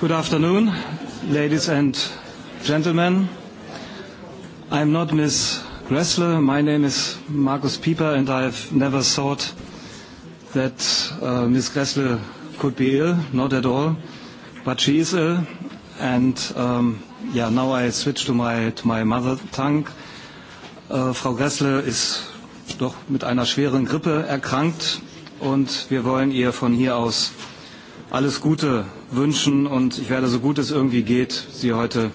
Good afternoon, ladies and gentlemen. I'm not Ms. Gressle. My name is Markus Pieper, and I've never thought that uh, Ms. Gressle could be ill, not at all, but she is ill. And um, yeah, now I switch to my, to my mother tongue. Uh, Frau Gressle ist doch mit einer schweren Grippe erkrankt und wir wollen ihr von hier aus äh, alles Gute wünschen und ich werde so gut es irgendwie geht, Sie heute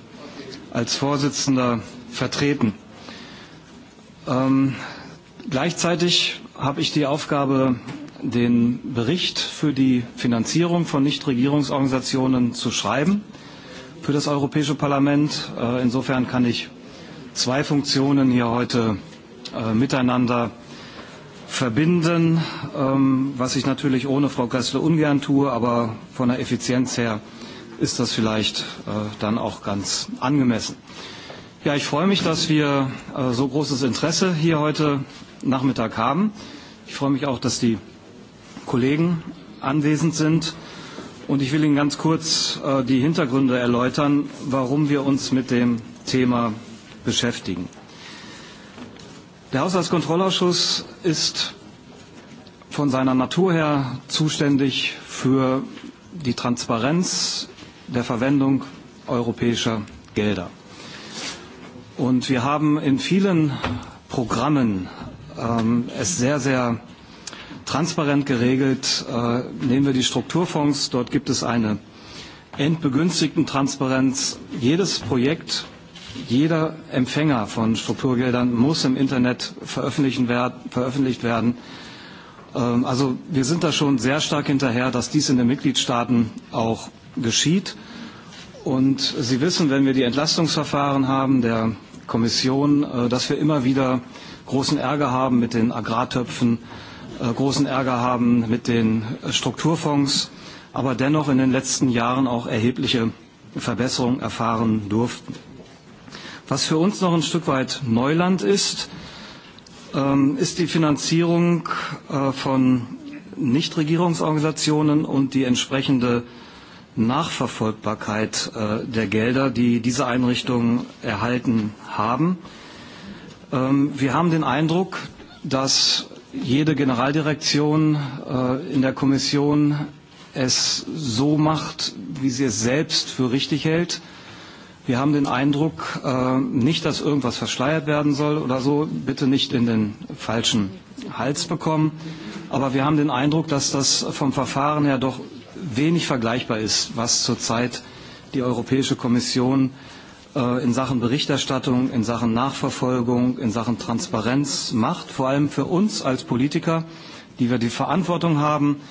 als Vorsitzender vertreten. Ähm, gleichzeitig habe ich die Aufgabe, den Bericht für die Finanzierung von Nichtregierungsorganisationen zu schreiben für das Europäische Parlament. Äh, insofern kann ich zwei Funktionen hier heute äh, miteinander äh, verbinden, ähm, was ich natürlich ohne Frau Gressle ungern tue, aber von der Effizienz her ist das vielleicht äh, dann auch ganz angemessen. Ja, ich freue mich, dass wir äh, so großes Interesse hier heute Nachmittag haben. Ich freue mich auch, dass die Kollegen anwesend sind. Und ich will Ihnen ganz kurz äh, die Hintergründe erläutern, warum wir uns mit dem Thema beschäftigen. Der Haushaltskontrollausschuss ist von seiner Natur her zuständig für die Transparenz der Verwendung europäischer Gelder. Und wir haben in vielen Programmen ähm, es sehr, sehr transparent geregelt. Äh, nehmen wir die Strukturfonds, dort gibt es eine entbegünstigten Transparenz. Jedes Projekt Jeder Empfänger von Strukturgeldern muss im Internet veröffentlichen werd, veröffentlicht werden. Ähm, also wir sind da schon sehr stark hinterher, dass dies in den Mitgliedstaaten auch geschieht. Und Sie wissen, wenn wir die Entlastungsverfahren haben der Kommission, äh, dass wir immer wieder großen Ärger haben mit den Agrartöpfen, äh, großen Ärger haben mit den äh, Strukturfonds, aber dennoch in den letzten Jahren auch erhebliche Verbesserungen erfahren durften. Was für uns noch ein Stück weit Neuland ist, ähm, ist die Finanzierung äh, von Nichtregierungsorganisationen und die entsprechende Nachverfolgbarkeit äh, der Gelder, die diese Einrichtungen erhalten haben. Ähm, wir haben den Eindruck, dass jede Generaldirektion äh, in der Kommission es so macht, wie sie es selbst für richtig hält. Wir haben den Eindruck, äh, nicht, dass irgendwas verschleiert werden soll oder so, bitte nicht in den falschen Hals bekommen. Aber wir haben den Eindruck, dass das vom Verfahren her doch wenig vergleichbar ist, was zurzeit die Europäische Kommission äh, in Sachen Berichterstattung, in Sachen Nachverfolgung, in Sachen Transparenz macht, vor allem für uns als Politiker, die wir die Verantwortung haben,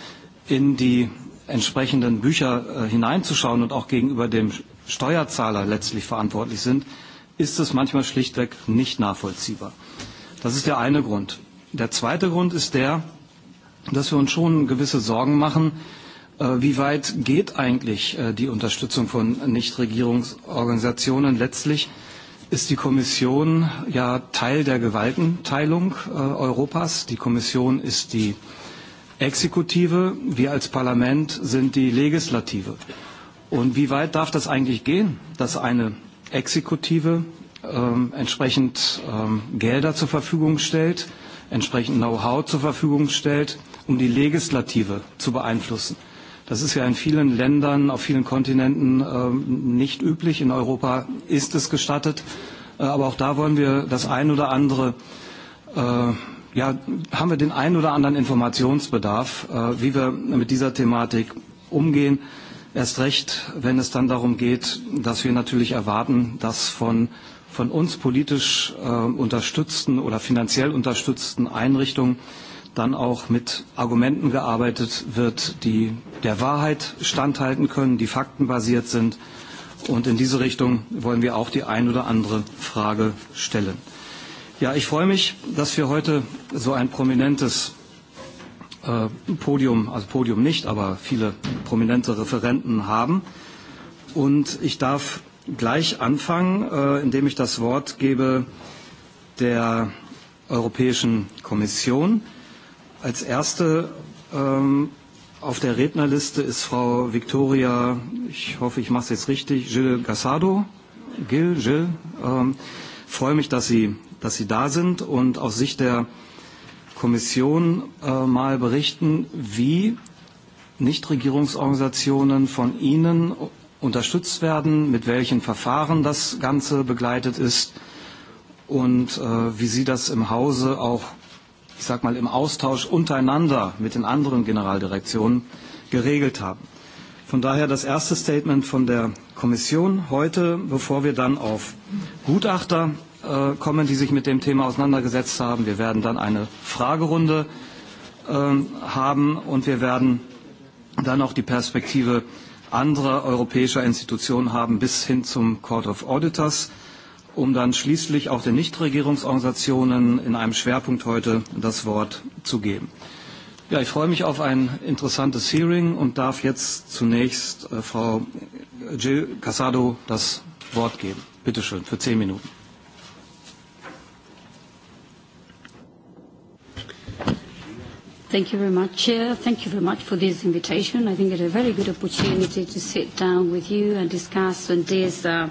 in die entsprechenden Bücher äh, hineinzuschauen und auch gegenüber dem Steuerzahler letztlich verantwortlich sind, ist es manchmal schlichtweg nicht nachvollziehbar. Das ist der eine Grund. Der zweite Grund ist der, dass wir uns schon gewisse Sorgen machen, äh, wie weit geht eigentlich äh, die Unterstützung von Nichtregierungsorganisationen letztlich? ist die Kommission ja Teil der Gewaltenteilung äh, Europas. Die Kommission ist die Exekutive, wir als Parlament sind die Legislative. Und wie weit darf das eigentlich gehen, dass eine Exekutive ähm, entsprechend ähm, Gelder zur Verfügung stellt, entsprechend Know-how zur Verfügung stellt, um die Legislative zu beeinflussen? Das ist ja in vielen Ländern, auf vielen Kontinenten ähm, nicht üblich. In Europa ist es gestattet. Äh, aber auch da wollen wir das ein oder andere äh, ja, haben wir den einen oder anderen Informationsbedarf, äh, wie wir mit dieser Thematik umgehen. Erst recht, wenn es dann darum geht, dass wir natürlich erwarten, dass von, von uns politisch äh, unterstützten oder finanziell unterstützten Einrichtungen dann auch mit Argumenten gearbeitet wird, die der Wahrheit standhalten können, die faktenbasiert sind. Und in diese Richtung wollen wir auch die ein oder andere Frage stellen. Ja, ich freue mich, dass wir heute so ein prominentes äh, Podium, also Podium nicht, aber viele prominente Referenten haben. Und ich darf gleich anfangen, äh, indem ich das Wort gebe der Europäischen Kommission. Als erste ähm, auf der Rednerliste ist Frau Victoria, ich hoffe, ich mache es jetzt richtig, Gilles Gassado. Gil, Gilles, ähm, freue mich, dass Sie, dass Sie da sind und aus Sicht der äh, Kommission äh, mal berichten, wie Nichtregierungsorganisationen von Ihnen unterstützt werden, mit welchen Verfahren das Ganze begleitet ist und äh, wie Sie das im Hause auch, ich sag mal, im Austausch untereinander mit den anderen Generaldirektionen geregelt haben. Von daher das erste Statement von der Kommission heute, bevor wir dann auf Gutachter äh, kommen, die sich mit dem Thema auseinandergesetzt haben. Wir werden dann eine Fragerunde äh, haben und wir werden dann auch die Perspektive anderer europäischer Institutionen haben bis hin zum Court of Auditors, um dann schließlich auch den Nichtregierungsorganisationen in einem Schwerpunkt heute das Wort zu geben. Ja, ich freue mich auf ein interessantes Hearing und darf jetzt zunächst äh, Frau Jill Casado das Wort geben. Bitte schön, für zehn Minuten. Thank you very much, Chair. Thank you very much for this invitation. I think it's a very good opportunity to sit down with you and discuss on this uh,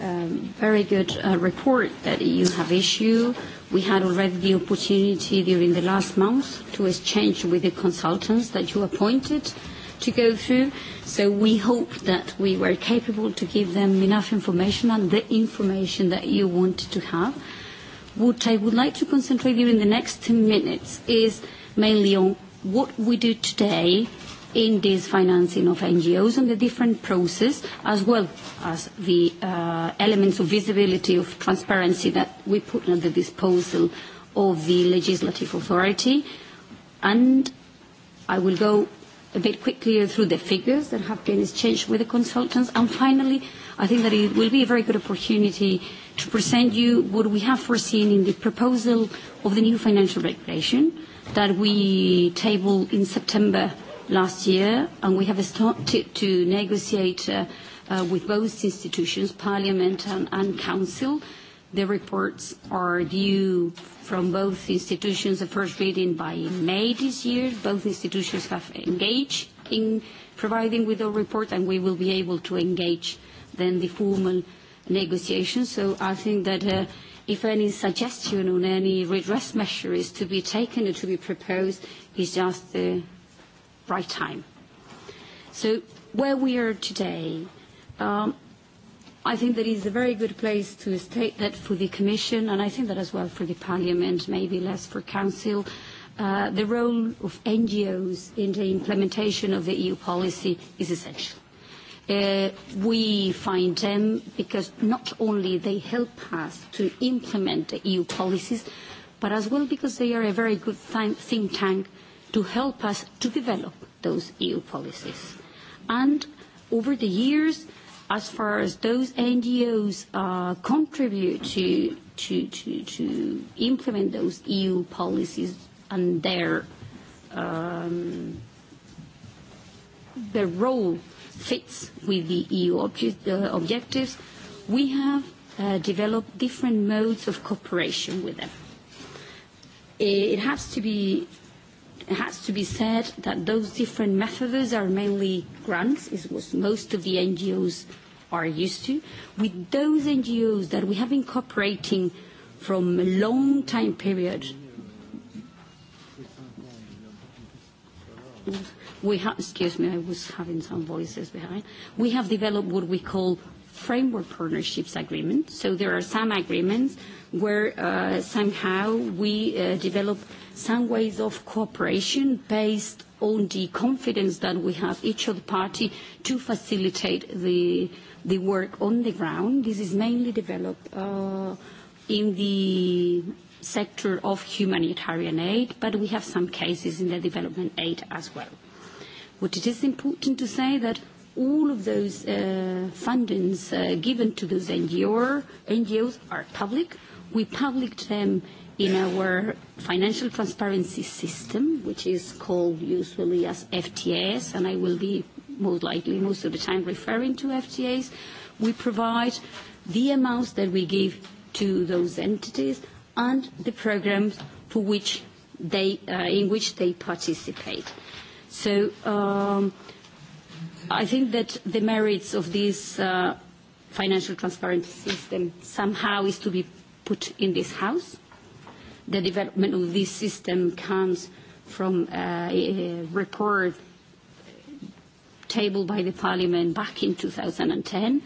um, very good uh, report that you have issued. We had already the opportunity during the last month to exchange with the consultants that you appointed to go through. So we hope that we were capable to give them enough information and the information that you wanted to have. What I would like to concentrate during the next 10 minutes is – mainly on what we do today in this financing of NGOs and the different process, as well as the uh, elements of visibility, of transparency that we put at the disposal of the legislative authority. And I will go a bit quickly through the figures that have been exchanged with the consultants. And finally, I think that it will be a very good opportunity to present you what we have foreseen in the proposal of the new financial regulation, that we tabled in September last year, and we have started to negotiate uh, uh, with both institutions, Parliament and, and Council. The reports are due from both institutions, the first reading by May this year. Both institutions have engaged in providing with a report, and we will be able to engage then the formal negotiations. So I think that uh, if any suggestion on any redress measure is to be taken or to be proposed, is just the right time. So where we are today, um, I think that is a very good place to state that for the Commission, and I think that as well for the Parliament, maybe less for Council, uh, the role of NGOs in the implementation of the EU policy is essential. Uh, we find them because not only they help us to implement the EU policies, but as well because they are a very good th think tank to help us to develop those EU policies. And over the years, as far as those NGOs uh, contribute to, to, to, to implement those EU policies and their, um, their role fits with the EU object, uh, objectives, we have uh, developed different modes of cooperation with them. It has to be it has to be said that those different methods are mainly grants, is what most of the NGOs are used to. With those NGOs that we have been cooperating from a long time period, we ha- excuse me, I was having some voices behind. We have developed what we call framework partnerships agreements. So there are some agreements where uh, somehow we uh, develop some ways of cooperation based on the confidence that we have each of the party to facilitate the, the work on the ground. This is mainly developed uh, in the sector of humanitarian aid, but we have some cases in the development aid as well. What it is important to say that all of those uh, fundings uh, given to those NGO, NGOs are public. We published them in our financial transparency system, which is called usually as FTS, and I will be most likely most of the time referring to FTAs. We provide the amounts that we give to those entities and the programs for which they, uh, in which they participate. So um, I think that the merits of this uh, financial transparency system somehow is to be put in this house. The development of this system comes from uh, a report tabled by the Parliament back in 2010,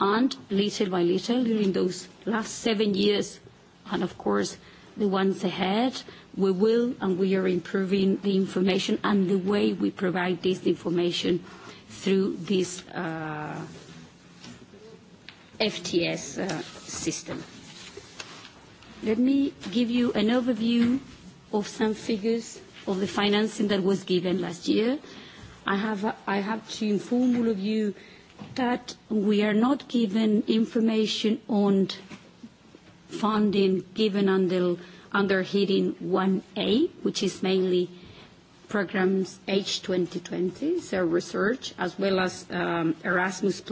and little by little during those last seven years, and of course the ones ahead, uh, We will, and we are improving the information and the way we provide this information through this uh, FTS uh, system. Let me give you an overview of some figures of the financing that was given last year. I have, I have to inform all of you that we are not given information on funding given until under heading 1A, which is mainly programs H2020, so research, as well as um, Erasmus+,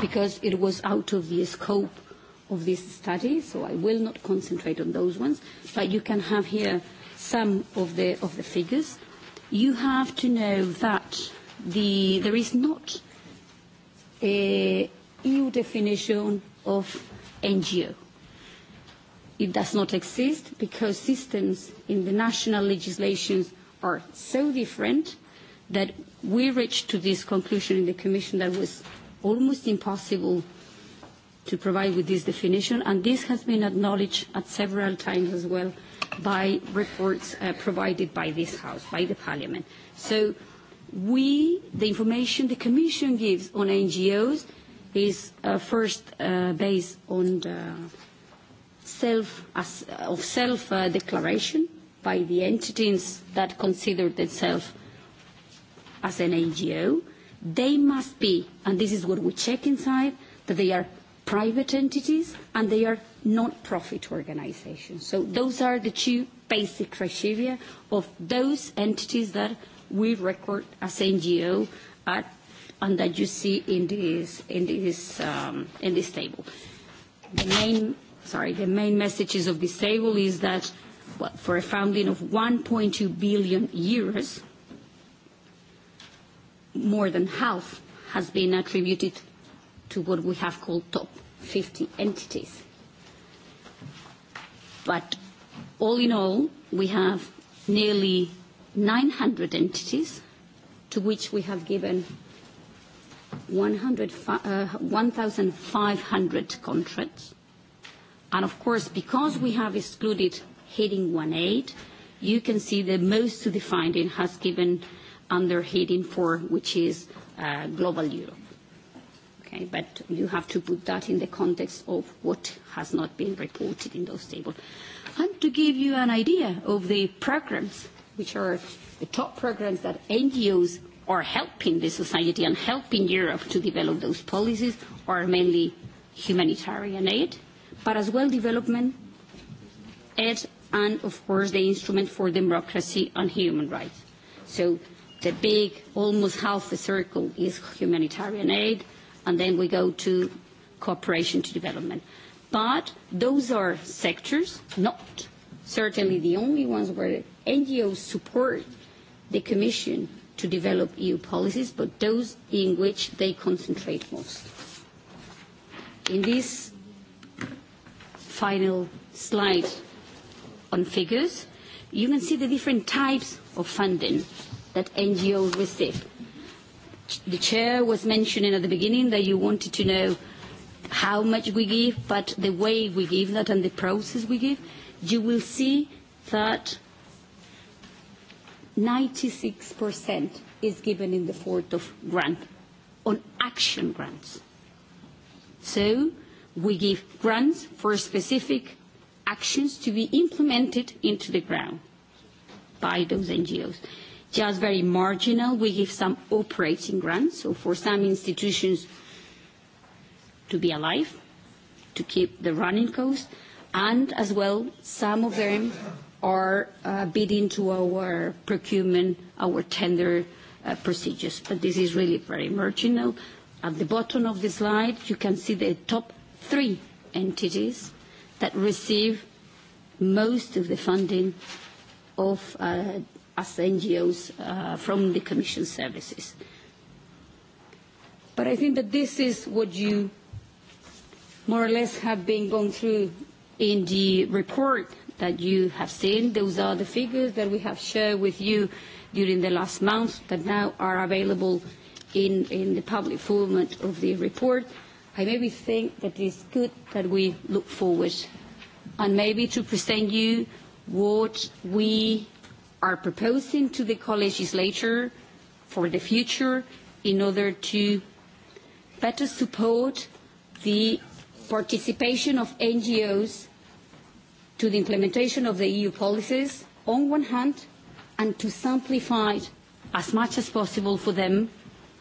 because it was out of the scope of this study, so I will not concentrate on those ones. But you can have here some of the, of the figures. You have to know that the, there is not a EU definition of NGO. It does not exist because systems in the national legislations are so different that we reached to this conclusion in the Commission that was almost impossible to provide with this definition, and this has been acknowledged at several times as well by reports uh, provided by this House, by the Parliament. So we, the information the Commission gives on NGOs is uh, first uh, based on the self, as, of self-declaration uh, by the entities that consider themselves as an NGO, they must be, and this is what we check inside, that they are private entities and they are non-profit organizations. So those are the two basic criteria of those entities that we record as NGO at, and that you see in this, in this, um, in this table. The main sorry, the main messages of this table is that well, for a funding of 1.2 billion euros, more than half has been attributed to what we have called top 50 entities. But all in all, we have nearly 900 entities to which we have given 1,500 uh, 1, contracts And of course, because we have excluded heading 1.8, you can see that most of the finding has given under heading 4, which is uh, global Europe. Okay, but you have to put that in the context of what has not been reported in those tables. And to give you an idea of the programs, which are the top programs that NGOs are helping the society and helping Europe to develop those policies, are mainly humanitarian aid, but as well development as, and of course the instrument for democracy and human rights. So the big, almost half the circle is humanitarian aid, and then we go to cooperation to development. But those are sectors, not certainly the only ones where NGOs support the Commission to develop EU policies, but those in which they concentrate most. In this final slide on figures, you can see the different types of funding that NGOs receive. The chair was mentioning at the beginning that you wanted to know how much we give, but the way we give that and the process we give, you will see that 96% is given in the form of grant, on action grants. So we give grants for specific actions to be implemented into the ground by those NGOs. Just very marginal, we give some operating grants, so for some institutions to be alive, to keep the running cost, and as well, some of them are uh, bid into our procurement, our tender uh, procedures. But this is really very marginal. At the bottom of the slide, you can see the top three entities that receive most of the funding of uh, us NGOs uh, from the Commission services. But I think that this is what you more or less have been going through in the report that you have seen. Those are the figures that we have shared with you during the last month that now are available in, in the public format of the report. I maybe think that it is good that we look forward and maybe to present you what we are proposing to the co-legislature for the future in order to better support the participation of NGOs to the implementation of the EU policies on one hand and to simplify as much as possible for them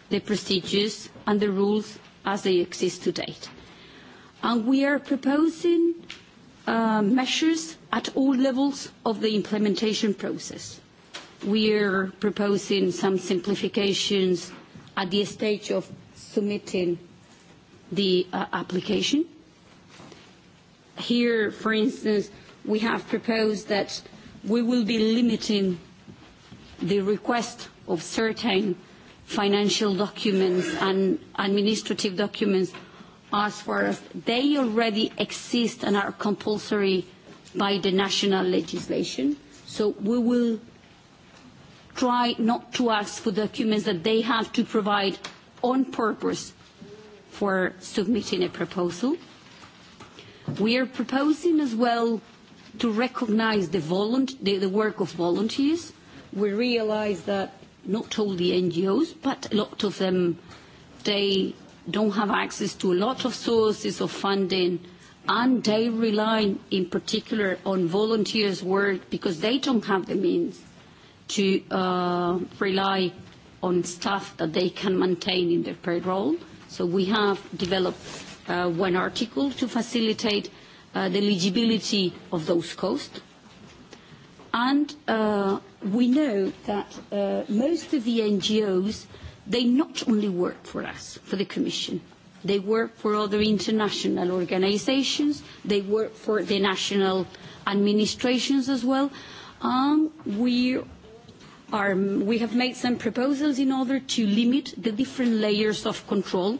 the procedures and the rules as they exist to date. And we are proposing uh, measures at all levels of the implementation process. We are proposing some simplifications at the stage of submitting the uh, application. Here, for instance, we have proposed that we will be limiting the request of certain uh, financial documents and administrative documents as far as they already exist and are compulsory by the national legislation. So we will try not to ask for documents that they have to provide on purpose for submitting a proposal. We are proposing as well to recognize the, volunt- the, the work of volunteers. We realize that not all the NGOs, but a lot of them, they don't have access to a lot of sources of funding and they rely in particular on volunteers' work because they don't have the means to uh, rely on staff that they can maintain in their payroll. So we have developed uh, one article to facilitate uh, the eligibility of those costs. And uh, we know that uh, most of the NGOs, they not only work for us, for the Commission, they work for other international organizations, they work for the national administrations as well. Um, we, are, we have made some proposals in order to limit the different layers of control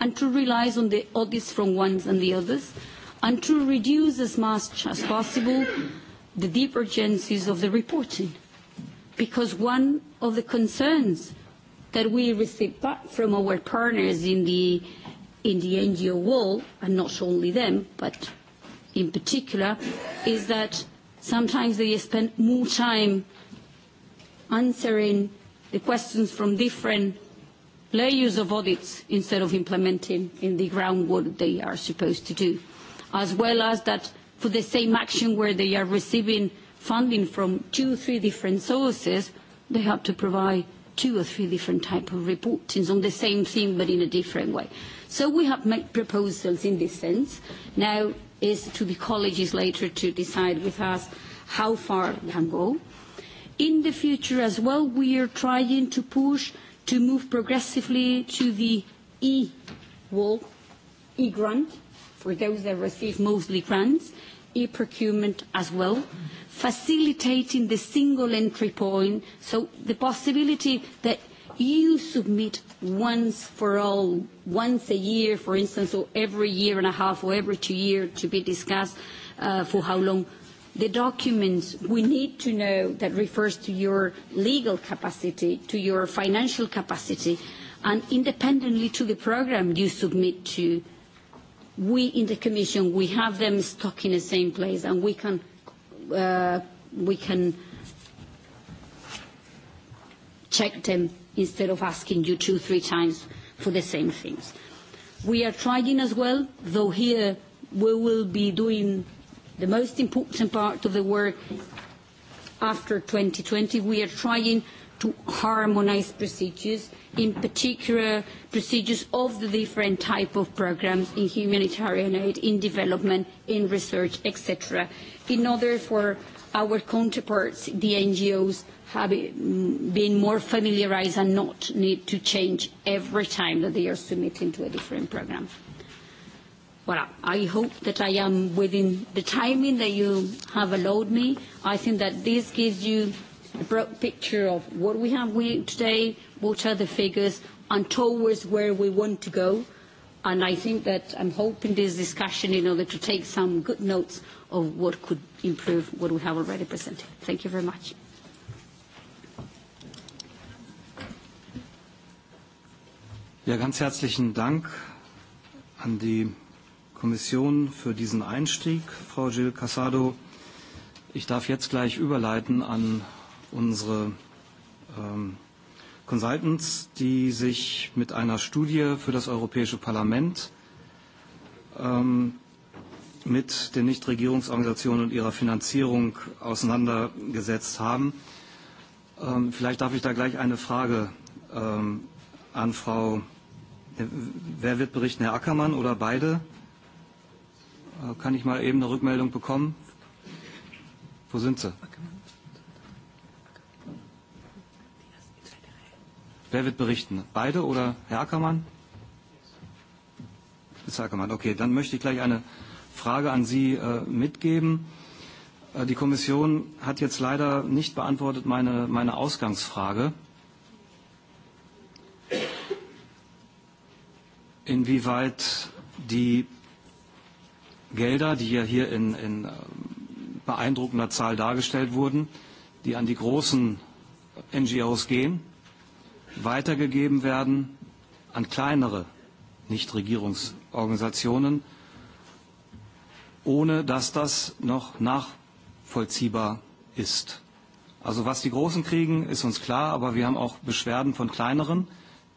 and to rely on the audits from ones and the others and to reduce as much as possible the divergences of the reporting because one of the concerns that we received back from our partners in the in the NGO world, and not only them, but in particular, is that sometimes they spend more time answering the questions from different layers of audits instead of implementing in the ground what they are supposed to do, as well as that for the same action where they are receiving funding from two or three different sources, they have to provide two or three different type of reportings on the same thing but in a different way. So we have made proposals in this sense. Now is to the colleges later to decide with us how far we can go. In the future as well, we are trying to push to move progressively to the e-wall, e-grant, for those that receive mostly grants, e-procurement as well facilitating the single entry point, so the possibility that you submit once for all, once a year, for instance, or every year and a half or every two years to be discussed uh, for how long, the documents we need to know that refers to your legal capacity, to your financial capacity, and independently to the program you submit to, we in the Commission, we have them stuck in the same place and we can uh, we can check them instead of asking you two, three times for the same things. We are trying as well, though here we will be doing the most important part of the work after 2020. We are trying to harmonize procedures, in particular procedures of the different type of programs in humanitarian aid, in development, in research, etc in order for our counterparts, the NGOs, have mm, been more familiarized and not need to change every time that they are submitting to a different program. Well, I hope that I am within the timing that you have allowed me. I think that this gives you a broad picture of what we have today, what are the figures, and towards where we want to go And I think that I'm hoping this discussion in order to take some good notes of what could improve what we have already presented. Thank you very much. Ja, ganz herzlichen Dank an die Kommission für diesen Einstieg, Frau Gil Casado. Ich darf jetzt gleich überleiten an unsere ähm, Consultants, die sich mit einer Studie für das Europäische Parlament ähm, mit den Nichtregierungsorganisationen und ihrer Finanzierung auseinandergesetzt haben. Ähm, vielleicht darf ich da gleich eine Frage ähm, an Frau, äh, wer wird berichten, Herr Ackermann oder beide? Äh, kann ich mal eben eine Rückmeldung bekommen? Wo sind Sie? Ackermann. Wer wird berichten? Beide oder Herr Ackermann? Herr Ackermann, okay. Dann möchte ich gleich eine Frage an Sie äh, mitgeben. Äh, die Kommission hat jetzt leider nicht beantwortet meine, meine Ausgangsfrage. Inwieweit die Gelder, die ja hier in, in äh, beeindruckender Zahl dargestellt wurden, die an die großen NGOs gehen, weitergegeben werden an kleinere Nichtregierungsorganisationen, ohne dass das noch nachvollziehbar ist. Also was die Großen kriegen, ist uns klar, aber wir haben auch Beschwerden von kleineren,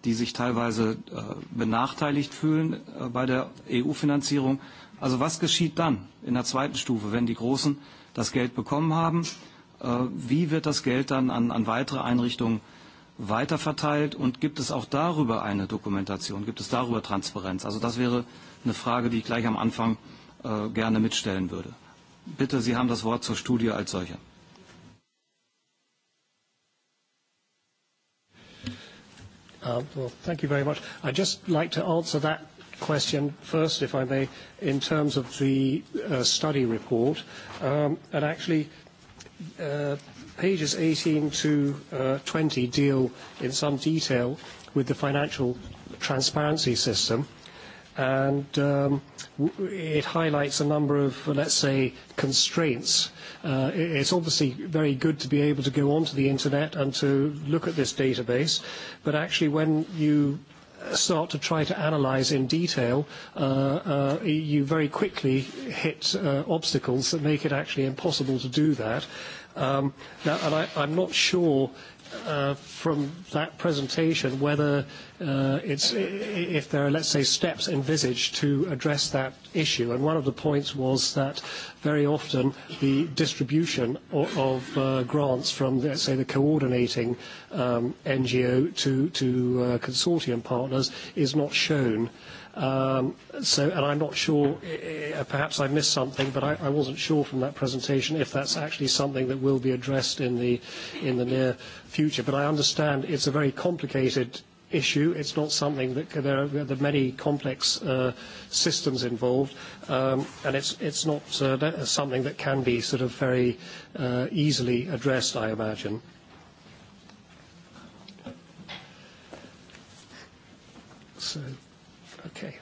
die sich teilweise äh, benachteiligt fühlen äh, bei der EU-Finanzierung. Also was geschieht dann in der zweiten Stufe, wenn die Großen das Geld bekommen haben? Äh, wie wird das Geld dann an, an weitere Einrichtungen weiterverteilt und gibt es auch darüber eine Dokumentation, gibt es darüber Transparenz? Also das wäre eine Frage, die ich gleich am Anfang äh, gerne mitstellen würde. Bitte, Sie haben das Wort zur Studie als solcher. Uh, well, thank you very much. I'd just like to answer that question first, if I may, in terms of the uh, study report. Um, and actually, uh, pages 18 to uh, 20 deal in some detail with the financial transparency system. And um, it highlights a number of, let's say, constraints. Uh, it's obviously very good to be able to go onto the internet and to look at this database, but actually when you uh, start to try to analyze in detail, uh, uh, you very quickly hit uh, obstacles that make it actually impossible to do that. Um, now, and I, I'm not sure uh, from that presentation whether uh, it's if there are, let's say, steps envisaged to address that issue. And one of the points was that very often the distribution of, of uh, grants from, let's say, the coordinating um, NGO to, to uh, consortium partners is not shown. Uh, Um, so, and I'm not sure, uh, perhaps I missed something, but I, I wasn't sure from that presentation if that's actually something that will be addressed in the, in the near future. But I understand it's a very complicated issue. It's not something that there are, there are many complex uh, systems involved, um, and it's, it's not uh, uh something that can be sort of very uh, easily addressed, I imagine. So Okay.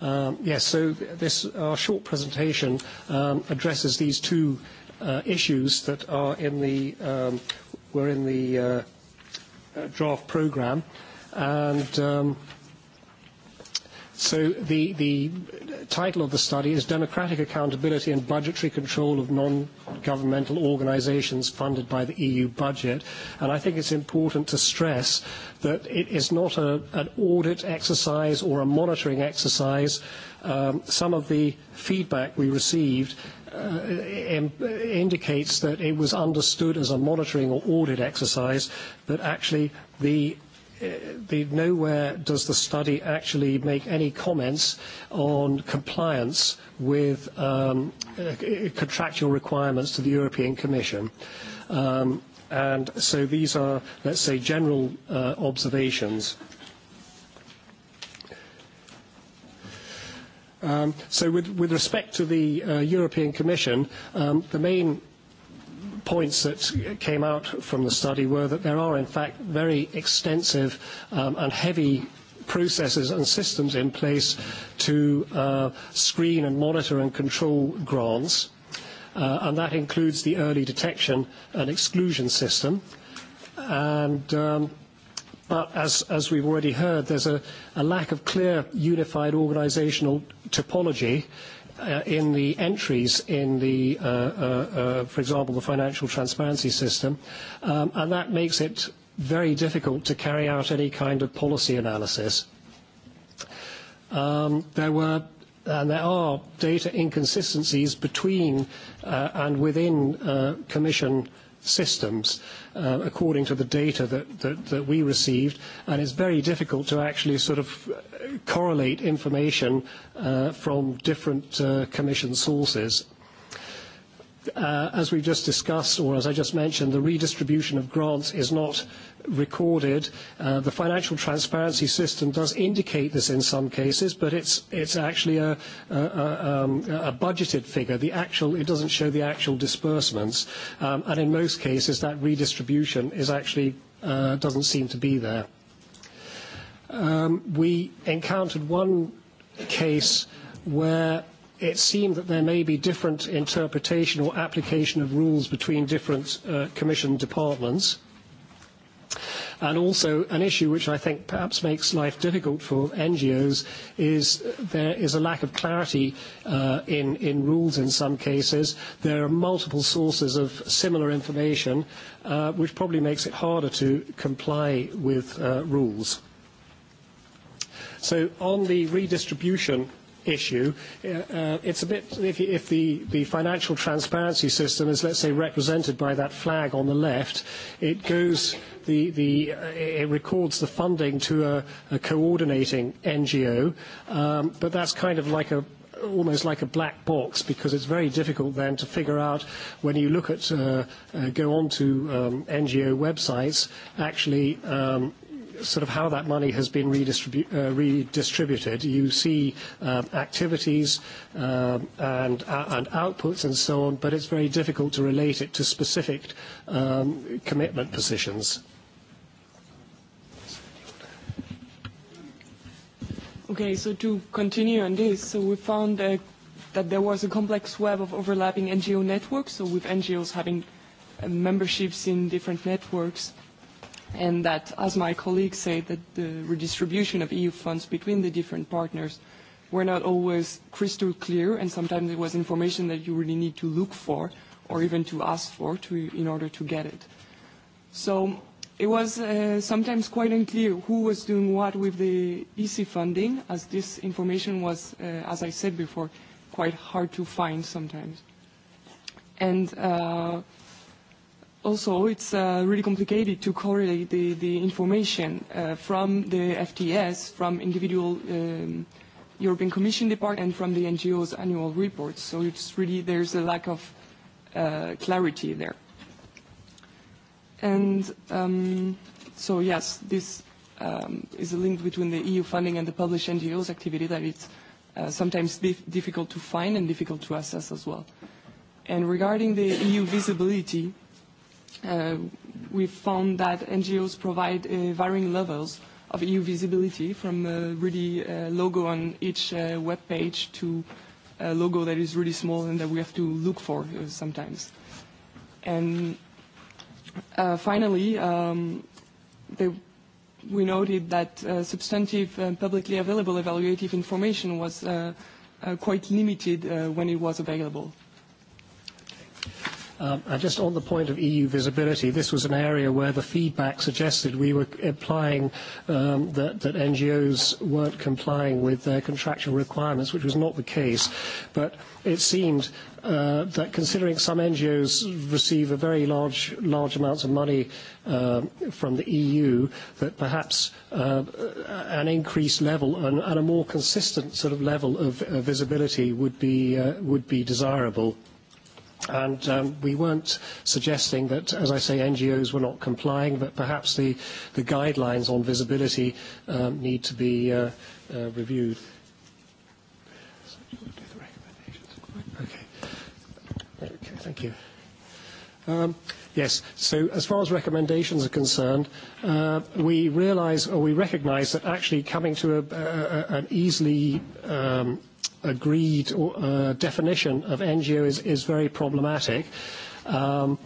Um, yes, so this our short presentation um, addresses these two uh, issues that are in the um, were in the uh, draft program, and. Um, So the, the title of the study is Democratic Accountability and Budgetary Control of Non-Governmental Organizations Funded by the EU Budget. And I think it's important to stress that it is not a, an audit exercise or a monitoring exercise. Um, some of the feedback we received uh, in, indicates that it was understood as a monitoring or audit exercise, but actually the Uh, the, nowhere does the study actually make any comments on compliance with um, uh, contractual requirements to the European Commission. Um, and so these are, let's say, general uh, observations. Um, so with, with respect to the uh, European Commission, um, the main points that came out from the study were that there are, in fact, very extensive um, and heavy processes and systems in place to uh, screen and monitor and control grants. Uh, and that includes the early detection and exclusion system. And um, But as, as we've already heard, there's a, a lack of clear unified organizational topology uh, in the entries in the, uh, uh, uh, for example, the financial transparency system, um, and that makes it very difficult to carry out any kind of policy analysis. Um, there were and there are data inconsistencies between uh, and within uh, Commission uh, systems uh, according to the data that, that, that we received, and it's very difficult to actually sort of uh, correlate information uh, from different uh, commission sources. Uh, as we've just discussed, or as I just mentioned, the redistribution of grants is not recorded. Uh, the financial transparency system does indicate this in some cases, but it's, it's actually a, a, a, um, a budgeted figure. The actual, it doesn't show the actual disbursements. Um, and in most cases, that redistribution is actually uh, doesn't seem to be there. Um, we encountered one case where it seemed that there may be different interpretation or application of rules between different uh, commission departments. And also an issue which I think perhaps makes life difficult for NGOs is there is a lack of clarity uh, in, in rules in some cases. There are multiple sources of similar information, uh, which probably makes it harder to comply with uh, rules. So on the redistribution issue. Uh, uh, it's a bit, if, if the, the financial transparency system is, let's say, represented by that flag on the left, it goes, the, the, uh, it records the funding to a, a coordinating NGO, um, but that's kind of like a, almost like a black box because it's very difficult then to figure out when you look at, uh, uh, go on to um, NGO websites, actually um, sort of how that money has been redistribu- uh, redistributed. You see uh, activities uh, and, uh, and outputs and so on, but it's very difficult to relate it to specific um, commitment positions. Okay, so to continue on this, so we found uh, that there was a complex web of overlapping NGO networks, so with NGOs having uh, memberships in different networks. Uh, and that, as my colleague said, that the redistribution of EU funds between the different partners were not always crystal clear, and sometimes it was information that you really need to look for or even to ask for to, in order to get it. So it was uh, sometimes quite unclear who was doing what with the EC funding, as this information was, uh, as I said before, quite hard to find sometimes. And uh, also it's uh, really complicated to correlate the, the information uh, from the FTS, from individual um, European Commission department, and from the NGO's annual reports. So it's really, there's a lack of uh, clarity there. And um, so yes, this um, is a link between the EU funding and the published NGO's activity that it's uh, sometimes dif difficult to find and difficult to assess as well. And regarding the EU visibility, uh, we found that NGOs provide uh, varying levels of EU visibility from a uh, really uh, logo on each uh, web page to a logo that is really small and that we have to look for uh, sometimes. And uh, finally, um, they, we noted that uh, substantive and publicly available evaluative information was uh, uh, quite limited uh, when it was available. Uh, Um, and just on the point of EU visibility, this was an area where the feedback suggested we were implying um, that, that NGOs weren't complying with their contractual requirements, which was not the case. But it seemed uh, that considering some NGOs receive a very large, large amounts of money uh, from the EU, that perhaps uh, an increased level and, and a more consistent sort of level of uh, visibility would be, uh, would be desirable. And um, we weren't suggesting that, as I say, NGOs were not complying, but perhaps the, the guidelines on visibility um, need to be uh, uh, reviewed. Okay. Okay, thank you. Um, Yes. So as far as recommendations are concerned, uh, we realize or we recognize that actually coming to a, a, an easily um, agreed uh, definition of NGO is, is very problematic. Um,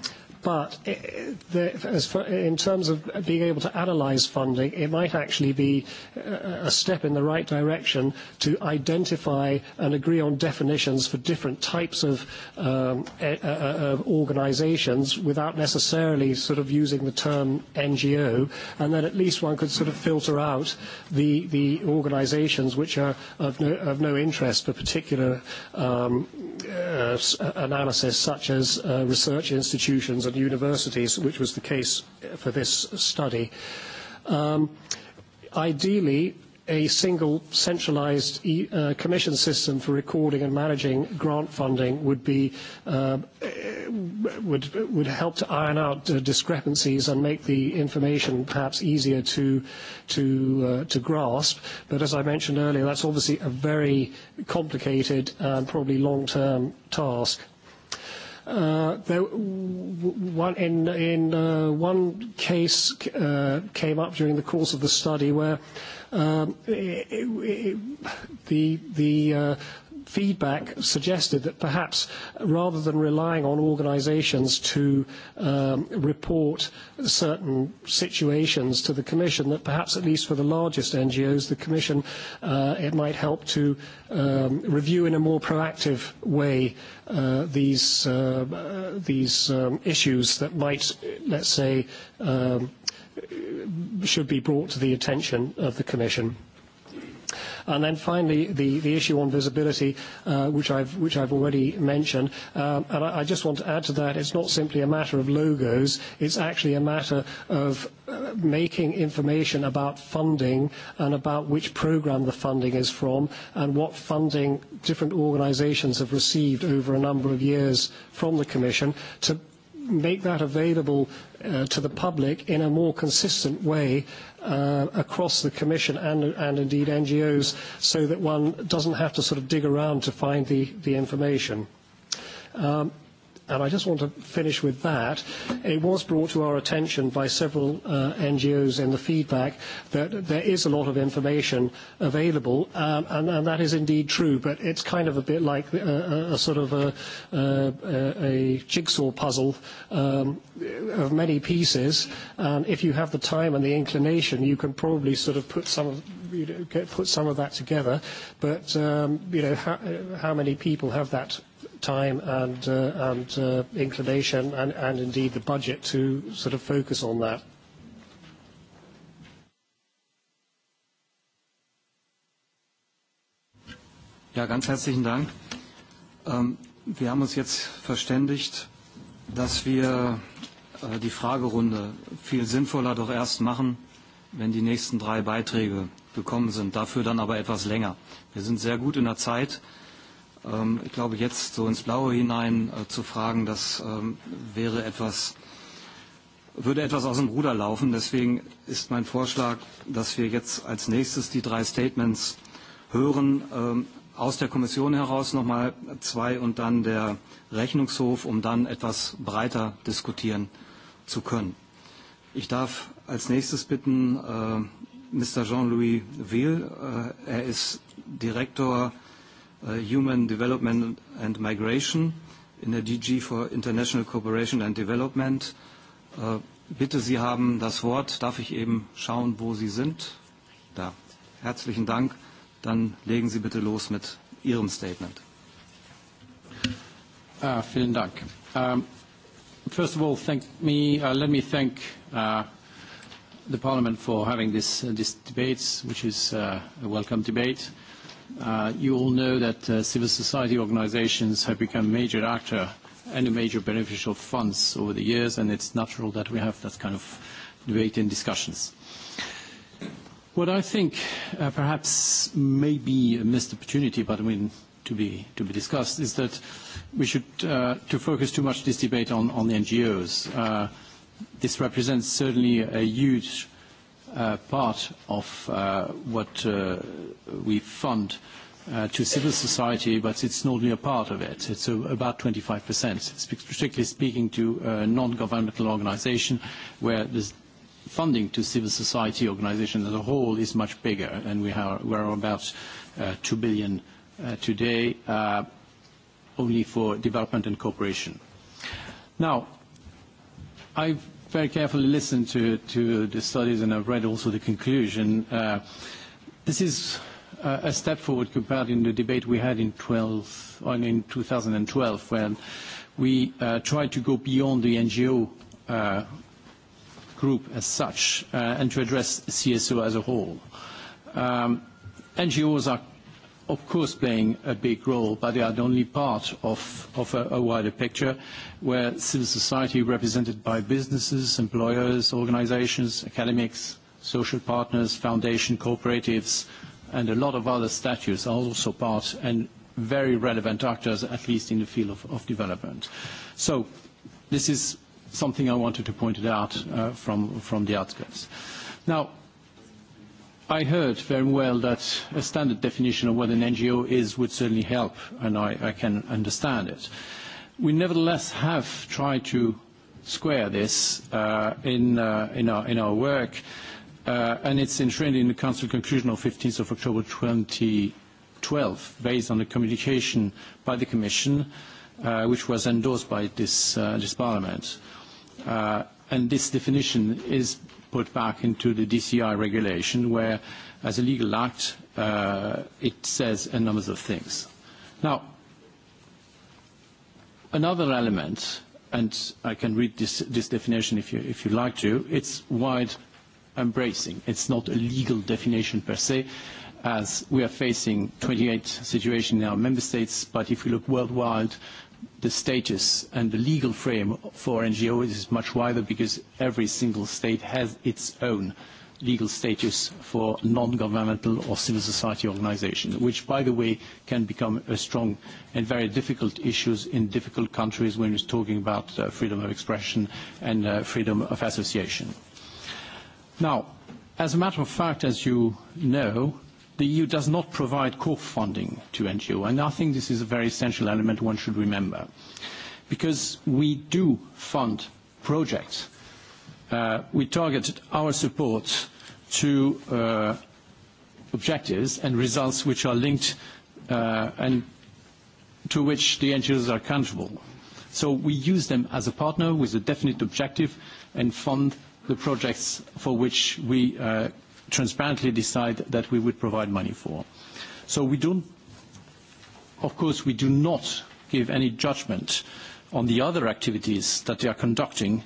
But it, the, as for, in terms of being able to analyze funding, it might actually be uh, a step in the right direction to identify and agree on definitions for different types of, um, a, e, a, uh, uh, of organizations without necessarily sort of using the term NGO. And then at least one could sort of filter out the, the organizations which are of no, of no interest for particular um, uh, analysis, such as uh, research institutions and universities, which was the case for this study. Um, ideally, a single centralized e, uh, commission system for recording and managing grant funding would be uh, eh, would would help to iron out uh, discrepancies and make the information perhaps easier to to uh, to grasp but as i mentioned earlier that's obviously a very complicated and probably long-term task Uh, there, one, in in uh, one case uh, came up during the course of the study where um, it, it, it, the the uh, feedback suggested that perhaps rather than relying on organisations to um, report certain situations to the Commission, that perhaps at least for the largest NGOs, the Commission, uh, it might help to um, review in a more proactive way uh, these, uh, these um, issues that might, let's say, um, should be brought to the attention of the Commission. Mm-hmm And then finally, the, the issue on visibility, uh, which, I've, which I've already mentioned. Um, and I, I just want to add to that, it's not simply a matter of logos, it's actually a matter of uh, making information about funding and about which program the funding is from and what funding different organizations have received over a number of years from the Commission to make that available uh, to the public in a more consistent way uh, across the Commission and, and indeed NGOs so that one doesn't have to sort of dig around to find the, the information. Um, And I just want to finish with that. It was brought to our attention by several uh, NGOs in the feedback that there is a lot of information available, um, and, and that is indeed true, but it's kind of a bit like a, uh, uh, a sort of a, uh, a, a jigsaw puzzle um, of many pieces. And if you have the time and the inclination, you can probably sort of put some of, you know, get, put some of that together. But, um, you know, how, how many people have that time and, uh, and uh, inclination and, and indeed the budget to sort of focus on that. Ja, ganz herzlichen Dank. Ähm, wir haben uns jetzt verständigt, dass wir äh, die Fragerunde viel sinnvoller doch erst machen, wenn die nächsten drei Beiträge gekommen sind. Dafür dann aber etwas länger. Wir sind sehr gut in der Zeit. Äh, Ähm, ich glaube, jetzt so ins Blaue hinein äh, zu fragen, das ähm, wäre etwas, würde etwas aus dem Ruder laufen. Deswegen ist mein Vorschlag, dass wir jetzt als nächstes die drei Statements hören, ähm, aus der Kommission heraus nochmal zwei und dann der Rechnungshof, um dann etwas breiter diskutieren zu können. Ich darf als nächstes bitten, äh, Mr. Jean-Louis Will, äh, er ist Direktor uh, Human Development and Migration in der DG for International Cooperation and Development. Uh, bitte, Sie haben das Wort. Darf ich eben schauen, wo Sie sind? Da. Herzlichen Dank. Dann legen Sie bitte los mit Ihrem Statement. Uh, vielen Dank. Um, first of all, thank me, uh, let me thank uh, the Parliament for having this, uh, this debate, which is uh, a welcome debate. Uh, Uh, you all know that uh, civil society organizations have become major actor and major beneficial funds over the years, and it's natural that we have that kind of debate and discussions. What I think uh, perhaps may be a missed opportunity, but I mean, to be, to be discussed, is that we should uh, to focus too much this debate on, on the NGOs. Uh, this represents certainly a huge uh, part of uh, what uh, we fund uh, to civil society, but it's not only a part of it. It's uh, about 25%, particularly speaking to uh, non-governmental organization, where this funding to civil society organizations as a whole is much bigger, and we are, we're about uh, 2 billion uh, today, uh, only for development and cooperation. Now, I've very carefully listened to, to the studies and I've read also the conclusion. Uh, this is uh, a step forward compared in the debate we had in, 12, or in 2012 when we uh, tried to go beyond the NGO uh, group as such uh, and to address CSO as a whole. Um, NGOs are of course, playing a big role, but they are only part of, of a, a wider picture where civil society, represented by businesses, employers, organizations, academics, social partners, foundation, cooperatives, and a lot of other statutes are also part and very relevant actors, at least in the field of, of development. So this is something I wanted to point it out uh, from, from the outskirts. Now, I heard very well that a standard definition of what an NGO is would certainly help, and I, I can understand it. We nevertheless have tried to square this uh, in, uh, in, our, in our work, uh, and it's enshrined in the Council conclusion of 15th of October 2012, based on the communication by the Commission, uh, which was endorsed by this, uh, this Parliament. Uh, and this definition is put back into the DCI regulation, where, as a legal act, uh, it says a number of things. Now, another element, and I can read this, this definition if you, if you like to, it's wide embracing. It's not a legal definition per se, as we are facing 28 situations in our member states, but if we look worldwide, uh, the status and the legal frame for NGOs is much wider because every single state has its own legal status for non-governmental or civil society organizations, which, by the way, can become a strong and very difficult issues in difficult countries when it's talking about uh, freedom of expression and uh, freedom of association. Now, as a matter of fact, as you know, The EU does not provide core funding to NGO, and I think this is a very essential element one should remember. Because we do fund projects, uh, we target our support to uh, objectives and results which are linked uh, and to which the NGOs are accountable. So we use them as a partner with a definite objective and fund the projects for which we uh, transparently decide that we would provide money for. So we don't, of course, we do not give any judgment on the other activities that they are conducting,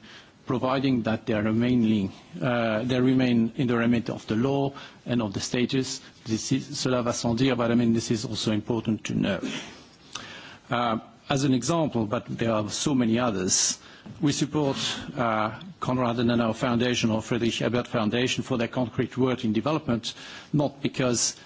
providing that they, are mainly, uh, they remain in the remit of the law and of the status. This is, cela va sans dire, but I mean, this is also important to know. Uh, as an example, but there are so many others, uh, We support uh, Konrad Adenauer Foundation or Friedrich Ebert Foundation for their concrete work in development, not because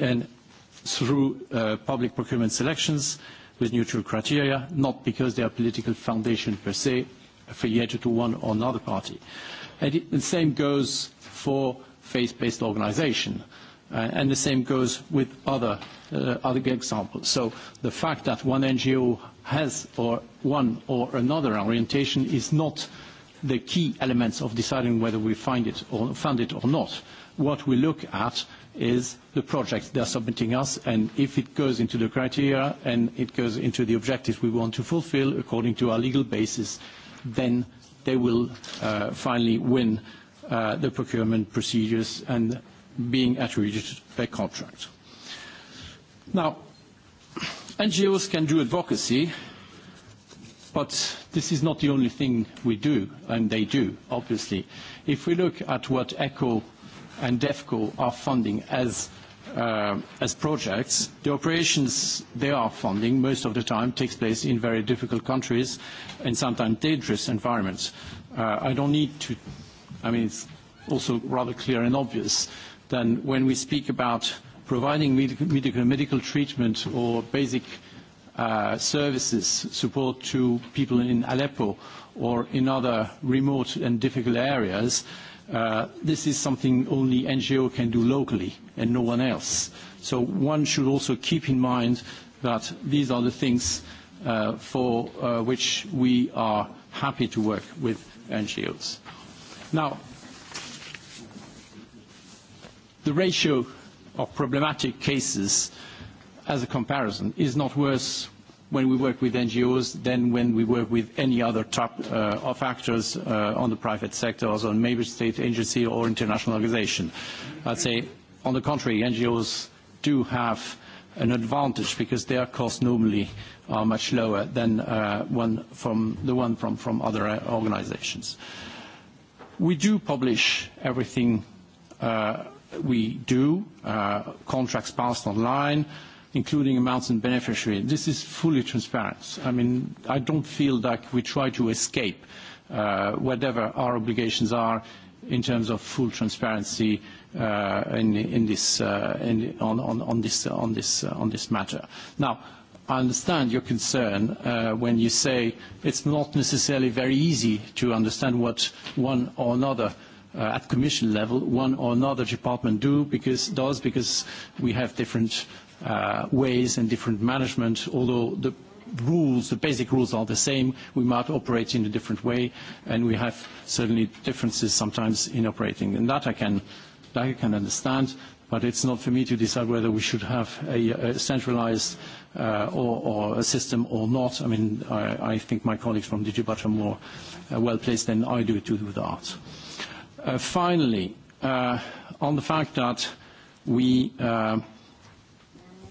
and through uh, public procurement selections with neutral criteria, not because they are political foundation per se, affiliated to one or another party. And it, the same goes for faith-based organization. Uh, and the same goes with other, uh, other examples. So the fact that one NGO has or one or another orientation is not the key elements of deciding whether we find it or fund it or not. What we look at is the project they are submitting us, and if it goes into the criteria and it goes into the objectives we want to fulfill according to our legal basis, then they will uh, finally win uh, the procurement procedures and being attributed to their contract. Now, NGOs can do advocacy, but this is not the only thing we do, and they do, obviously. If we look at what ECHO and DEFCO are funding as uh, as projects. The operations they are funding most of the time takes place in very difficult countries and sometimes dangerous environments. Uh, I don't need to, I mean, it's also rather clear and obvious than when we speak about providing medical, medical treatment or basic uh, services support to people in Aleppo or in other remote and difficult areas, uh, this is something only NGO can do locally and no one else. So one should also keep in mind that these are the things uh, for uh, which we are happy to work with NGOs. Now, the ratio of problematic cases as a comparison is not worse when we work with NGOs than when we work with any other type uh, of actors uh, on the private sector or on member state agency or international organization. I'd say, on the contrary, NGOs do have an advantage because their costs normally are much lower than uh, one from, the one from, from other uh, organizations. We do publish everything uh, we do, uh, contracts passed online, including amounts and beneficiary. This is fully transparent. I mean, I don't feel like we try to escape uh, whatever our obligations are in terms of full transparency uh, in, in this, uh, in, on, on, on, this, uh, on, this, uh, on this matter. Now, I understand your concern uh, when you say it's not necessarily very easy to understand what one or another uh, uh, at commission level, one or another department do because does because we have different uh, ways and different management. Although the rules, the basic rules are the same, we might operate in a different way, and we have certainly differences sometimes in operating. And that I can, that I can understand. But it's not for me to decide whether we should have a, a centralized uh, or, or a system or not. I mean, I, I think my colleagues from DG Budget are more uh, well placed than I do to do that. Uh, Uh, finally, uh, on the fact that we, uh,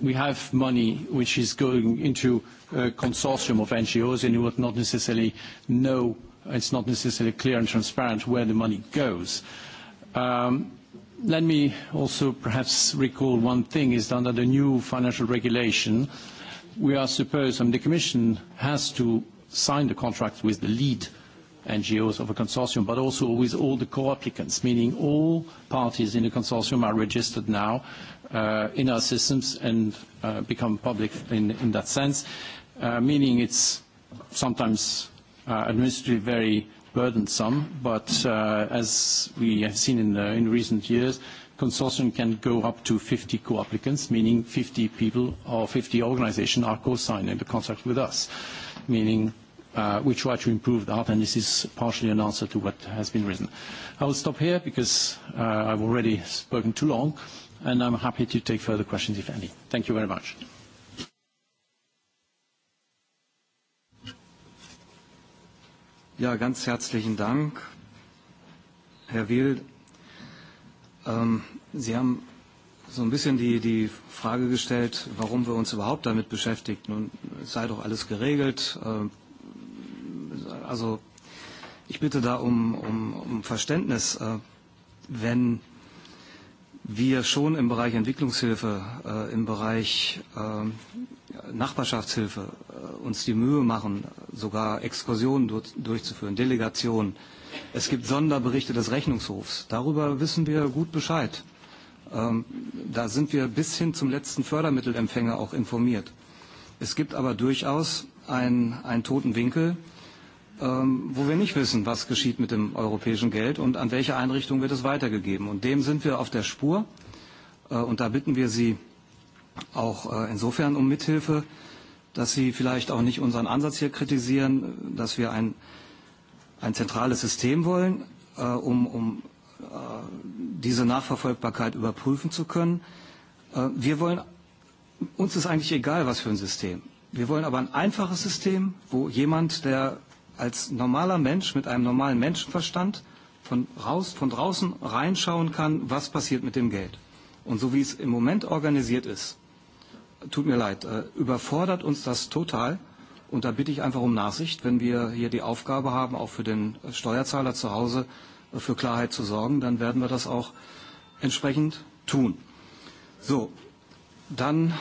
we have money which is going into a consortium of NGOs, and you would not necessarily know, it's not necessarily clear and transparent where the money goes. Um, let me also perhaps recall one thing, is under the new financial regulation, we are supposed, and the Commission has to sign the contract with the lead NGOs of a consortium, but also with all the co-applicants, meaning all parties in the consortium are registered now uh, in our systems and uh, become public in, in that sense, uh, meaning it's sometimes uh, administratively very burdensome, but uh, as we have seen in, the, in recent years, consortium can go up to 50 co-applicants, meaning 50 people or 50 organizations are co-signing the contract with us, meaning Uh, we try to improve that, and this is partially an answer to what has been written. I will stop here because uh, I've already spoken too long, and I'm happy to take further questions, if any. Thank you very much. Ja, ganz herzlichen Dank, Herr Wiel. Ähm, Sie haben so ein bisschen die, die Frage gestellt, warum wir uns überhaupt damit beschäftigen. Nun, es sei doch alles geregelt. Äh, Also ich bitte da um, um, um Verständnis, äh, wenn wir schon im Bereich Entwicklungshilfe, äh, im Bereich äh, Nachbarschaftshilfe äh, uns die Mühe machen, sogar Exkursionen dur durchzuführen, Delegationen. Es gibt Sonderberichte des Rechnungshofs. Darüber wissen wir gut Bescheid. Ähm, da sind wir bis hin zum letzten Fördermittelempfänger auch informiert. Es gibt aber durchaus einen, einen toten Winkel, äh, ähm, wo wir nicht wissen, was geschieht mit dem europäischen Geld und an welche Einrichtung wird es weitergegeben. Und dem sind wir auf der Spur. Äh, und da bitten wir Sie auch äh, insofern um Mithilfe, dass Sie vielleicht auch nicht unseren Ansatz hier kritisieren, dass wir ein, ein zentrales System wollen, äh, um, um äh, diese Nachverfolgbarkeit überprüfen zu können. Äh, wir wollen, uns ist eigentlich egal, was für ein System. Wir wollen aber ein einfaches System, wo jemand, der als normaler Mensch mit einem normalen Menschenverstand von, raus, von draußen reinschauen kann, was passiert mit dem Geld. Und so wie es im Moment organisiert ist, tut mir leid, äh, überfordert uns das total. Und da bitte ich einfach um Nachsicht, wenn wir hier die Aufgabe haben, auch für den Steuerzahler zu Hause äh, für Klarheit zu sorgen, dann werden wir das auch entsprechend tun. So, dann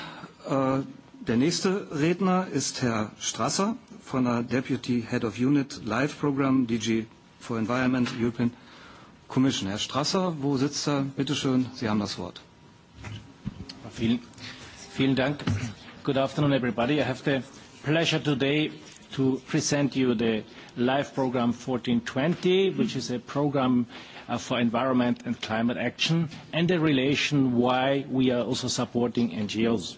äh, der nächste Redner ist Herr Strasser von der Deputy Head of Unit Live Program, DG for Environment, European Commission. Herr Strasser, wo sitzt er? Bitte schön, Sie haben das Wort. Vielen, vielen Dank. Good afternoon, everybody. I have the pleasure today to present you the LIFE program 1420, which is a program uh, for environment and climate action, and the relation why we are also supporting NGOs.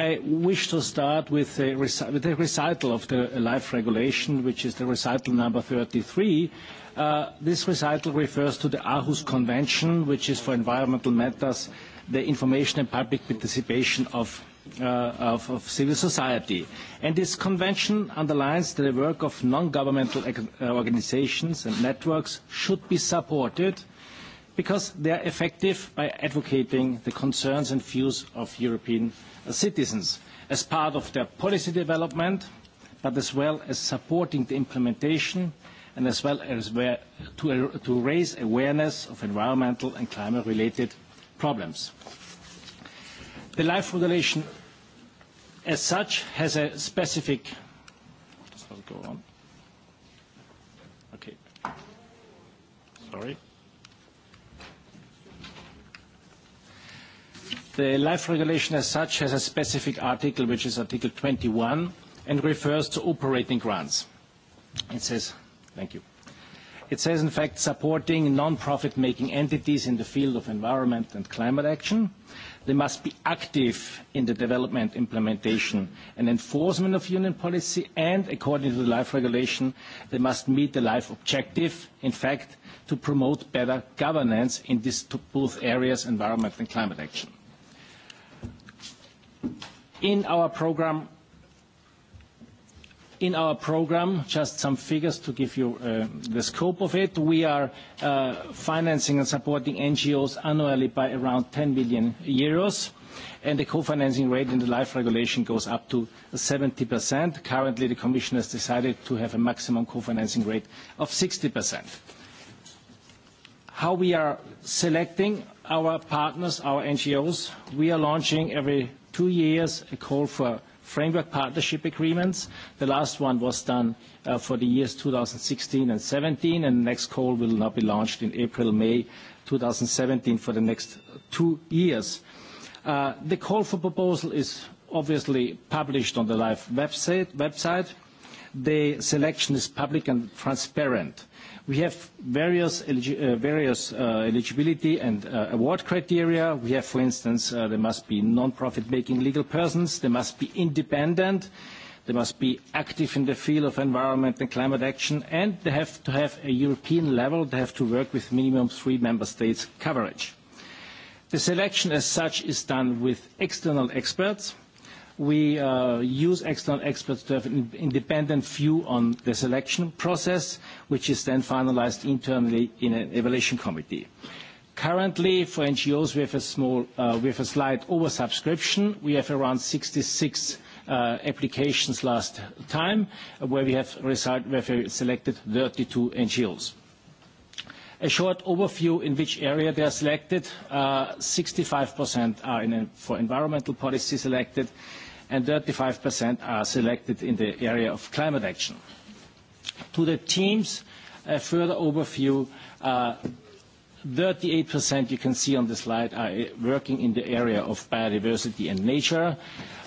I wish to start with a, with a recital of the life regulation, which is the recital number 33. Uh, this recital refers to the Aarhus Convention, which is for environmental matters, the information and public participation of uh, of, of civil society. And this convention underlines that the work of non-governmental uh, organizations and networks should be supported uh, because they are effective by advocating the concerns and views of European citizens as part of their policy development, but as well as supporting the implementation and as well as where to, to raise awareness of environmental and climate-related problems. The life regulation as such has a specific... Just go on. Okay. Sorry. The life regulation as such has a specific article, which is Article 21, and refers to operating grants. It says, thank you. It says, in fact, supporting non-profit making entities in the field of environment and climate action. They must be active in the development, implementation, and enforcement of union policy, and according to the life regulation, they must meet the life objective, in fact, to promote better governance in these two, both areas, environment and climate action. In our program, in our program, just some figures to give you uh, the scope of it, we are uh, financing and supporting NGOs annually by around 10 billion euros, and the co-financing rate in the life regulation goes up to 70%. Currently, the commission has decided to have a maximum co-financing rate of 60%. How we are selecting our partners, our NGOs, we are launching every two years, a call for framework partnership agreements. The last one was done uh, for the years 2016 and 2017, and the next call will now be launched in April, May 2017 for the next two years. Uh, the call for proposal is obviously published on the live website. website. The selection is public and transparent. We have various, eligi uh, various uh, eligibility and uh, award criteria. We have, for instance, uh, there must be non-profit making legal persons, they must be independent, they must be active in the field of environment and climate action, and they have to have a European level, they have to work with minimum three member states coverage. The selection as such is done with external experts, we uh, use external experts to have an independent view on the selection process, which is then finalized internally in an evaluation committee. Currently, for NGOs, we have a small, uh, we have a slight oversubscription. We have around 66 uh, applications last time, where we have, result, where we have selected 32 NGOs. A short overview in which area they are selected. Uh, 65% are in, for environmental policy selected, and 35% are selected in the area of climate action. To the teams, a further overview, uh, 38%, you can see on the slide, are uh, working in the area of biodiversity and nature.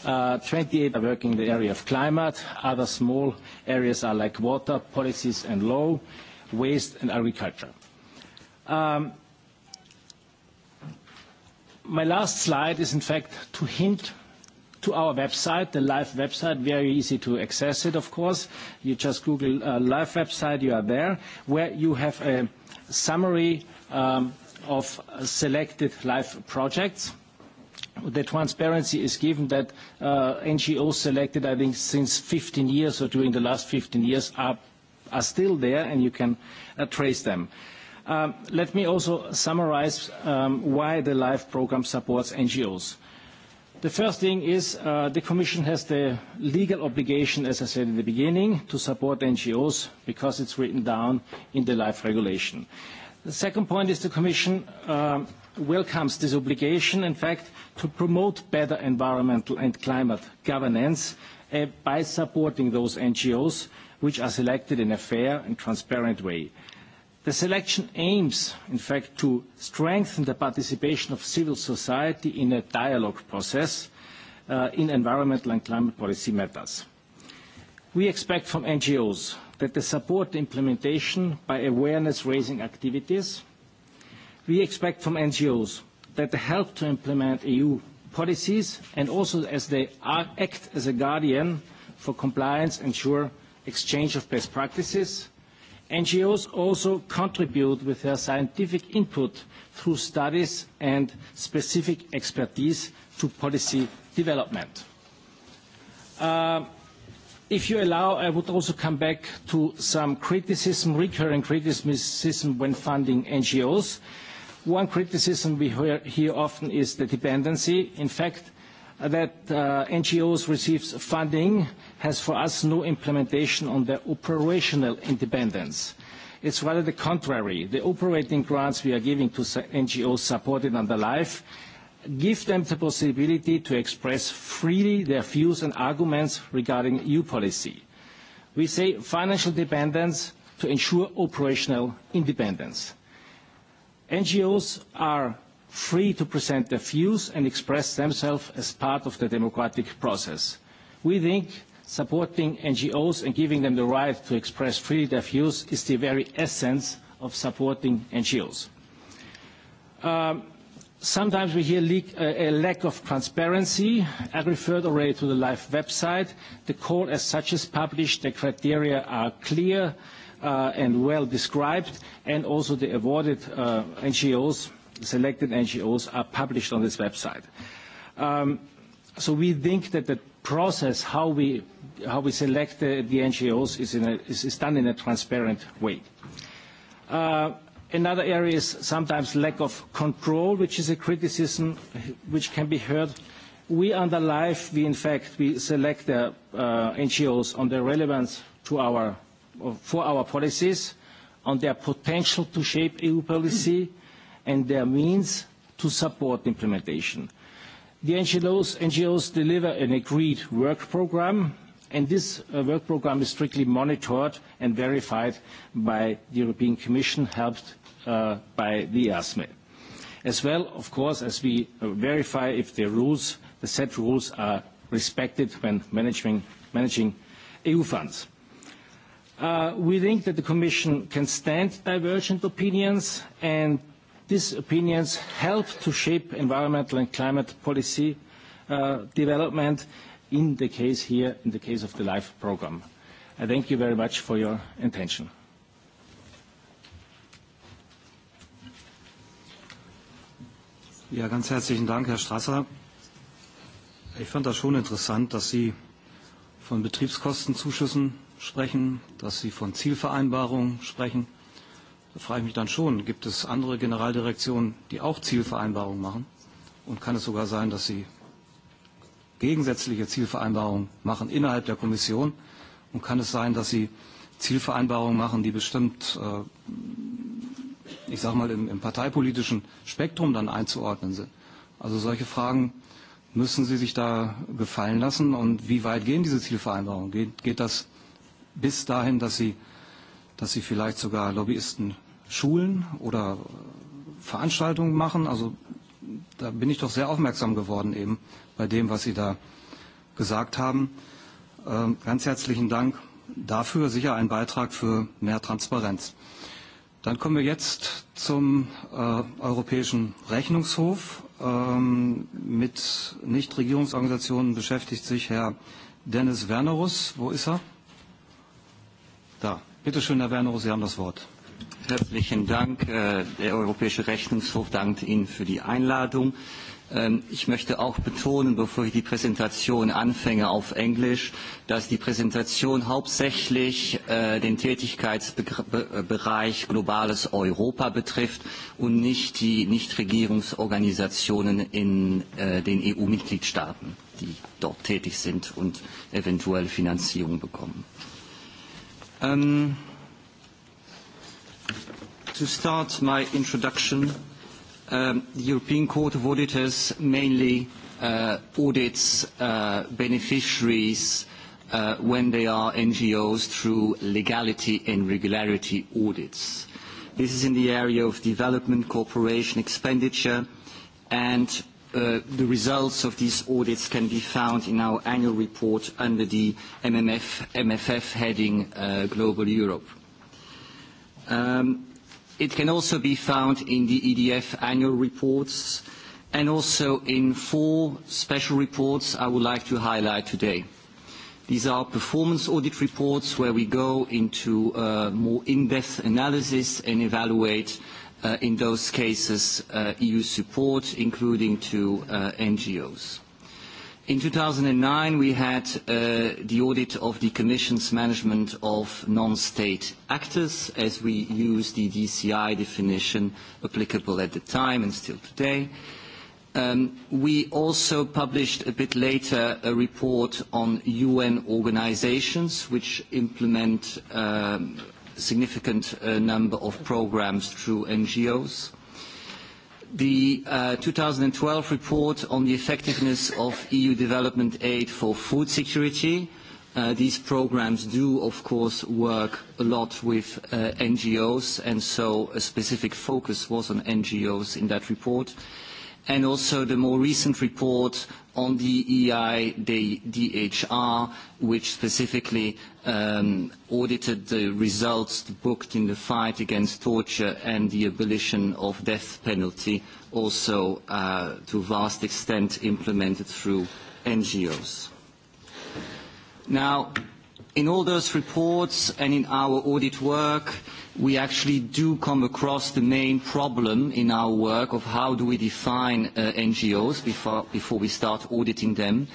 Uh, 28 are working in the area of climate. Other small areas are like water, policies and law, waste and agriculture. Um, my last slide is in fact to hint to our website, the live website, very easy to access it, of course. You just Google uh, live website, you are there, where you have a summary um, of selected live projects. The transparency is given that uh, NGOs selected, I think, since 15 years or during the last 15 years are, are still there, and you can uh, trace them. Um, let me also summarize um, why the LIFE program supports NGOs. The first thing is uh, the Commission has the legal obligation, as I said in the beginning, to support NGOs because it's written down in the life regulation. The second point is the Commission uh, welcomes this obligation, in fact, to promote better environmental and climate governance uh, by supporting those NGOs which are selected in a fair and transparent way. Uh, The selection aims, in fact, to strengthen the participation of civil society in a dialogue process uh, in environmental and climate policy matters. We expect from NGOs that they support the implementation by awareness-raising activities. We expect from NGOs that they help to implement EU policies and also as they are, act as a guardian for compliance, ensure exchange of best practices, NGOs also contribute with their scientific input through studies and specific expertise to policy development. Uh, if you allow, I would also come back to some criticism, recurring criticism when funding NGOs. One criticism we hear, hear often is the dependency. In fact, that uh, NGOs receives funding has for us no implementation on their operational independence. It's rather the contrary. The operating grants we are giving to NGOs supported under LIFE give them the possibility to express freely their views and arguments regarding EU policy. We say financial dependence to ensure operational independence. NGOs are free to present their views and express themselves as part of the democratic process. We think supporting NGOs and giving them the right to express freely their views is the very essence of supporting NGOs. Um, sometimes we hear leak, uh, a lack of transparency. I referred already to the live website. The call as such is published. The criteria are clear uh, and well described, and also the awarded uh, NGOs selected NGOs are published on this website. Um, so we think that the process, how we, how we select the, the NGOs, is, in a, is, is done in a transparent way. Uh, another area is sometimes lack of control, which is a criticism which can be heard. We under Life, we in fact, we select the uh, NGOs on their relevance to our, for our policies, on their potential to shape EU policy, and their means to support implementation. The NGOs, NGOs deliver an agreed work program, and this uh, work program is strictly monitored and verified by the European Commission, helped uh, by the EASME. E. As well, of course, as we uh, verify if the rules, the set rules are respected when managing, managing EU funds. Uh, we think that the Commission can stand divergent opinions and These opinions help to shape environmental and climate policy uh, development in the case here, in the case of the LIFE program. I thank you very much for your attention. Ja, ganz herzlichen Dank, Herr Strasser. Ich fand das schon interessant, dass Sie von Betriebskostenzuschüssen sprechen, dass Sie von Zielvereinbarungen sprechen. Da frage ich mich dann schon, gibt es andere Generaldirektionen, die auch Zielvereinbarungen machen? Und kann es sogar sein, dass sie gegensätzliche Zielvereinbarungen machen innerhalb der Kommission? Und kann es sein, dass sie Zielvereinbarungen machen, die bestimmt, äh, ich sage mal, im, im parteipolitischen Spektrum dann einzuordnen sind? Also solche Fragen müssen Sie sich da gefallen lassen. Und wie weit gehen diese Zielvereinbarungen? Geht, geht das bis dahin, dass Sie, dass Sie vielleicht sogar Lobbyisten Schulen oder Veranstaltungen machen. Also da bin ich doch sehr aufmerksam geworden eben bei dem, was Sie da gesagt haben. Ähm, ganz herzlichen Dank dafür. Sicher ein Beitrag für mehr Transparenz. Dann kommen wir jetzt zum äh, Europäischen Rechnungshof. Ähm, mit Nichtregierungsorganisationen beschäftigt sich Herr Dennis Wernerus. Wo ist er? Da. Bitte schön, Herr Wernerus, Sie haben das Wort. Herzlichen Dank. Äh, der Europäische Rechnungshof dankt Ihnen für die Einladung. Ähm, ich möchte auch betonen, bevor ich die Präsentation anfange auf Englisch, dass die Präsentation hauptsächlich äh, den Tätigkeitsbereich globales Europa betrifft und nicht die Nichtregierungsorganisationen in äh, den EU-Mitgliedstaaten, die dort tätig sind und eventuell Finanzierung bekommen. Ähm To start my introduction, um, the European Court of Auditors mainly uh, audits uh, beneficiaries uh, when they are NGOs through legality and regularity audits. This is in the area of development, cooperation, expenditure, and uh, the results of these audits can be found in our annual report under the MMF, MFF heading uh, Global Europe. Um, It can also be found in the EDF annual reports and also in four special reports I would like to highlight today. These are performance audit reports where we go into uh, more in-depth analysis and evaluate, uh, in those cases, uh, EU support, including to uh, NGOs. In 2009, we had uh, the audit of the Commission's management of non-state actors, as we used the DCI definition applicable at the time and still today. Um, we also published a bit later a report on UN organizations, which implement um, significant uh, number of programs through NGOs the uh, 2012 report on the effectiveness of EU development aid for food security. Uh, these programs do, of course, work a lot with uh, NGOs, and so a specific focus was on NGOs in that report. And also the more recent report on e the EI, the DHR, which specifically um, audited the results booked in the fight against torture and the abolition of death penalty, also uh, to vast extent implemented through NGOs. Now, in all those reports and in our audit work, we actually do come across the main problem in our work of how do we define uh, NGOs before, before we start auditing them.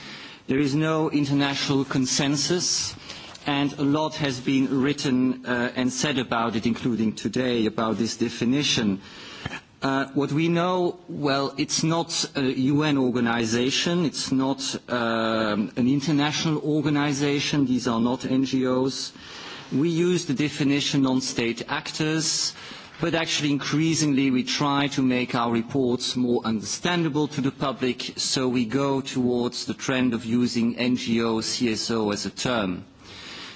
There is no international consensus uh, and a lot has been written uh, and said about it, including today, about this definition. Uh, what we know, well, it's not a UN organization, it's not um, an international organization, these are not NGOs. We use the definition non-state actors, but actually increasingly we try to make our reports more understandable to the public, so we go towards the trend of using NGO, CSO as a term. Uh,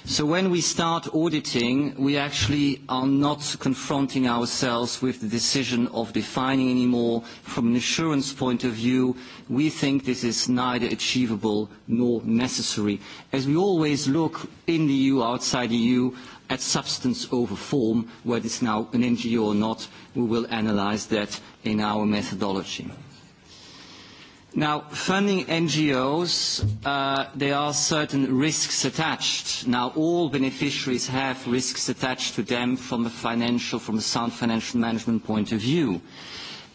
So when we start auditing, we actually are not confronting ourselves with the decision of defining anymore. From an assurance point of view, we think this is neither achievable nor necessary, as we always look in the EU, outside the EU, at substance over form, whether it's now an NGO or not. We will analyze that in our methodology. Now, funding NGOs, uh, there are certain risks attached. Now, all beneficiaries have risks attached to them from a financial, from a sound financial management point of view.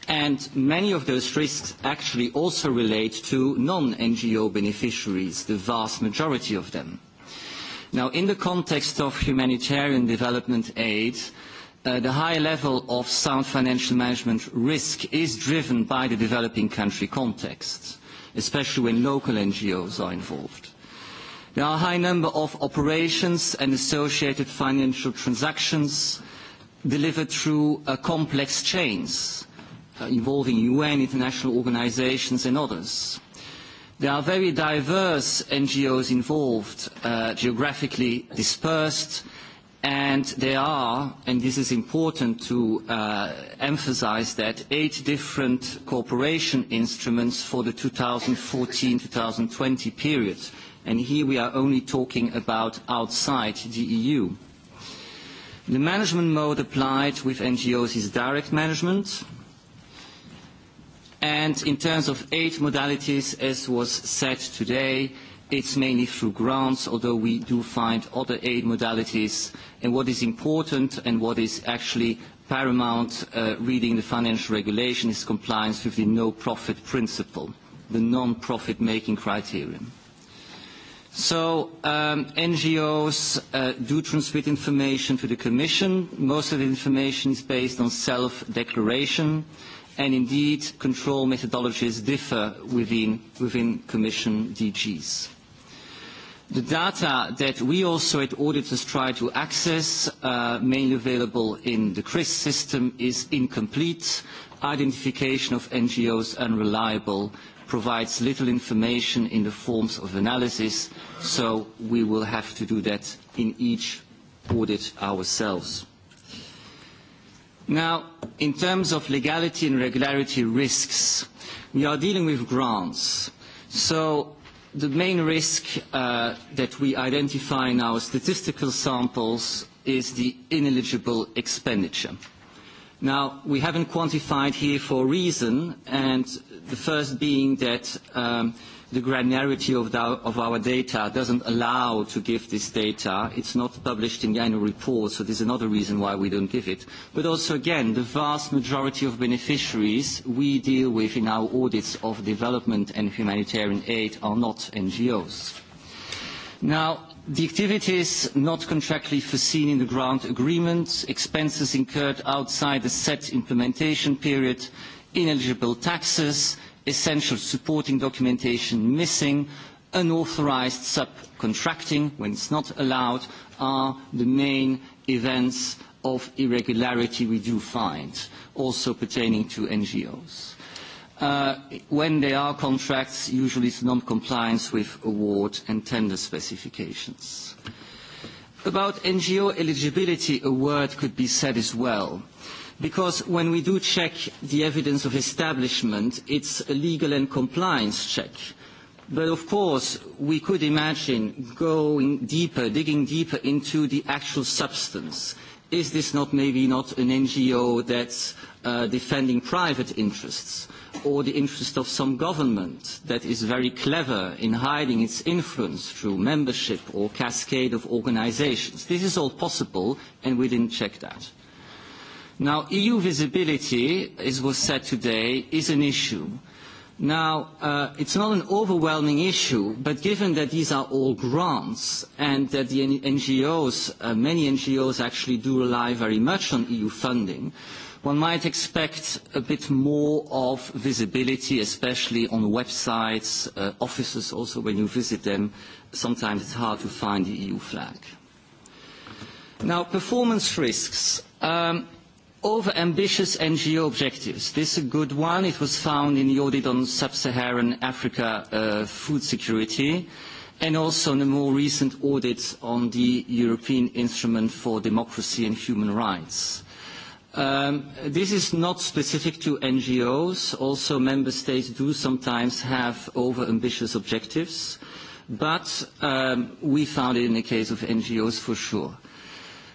And many of those risks actually also relate to non-NGO beneficiaries, the vast majority of them. Now, in the context of humanitarian development aid, uh, Uh, the high level of sound financial management risk is driven by the developing country context, especially when local NGOs are involved. There are a high number of operations and associated financial transactions delivered through uh, complex chains uh, involving UN, international organizations and others. There are very diverse NGOs involved, uh, geographically dispersed, uh, And there are, and this is important to uh, emphasize that, eight different cooperation instruments for the 2014-2020 period. And here we are only talking about outside the EU. The management mode applied with NGOs is direct management. And in terms of eight modalities, as was said today, it's mainly through grants, although we do find other aid modalities. And what is important and what is actually paramount uh, reading the financial regulation is compliance with the no-profit principle, the non-profit making criterion. So um, NGOs uh, do transmit information to the Commission. Most of the information is based on self-declaration, and indeed control methodologies differ within, within Commission DGs. The data that we also at auditors try to access, uh, mainly available in the CRIS system, is incomplete. Identification of NGOs unreliable, provides little information in the forms of analysis, so we will have to do that in each audit ourselves. Now, in terms of legality and regularity risks, we are dealing with grants. So the main risk uh, that we identify in our statistical samples is the ineligible expenditure. Now, we haven't quantified here for a reason, and the first being that um, uh, the granularity of, the, of our data doesn't allow to give this data. It's not published in the annual report, so there's another reason why we don't give it. But also, again, the vast majority of beneficiaries we deal with in our audits of development and humanitarian aid are not NGOs. Now, The activities not contractually foreseen in the grant agreement, expenses incurred outside the set implementation period, ineligible taxes, essential supporting documentation missing, unauthorized subcontracting when it's not allowed are the main events of irregularity we do find, also pertaining to NGOs. Uh, when there are contracts, usually it's non-compliance with award and tender specifications. About NGO eligibility, a word could be said as well. Because when we do check the evidence of establishment, it's a legal and compliance check. But of course, we could imagine going deeper, digging deeper into the actual substance. Is this not maybe not an NGO that's uh, defending private interests or the interest of some government that is very clever in hiding its influence through membership or cascade of organizations? This is all possible and we didn't check that. Now, EU visibility, as was said today, is an issue. Now, uh, it's not an overwhelming issue, but given that these are all grants and that the NGOs, uh, many NGOs actually do rely very much on EU funding, one might expect a bit more of visibility, especially on websites, uh, offices also when you visit them. Sometimes it's hard to find the EU flag. Now, performance risks. Um, Over-ambitious NGO objectives. This is a good one. It was found in the audit on sub-Saharan Africa uh, food security and also in the more recent audit on the European Instrument for Democracy and Human Rights. Um, this is not specific to NGOs. Also, member states do sometimes have over-ambitious objectives, but um, we found it in the case of NGOs for sure. Uh,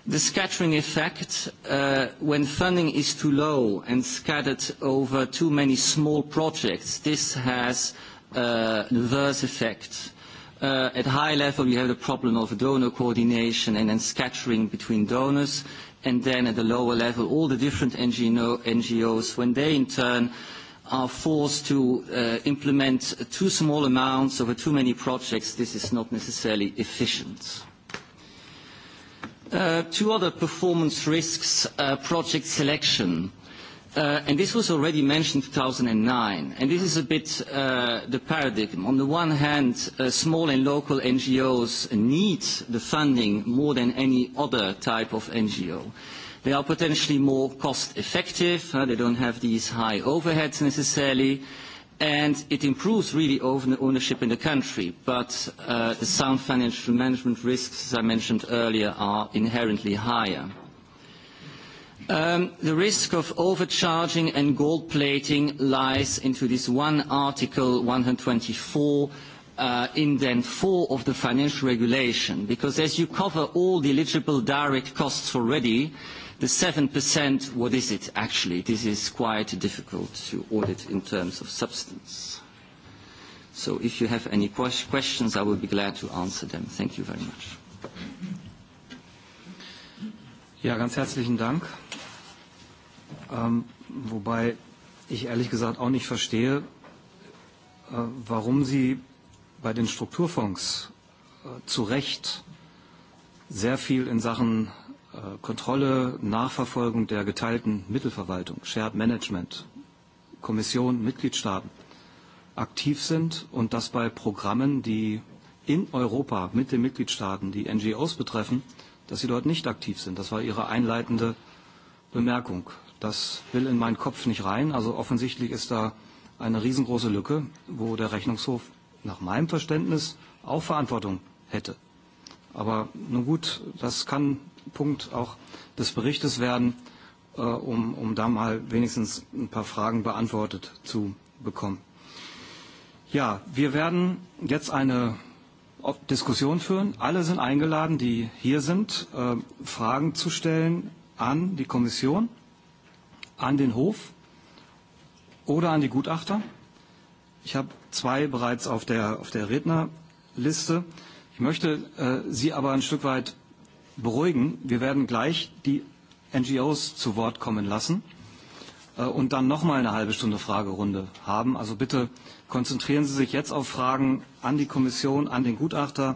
The scattering effect, uh, when funding is too low and scattered over too many small projects, this has uh, an adverse effect. Uh, at high level, you have the problem of donor coordination and then scattering between donors. And then at the lower level, all the different NGO, NGOs, when they in turn are forced to uh, implement too small amounts over too many projects, this is not necessarily efficient. Uh, two other performance risks, uh, project selection. Uh, and this was already mentioned in 2009. And this is a bit uh, the paradigm. On the one hand, uh, small and local NGOs need the funding more than any other type of NGO. They are potentially more cost effective. Uh, they don't have these high overheads necessarily. Uh, and it improves really ownership in the country. But uh, the sound financial management risks, as I mentioned earlier, are inherently higher. Um, the risk of overcharging and gold plating lies into this one article 124 uh, in then 4 of the financial regulation because as you cover all the eligible direct costs already, uh, The 7%, what is it actually? This is quite difficult to audit in terms of substance. So if you have any questions, I will be glad to answer them. Thank you very much. Ja, ganz herzlichen Dank. Ähm, wobei ich ehrlich gesagt auch nicht verstehe, äh, warum Sie bei den Strukturfonds äh, zu Recht sehr viel in Sachen Äh, Kontrolle, Nachverfolgung der geteilten Mittelverwaltung, Shared Management, Kommission, Mitgliedstaaten aktiv sind und das bei Programmen, die in Europa mit den Mitgliedstaaten die NGOs betreffen, dass sie dort nicht aktiv sind. Das war Ihre einleitende Bemerkung. Das will in meinen Kopf nicht rein. Also offensichtlich ist da eine riesengroße Lücke, wo der Rechnungshof nach meinem Verständnis auch Verantwortung hätte. Aber nun gut, das kann Punkt auch des Berichtes werden, äh, um, um da mal wenigstens ein paar Fragen beantwortet zu bekommen. Ja, wir werden jetzt eine Diskussion führen. Alle sind eingeladen, die hier sind, äh, Fragen zu stellen an die Kommission, an den Hof oder an die Gutachter. Ich habe zwei bereits auf der, auf der Rednerliste. Ich möchte äh, Sie aber ein Stück weit beruhigen. Wir werden gleich die NGOs zu Wort kommen lassen äh, und dann nochmal eine halbe Stunde Fragerunde haben. Also bitte konzentrieren Sie sich jetzt auf Fragen an die Kommission, an den Gutachter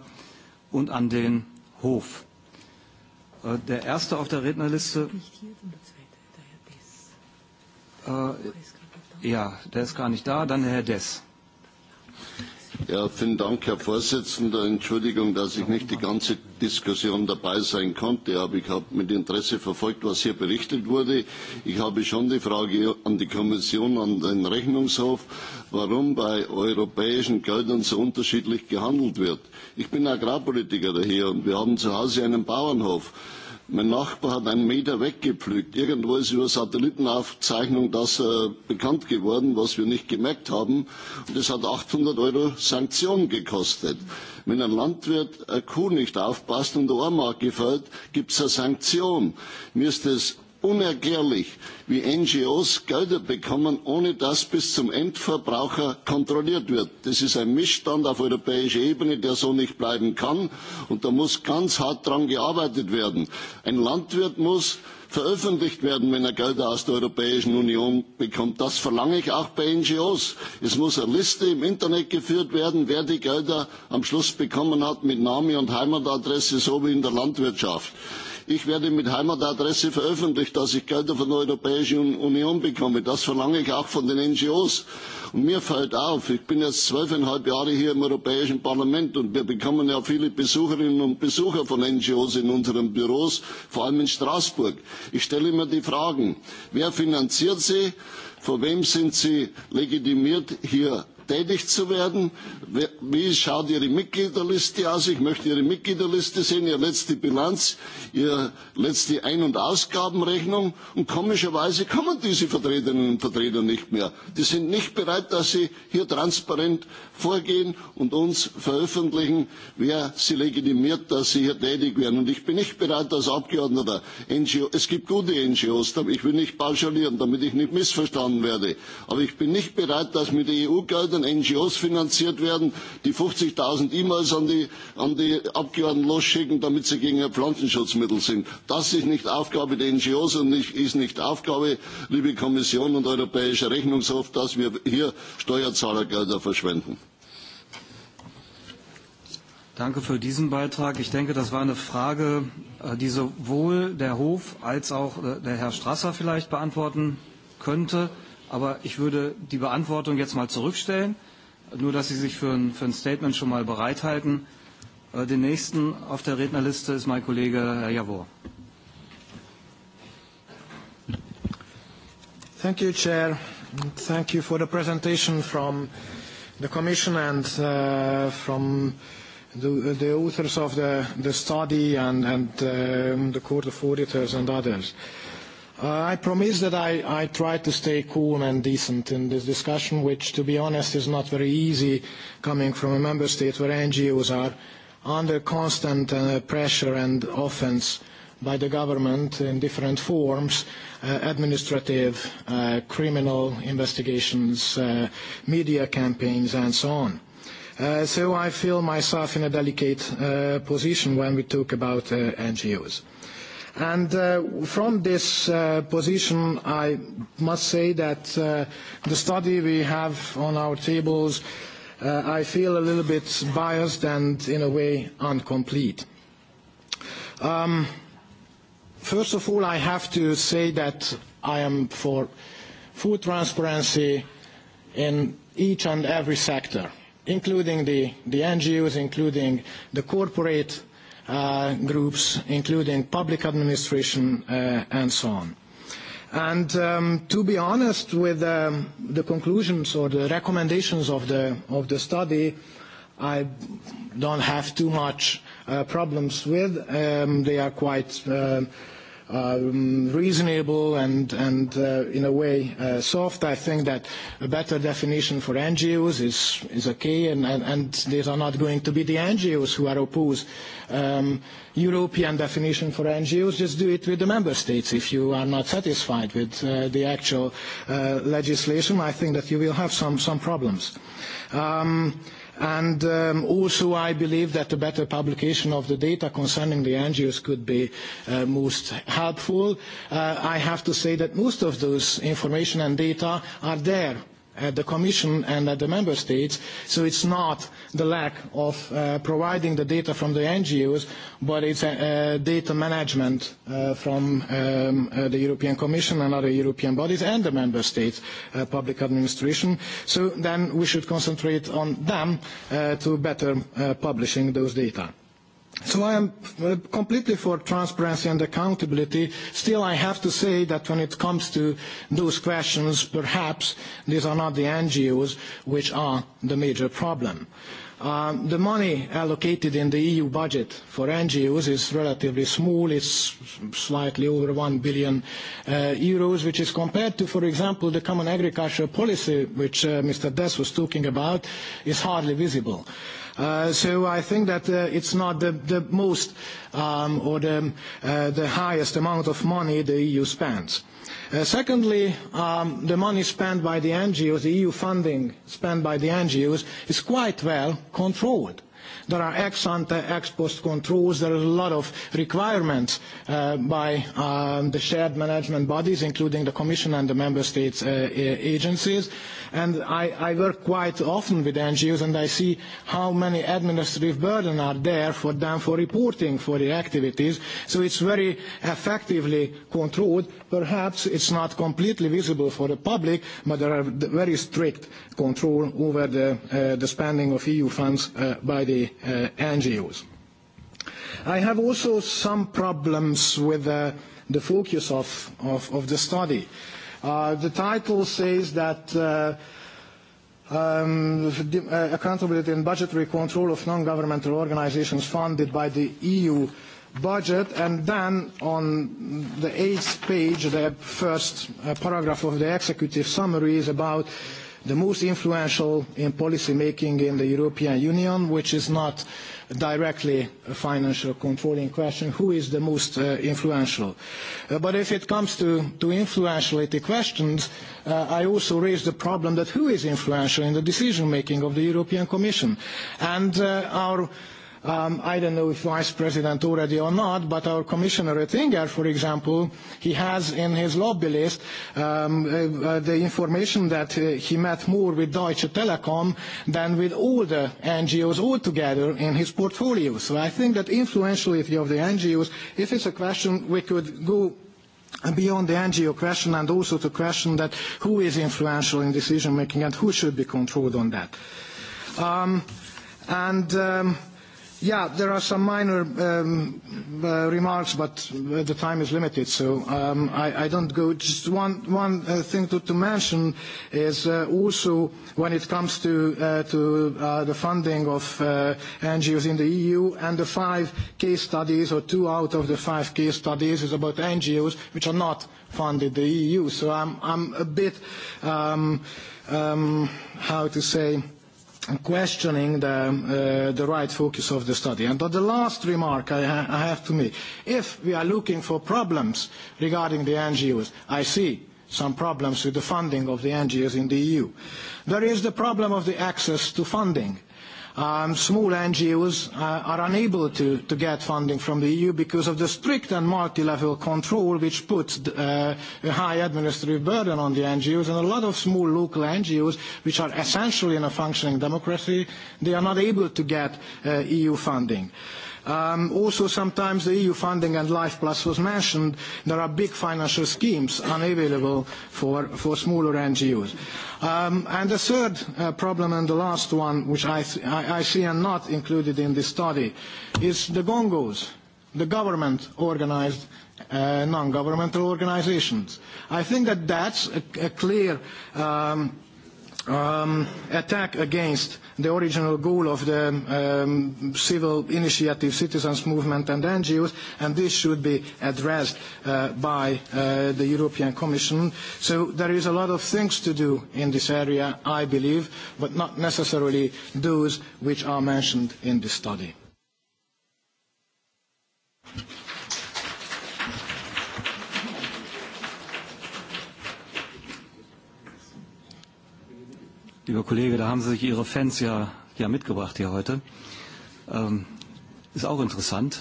und an den Hof. Äh, der erste auf der Rednerliste. Äh, ja, der ist gar nicht da. Dann Herr Dess. Ja, vielen Dank, Herr Vorsitzender. Entschuldigung, dass ich nicht die ganze Diskussion dabei sein konnte, aber ich habe mit Interesse verfolgt, was hier berichtet wurde. Ich habe schon die Frage an die Kommission, an den Rechnungshof, warum bei europäischen Geldern so unterschiedlich gehandelt wird. Ich bin Agrarpolitiker daher und wir haben zu Hause einen Bauernhof Mein Nachbar hat einen Meter weggepflügt. Irgendwo ist über Satellitenaufzeichnung das äh, bekannt geworden, was wir nicht gemerkt haben. Und das hat 800 Euro Sanktion gekostet. Wenn ein Landwirt eine Kuh nicht aufpasst und der Ohrmarke fällt, gibt es eine Sanktion. Mir ist das unerklärlich, wie NGOs Gelder bekommen, ohne dass bis zum Endverbraucher kontrolliert wird. Das ist ein Missstand auf europäischer Ebene, der so nicht bleiben kann. Und da muss ganz hart daran gearbeitet werden. Ein Landwirt muss veröffentlicht werden, wenn er Gelder aus der Europäischen Union bekommt. Das verlange ich auch bei NGOs. Es muss eine Liste im Internet geführt werden, wer die Gelder am Schluss bekommen hat, mit Name und Heimatadresse, so wie in der Landwirtschaft ich werde mit heimatadresse veröffentlicht dass ich gelder von der europäischen union bekomme. das verlange ich auch von den ngos. und mir fällt auf ich bin jetzt zwölfeinhalb jahre hier im europäischen parlament und wir bekommen ja viele besucherinnen und besucher von ngos in unseren büros vor allem in straßburg. ich stelle mir die fragen wer finanziert sie? von wem sind sie legitimiert hier tätig zu werden. Wie schaut Ihre Mitgliederliste aus? Ich möchte Ihre Mitgliederliste sehen, Ihre letzte Bilanz, Ihre letzte Ein- und Ausgabenrechnung. Und komischerweise kommen diese Vertreterinnen und Vertreter nicht mehr. Die sind nicht bereit, dass sie hier transparent vorgehen und uns veröffentlichen, wer sie legitimiert, dass sie hier tätig werden. Und ich bin nicht bereit, als Abgeordneter NGO, es gibt gute NGOs, ich will nicht pauschalieren, damit ich nicht missverstanden werde, aber ich bin nicht bereit, dass mit EU-Geldern NGOs finanziert werden, die 50.000 E-Mails an die, an die Abgeordneten losschicken, damit sie gegen ihr Pflanzenschutzmittel sind. Das ist nicht Aufgabe der NGOs und nicht, ist nicht Aufgabe, liebe Kommission und Europäischer Rechnungshof, dass wir hier Steuerzahlergelder verschwenden. Danke für diesen Beitrag. Ich denke, das war eine Frage, äh, die sowohl der Hof als auch äh, der Herr Strasser vielleicht beantworten könnte. Aber ich würde die Beantwortung jetzt mal zurückstellen, nur dass Sie sich für ein, für ein Statement schon mal bereithalten. Äh, den nächsten auf der Rednerliste ist mein Kollege Herr Javor. Thank you, Chair. Thank you for the presentation from the Commission and uh, from uh, the, the authors of the, the study and, and um, the Court of Auditors and others. Uh, I promise that I, I try to stay cool and decent in this discussion, which, to be honest, is not very easy coming from a member state where NGOs are under constant uh, pressure and offense by the government in different forms, uh, administrative, uh, criminal investigations, uh, media campaigns, and so on. Uh, so I feel myself in a delicate uh, position when we talk about uh, NGOs. And uh, from this uh, position, I must say that uh, the study we have on our tables, uh, I feel a little bit biased and in a way incomplete. Um, first of all, I have to say that I am for full transparency in each and every sector. Uh, including the, the NGOs, including the corporate uh, groups, including public administration, uh, and so on. And um, to be honest, with um, the conclusions or the recommendations of the, of the study, I don't have too much uh, problems with. Um, they are quite uh, um, reasonable and, and uh, in a way, uh, soft. I think that a better definition for NGOs is, is okay, and, and, and these are not going to be the NGOs who are opposed. Um, European definition for NGOs, just do it with the member states if you are not satisfied with uh, the actual uh, legislation. I think that you will have some, some problems. Um, And um, also, I believe that the better publication of the data concerning the NGOs could be uh, most helpful. Uh, I have to say that most of those information and data are there at the Commission and at the Member States. So it's not the lack of uh, providing the data from the NGOs, but it's uh, data management uh, from um, uh, the European Commission and other European bodies and the Member States uh, public administration. So then we should concentrate on them uh, to better uh, publishing those data. So I am uh, completely for transparency and accountability. Still, I have to say that when it comes to those questions, perhaps these are not the NGOs which are the major problem. Um, the money allocated in the EU budget for NGOs is relatively small. It's slightly over 1 billion uh, euros, which is compared to, for example, the common agricultural policy, which uh, Mr. Dess was talking about, is hardly visible. Uh, Uh, so I think that uh, it's not the, the most um, or the, uh, the highest amount of money the EU spends. Uh, secondly, um, the money spent by the NGOs, the EU funding spent by the NGOs, is quite well controlled. There are ex-ante, ex-post controls. There are a lot of requirements uh, by um, the shared management bodies, including the Commission and the member states' uh, agencies. And I, I work quite often with NGOs, and I see how many administrative burden are there for them for reporting for their activities. So it's very effectively controlled. Perhaps it's not completely visible for the public, but there are very strict control over the, uh, the spending of EU funds uh, by the the uh, NGOs. I have also some problems with uh, the focus of, of, of the study. Uh, the title says that uh, um, the, uh, accountability and budgetary control of non-governmental organizations funded by the EU budget, and then on the eighth page, the first uh, paragraph of the executive summary is about uh, the most influential in policy making in the European Union, which is not directly a financial controlling question, who is the most uh, influential. Uh, but if it comes to, to influentiality questions, uh, I also raise the problem that who is influential in the decision making of the European Commission. And uh, our Um, I don't know if Vice President already or not, but our Commissioner Oettinger, for example, he has in his lobby list um, uh, uh, the information that uh, he met more with Deutsche Telekom than with all the NGOs altogether in his portfolio. So I think that influentiality of the NGOs, if it's a question, we could go beyond the NGO question and also to question that who is influential in decision making and who should be controlled on that. Um, and um, Yeah, there are some minor um, uh, remarks, but uh, the time is limited, so um, I, I don't go. Just one, one uh, thing to, to mention is uh, also when it comes to, uh, to uh, the funding of uh, NGOs in the EU, and the five case studies, or two out of the five case studies, is about NGOs which are not funded the EU. So I'm, I'm a bit, um, um, how to say, questioning the, uh, the right focus of the study. And the last remark I, ha I have to make, if we are looking for problems regarding the NGOs, I see some problems with the funding of the NGOs in the EU. There is the problem of the access to funding um, small NGOs uh, are unable to, to get funding from the EU because of the strict and multi-level control which puts uh, a high administrative burden on the NGOs and a lot of small local NGOs which are essentially in a functioning democracy, they are not able to get uh, EU funding. Uh, Um, also, sometimes the EU funding and Life Plus was mentioned. There are big financial schemes unavailable for, for smaller NGOs. Um, and the third uh, problem, and the last one, which I, th- I, I see and not included in this study, is the Gongos, the government-organized uh, non-governmental organizations. I think that that's a, a clear um, um, attack against the original goal of the um, civil initiative, citizens movement and NGOs, and this should be addressed uh, by uh, the European Commission. So there is a lot of things to do in this area, I believe, but not necessarily those which are mentioned in this study. Lieber Kollege, da haben Sie sich Ihre Fans ja, ja mitgebracht hier heute. Ähm, ist auch interessant.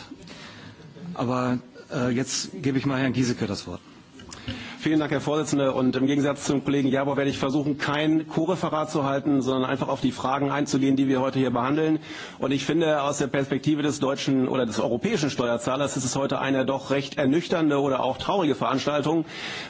Aber äh, jetzt gebe ich mal Herrn Giesecke das Wort. Vielen Dank, Herr Vorsitzender. Und im Gegensatz zum Kollegen Jabor werde ich versuchen, kein Co-Referat zu halten, sondern einfach auf die Fragen einzugehen, die wir heute hier behandeln. Und ich finde, aus der Perspektive des deutschen oder des europäischen Steuerzahlers ist es heute eine doch recht ernüchternde oder auch traurige Veranstaltung.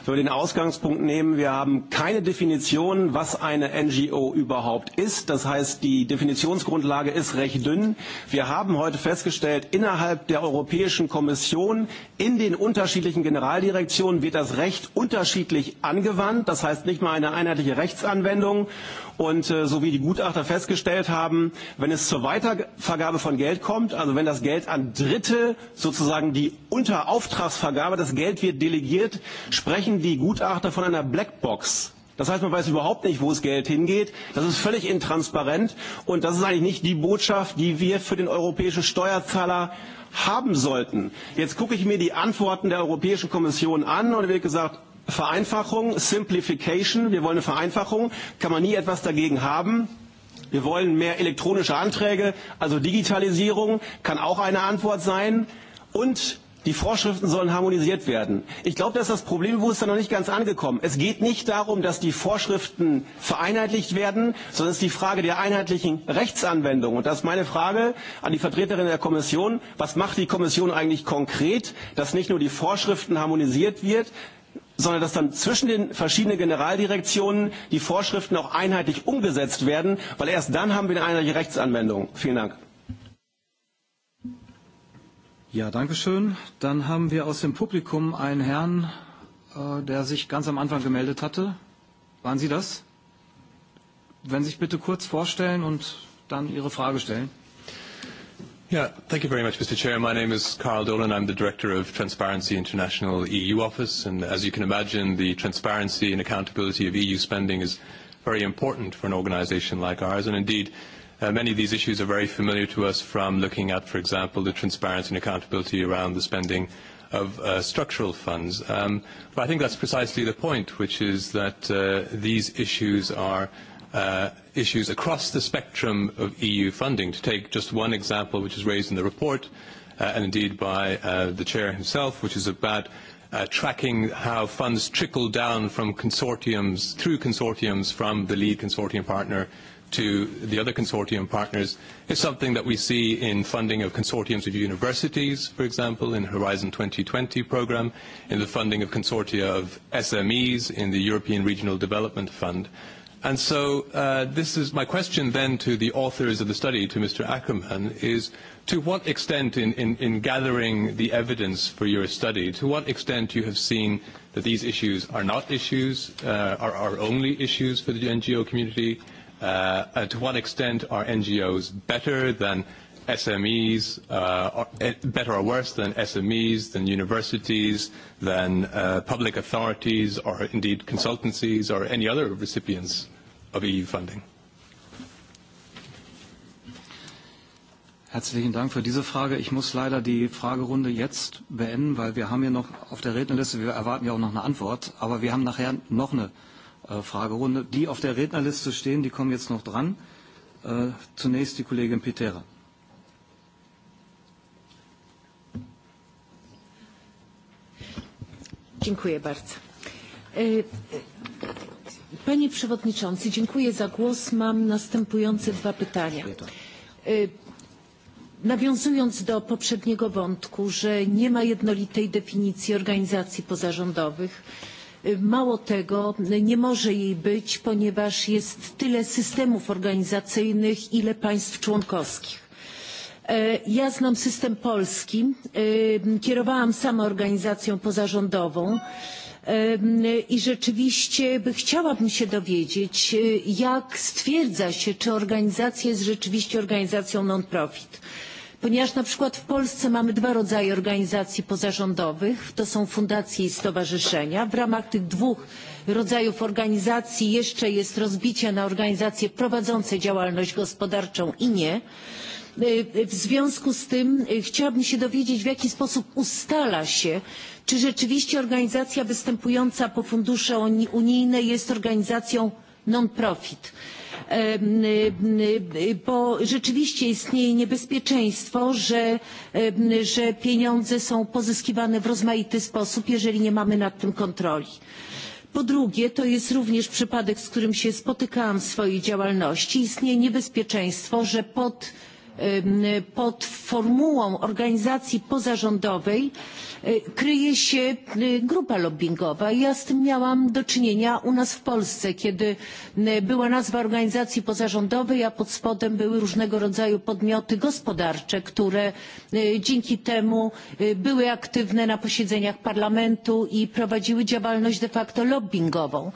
Wenn wir den Ausgangspunkt nehmen, wir haben keine Definition, was eine NGO überhaupt ist. Das heißt, die Definitionsgrundlage ist recht dünn. Wir haben heute festgestellt, innerhalb der Europäischen Kommission in den unterschiedlichen Generaldirektionen wird das Recht und unterschiedlich angewandt. Das heißt nicht mal eine einheitliche Rechtsanwendung. Und äh, so wie die Gutachter festgestellt haben, wenn es zur Weitervergabe von Geld kommt, also wenn das Geld an Dritte sozusagen die Unterauftragsvergabe, das Geld wird delegiert, sprechen die Gutachter von einer Blackbox. Das heißt, man weiß überhaupt nicht, wo das Geld hingeht. Das ist völlig intransparent. Und das ist eigentlich nicht die Botschaft, die wir für den europäischen Steuerzahler haben sollten. Jetzt gucke ich mir die Antworten der Europäischen Kommission an und wird gesagt, Vereinfachung, Simplification. Wir wollen eine Vereinfachung. Kann man nie etwas dagegen haben. Wir wollen mehr elektronische Anträge, also Digitalisierung kann auch eine Antwort sein. Und die Vorschriften sollen harmonisiert werden. Ich glaube, das ist das Problembewusstsein noch nicht ganz angekommen. Es geht nicht darum, dass die Vorschriften vereinheitlicht werden, sondern es ist die Frage der einheitlichen Rechtsanwendung. Und das ist meine Frage an die Vertreterin der Kommission. Was macht die Kommission eigentlich konkret, dass nicht nur die Vorschriften harmonisiert wird, sondern dass dann zwischen den verschiedenen Generaldirektionen die Vorschriften auch einheitlich umgesetzt werden, weil erst dann haben wir eine einheitliche Rechtsanwendung. Vielen Dank. Ja, danke schön. Dann haben wir aus dem Publikum einen Herrn, äh, der sich ganz am Anfang gemeldet hatte. Waren Sie das? Wenn Sie sich bitte kurz vorstellen und dann Ihre Frage stellen. Yeah, thank you very much, Mr. Chair. My name is Carl Dolan. I'm the Director of Transparency International EU Office. And as you can imagine, the transparency and accountability of EU spending is very important for an organization like ours. And indeed, uh, many of these issues are very familiar to us from looking at, for example, the transparency and accountability around the spending of uh, structural funds. Um, but I think that's precisely the point, which is that uh, these issues are – uh, issues across the spectrum of EU funding. To take just one example, which is raised in the report, uh, and indeed by uh, the chair himself, which is about uh, tracking how funds trickle down from consortiums, through consortiums from the lead consortium partner to the other consortium partners is something that we see in funding of consortiums of universities, for example, in Horizon 2020 program, in the funding of consortia of SMEs in the European Regional Development Fund. And so uh, this is my question then to the authors of the study, to Mr. Ackerman, is to what extent in, in, in gathering the evidence for your study, to what extent you have seen that these issues are not issues, uh, are, are only issues for the NGO community, uh, uh, to what extent are NGOs better than SMEs uh, eh, better or worse than SMEs, than universities, than uh, public authorities, or indeed consultancies, or any other recipients of EU funding? Herzlichen Dank für diese Frage. Ich muss leider die Fragerunde jetzt beenden, weil wir haben hier noch auf der Rednerliste, wir erwarten ja auch noch eine Antwort, aber wir haben nachher noch eine äh, Fragerunde. Die auf der Rednerliste stehen, die kommen jetzt noch dran. Äh, zunächst die Kollegin Pitera. Dziękuję bardzo. E, e, panie Przewodniczący, dziękuję za głos. Mam następujące dwa pytania. E, nawiązując do poprzedniego wątku, że nie ma jednolitej definicji organizacji pozarządowych, mało tego, nie może jej być, ponieważ jest tyle systemów organizacyjnych, ile państw członkowskich E, ja znam system polski, e, kierowałam sama organizacją pozarządową e, i rzeczywiście chciałabym się dowiedzieć, jak stwierdza się, czy organizacja jest rzeczywiście organizacją non-profit ponieważ na przykład w Polsce mamy dwa rodzaje organizacji pozarządowych, to są fundacje i stowarzyszenia. W ramach tych dwóch rodzajów organizacji jeszcze jest rozbicie na organizacje prowadzące działalność gospodarczą i nie E, w związku z tym e, chciałabym się dowiedzieć, w jaki sposób ustala się, czy rzeczywiście organizacja występująca po fundusze unijne jest organizacją non-profit e, bo rzeczywiście istnieje niebezpieczeństwo, że, że pieniądze są pozyskiwane w rozmaity sposób, jeżeli nie mamy nad tym kontroli. Po drugie, to jest również przypadek, z którym się spotykałam w swojej działalności, istnieje niebezpieczeństwo, że pod pod formułą organizacji pozarządowej e, kryje się e, grupa lobbingowa. Ja z tym miałam do czynienia u nas w Polsce, kiedy e, była nazwa organizacji pozarządowej, a pod spodem były różnego rodzaju podmioty gospodarcze, które dzięki temu były aktywne na posiedzeniach parlamentu i prowadziły działalność de facto lobbingową.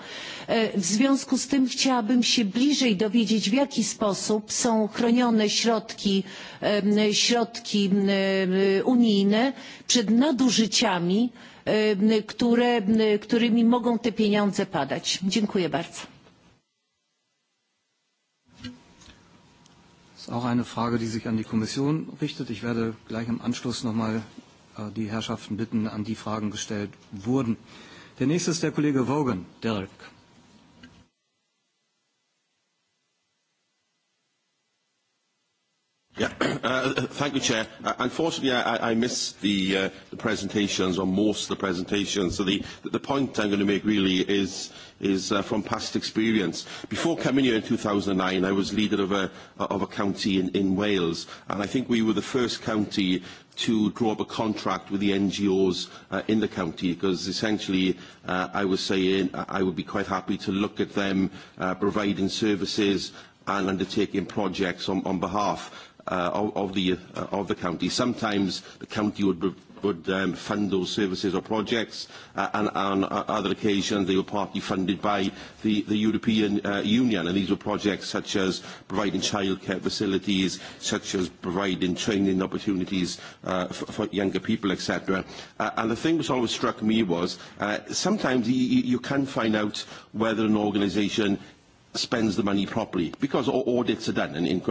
E, w związku z tym chciałabym się bliżej dowiedzieć, w jaki sposób są chronione środki, środki unijne przed nadużyciami, które, którymi mogą te pieniądze padać. Dziękuję bardzo. Das ist auch eine Frage, die sich an die Kommission richtet. Ich werde gleich im Anschluss nochmal äh, die Herrschaften bitten, an die Fragen gestellt wurden. Der nächste ist der Kollege Wogan, Derek. Yeah. Uh, uh, thank you, Chair. Uh, unfortunately, I, I missed the, uh, the presentations or most of the presentations. So the, the point I'm going to make really is, is uh, from past experience. Before coming here in 2009, I was leader of a, of a county in, in Wales, and I think we were the first county to draw up a contract with the NGOs uh, in the county because essentially uh, I was saying uh, I would be quite happy to look at them uh, providing services and undertaking projects on, on behalf uh, of, of, the, uh, of the county. Sometimes the county would, would um, fund those services or projects, uh, and on uh, other occasions they were partly funded by the, the European uh, Union, and these were projects such as providing childcare facilities, such as providing training opportunities uh, for, for younger people, etc. Uh, and the thing which always struck me was uh, sometimes you, you can find out whether an organisation spends the money properly because audits are done and, in,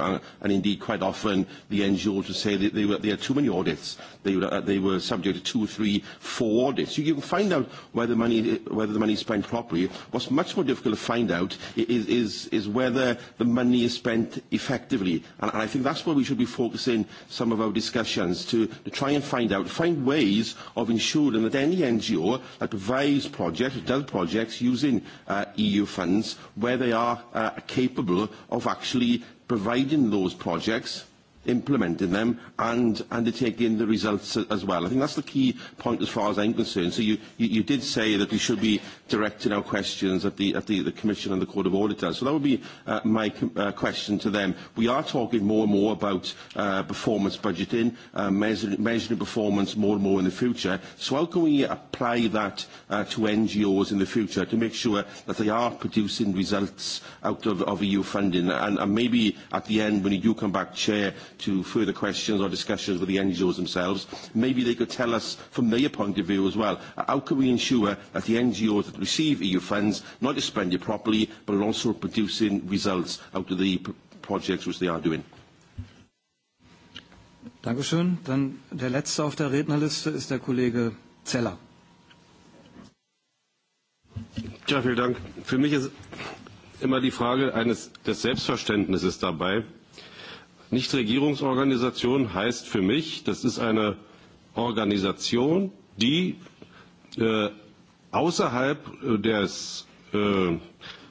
and indeed quite often the NGOs will say that they, were, there are too many audits they, uh, they were subject to two, three, four audits. You, you can find out whether, money, whether the money is spent properly. What's much more difficult to find out is, is, is whether the money is spent effectively. And, and I think that's where we should be focusing some of our discussions to, to try and find out, find ways of ensuring that any NGO that provides projects, does projects using uh, EU funds, where they are uh, capable of actually providing those projects implementing them and undertaking the results as well. I think that's the key point as far as I'm concerned. So you, you, you did say that we should be directing our questions at the, at the, the Commission and the Court of Auditors. So that would be uh, my uh, question to them. We are talking more and more about uh, performance budgeting, uh, measuring, measuring performance more and more in the future. So how can we apply that uh, to NGOs in the future to make sure that they are producing results out of, of EU funding? And, and maybe at the end, when you do come back, Chair, to further questions or discussions with the NGOs themselves. Maybe they could tell us from their point of view as well, how can we ensure that the NGOs that receive EU funds not just spend it properly, but are also producing results out of the p projects which they are doing? Dankeschön. Dann der Letzte auf der Rednerliste ist der Kollege Zeller. Ja, vielen Dank. Für mich ist immer die Frage eines, des Selbstverständnisses dabei. Nichtregierungsorganisation heißt für mich, das ist eine Organisation, die äh, außerhalb äh, des äh,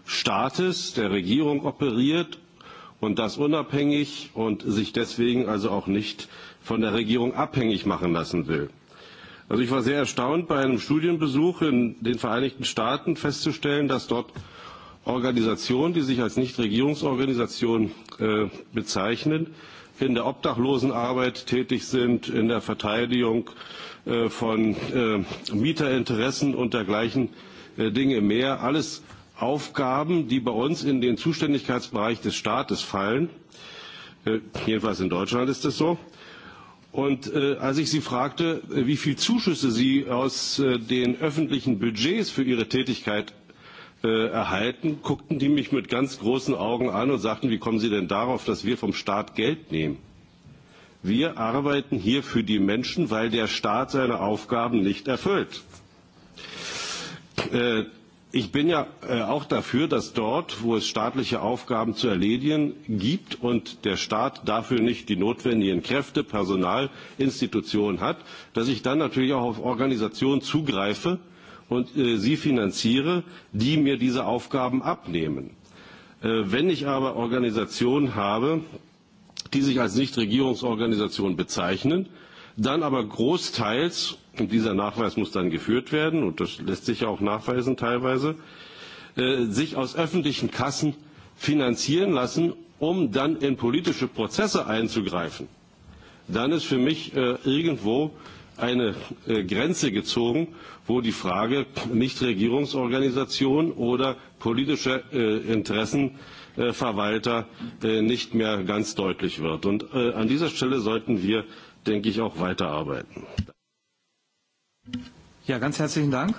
Staates, der Regierung operiert und das unabhängig und sich deswegen also auch nicht von der Regierung abhängig machen lassen will. Also ich war sehr erstaunt, bei einem Studienbesuch in den Vereinigten Staaten festzustellen, dass dort Organisationen, die sich als Nichtregierungsorganisationen äh, bezeichnen, in der Obdachlosenarbeit tätig sind, in der Verteidigung äh, von äh, Mieterinteressen und dergleichen äh, Dinge mehr. Alles Aufgaben, die bei uns in den Zuständigkeitsbereich des Staates fallen. Äh, jedenfalls in Deutschland ist das so. Und äh, als ich Sie fragte, äh, wie viel Zuschüsse Sie aus äh, den öffentlichen Budgets für Ihre Tätigkeit äh, erhalten, guckten die mich mit ganz großen Augen an und sagten, wie kommen Sie denn darauf, dass wir vom Staat Geld nehmen? Wir arbeiten hier für die Menschen, weil der Staat seine Aufgaben nicht erfüllt. Äh, ich bin ja äh, auch dafür, dass dort, wo es staatliche Aufgaben zu erledigen gibt und der Staat dafür nicht die notwendigen Kräfte, Personal, Institutionen hat, dass ich dann natürlich auch auf Organisationen zugreife, und äh, sie finanziere, die mir diese Aufgaben abnehmen. Äh, wenn ich aber Organisationen habe, die sich als Nichtregierungsorganisationen bezeichnen, dann aber großteils, und dieser Nachweis muss dann geführt werden, und das lässt sich ja auch nachweisen teilweise, äh, sich aus öffentlichen Kassen finanzieren lassen, um dann in politische Prozesse einzugreifen, dann ist für mich äh, irgendwo äh, eine äh, Grenze gezogen, wo die Frage Nichtregierungsorganisation oder politische äh, Interessenverwalter äh, äh, nicht mehr ganz deutlich wird. Und äh, an dieser Stelle sollten wir, denke ich, auch weiterarbeiten. Ja, ganz herzlichen Dank.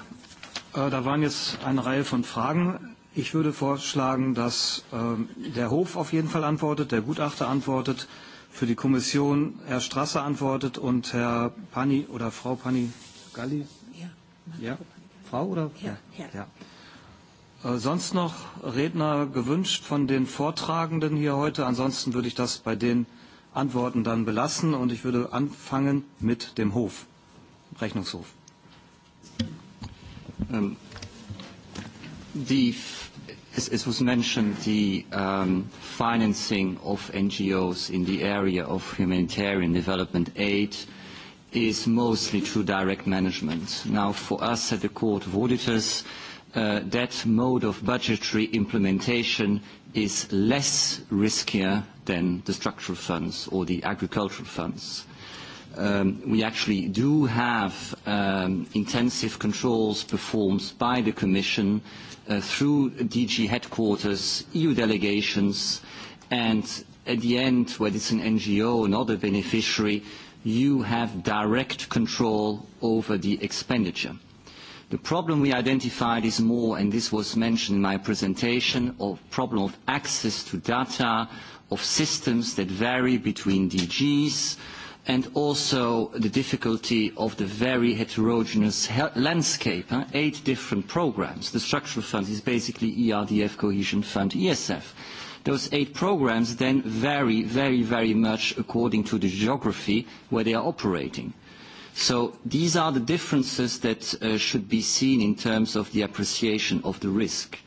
Äh, da waren jetzt eine Reihe von Fragen. Ich würde vorschlagen, dass äh, der Hof auf jeden Fall antwortet, der Gutachter antwortet, äh, für die Kommission Herr Strasser antwortet und Herr Pani oder Frau Pani Galli? Ja. ja. Frau oder? Herr. Ja. Herr. Ja. Äh, sonst noch Redner gewünscht von den Vortragenden hier heute. Ansonsten würde ich das bei den Antworten dann belassen und ich würde anfangen mit dem Hof, Rechnungshof. Ähm, die As, as was mentioned, the um, financing of NGOs in the area of humanitarian development aid is mostly through direct management. Now, for us at the Court of Auditors, uh, that mode of budgetary implementation is less riskier than the structural funds or the agricultural funds. Um, we actually do have um, intensive controls performed by the Commission uh, uh, through DG headquarters, EU delegations, and at the end, whether it's an NGO, not a beneficiary, you have direct control over the expenditure. The problem we identified is more, and this was mentioned in my presentation, of problem of access to data, of systems that vary between DGs, and also the difficulty of the very heterogeneous he landscape, huh? eight different programs. The structural fund is basically ERDF, cohesion fund, ESF. Those eight programs then vary very, very much according to the geography where they are operating. So these are the differences that uh, should be seen in terms of the appreciation of the risk.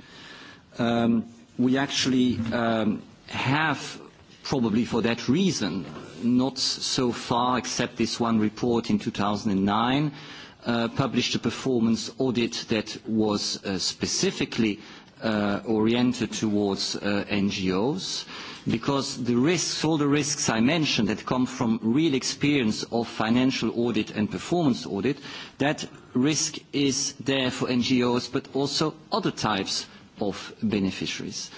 Um, we actually um, have, probably for that reason, not so far, except this one report in 2009, uh, published a performance audit that was uh, specifically uh, oriented towards uh, NGOs, because the risks, all the risks I mentioned that come from real experience of financial audit and performance audit, that risk is there for NGOs, but also other types of beneficiaries.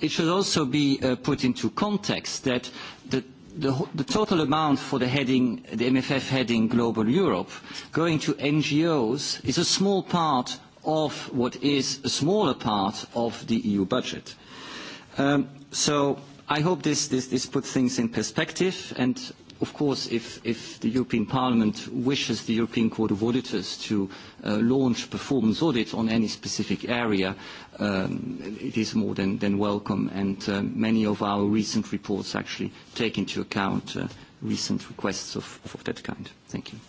It should also be uh, put into context that the the, the total amount for the heading, the MFF heading Global Europe, going to NGOs is a small part of what is a smaller part of the EU budget. Um, so I hope this, this, this puts things in perspective, and of course, if, if the European Parliament wishes the European Court of Auditors to uh, launch a performance audit on any specific area, um, it is more than, than welcome, and uh, many of our recent reports actually take into account uh, recent requests of, of that kind. Thank you.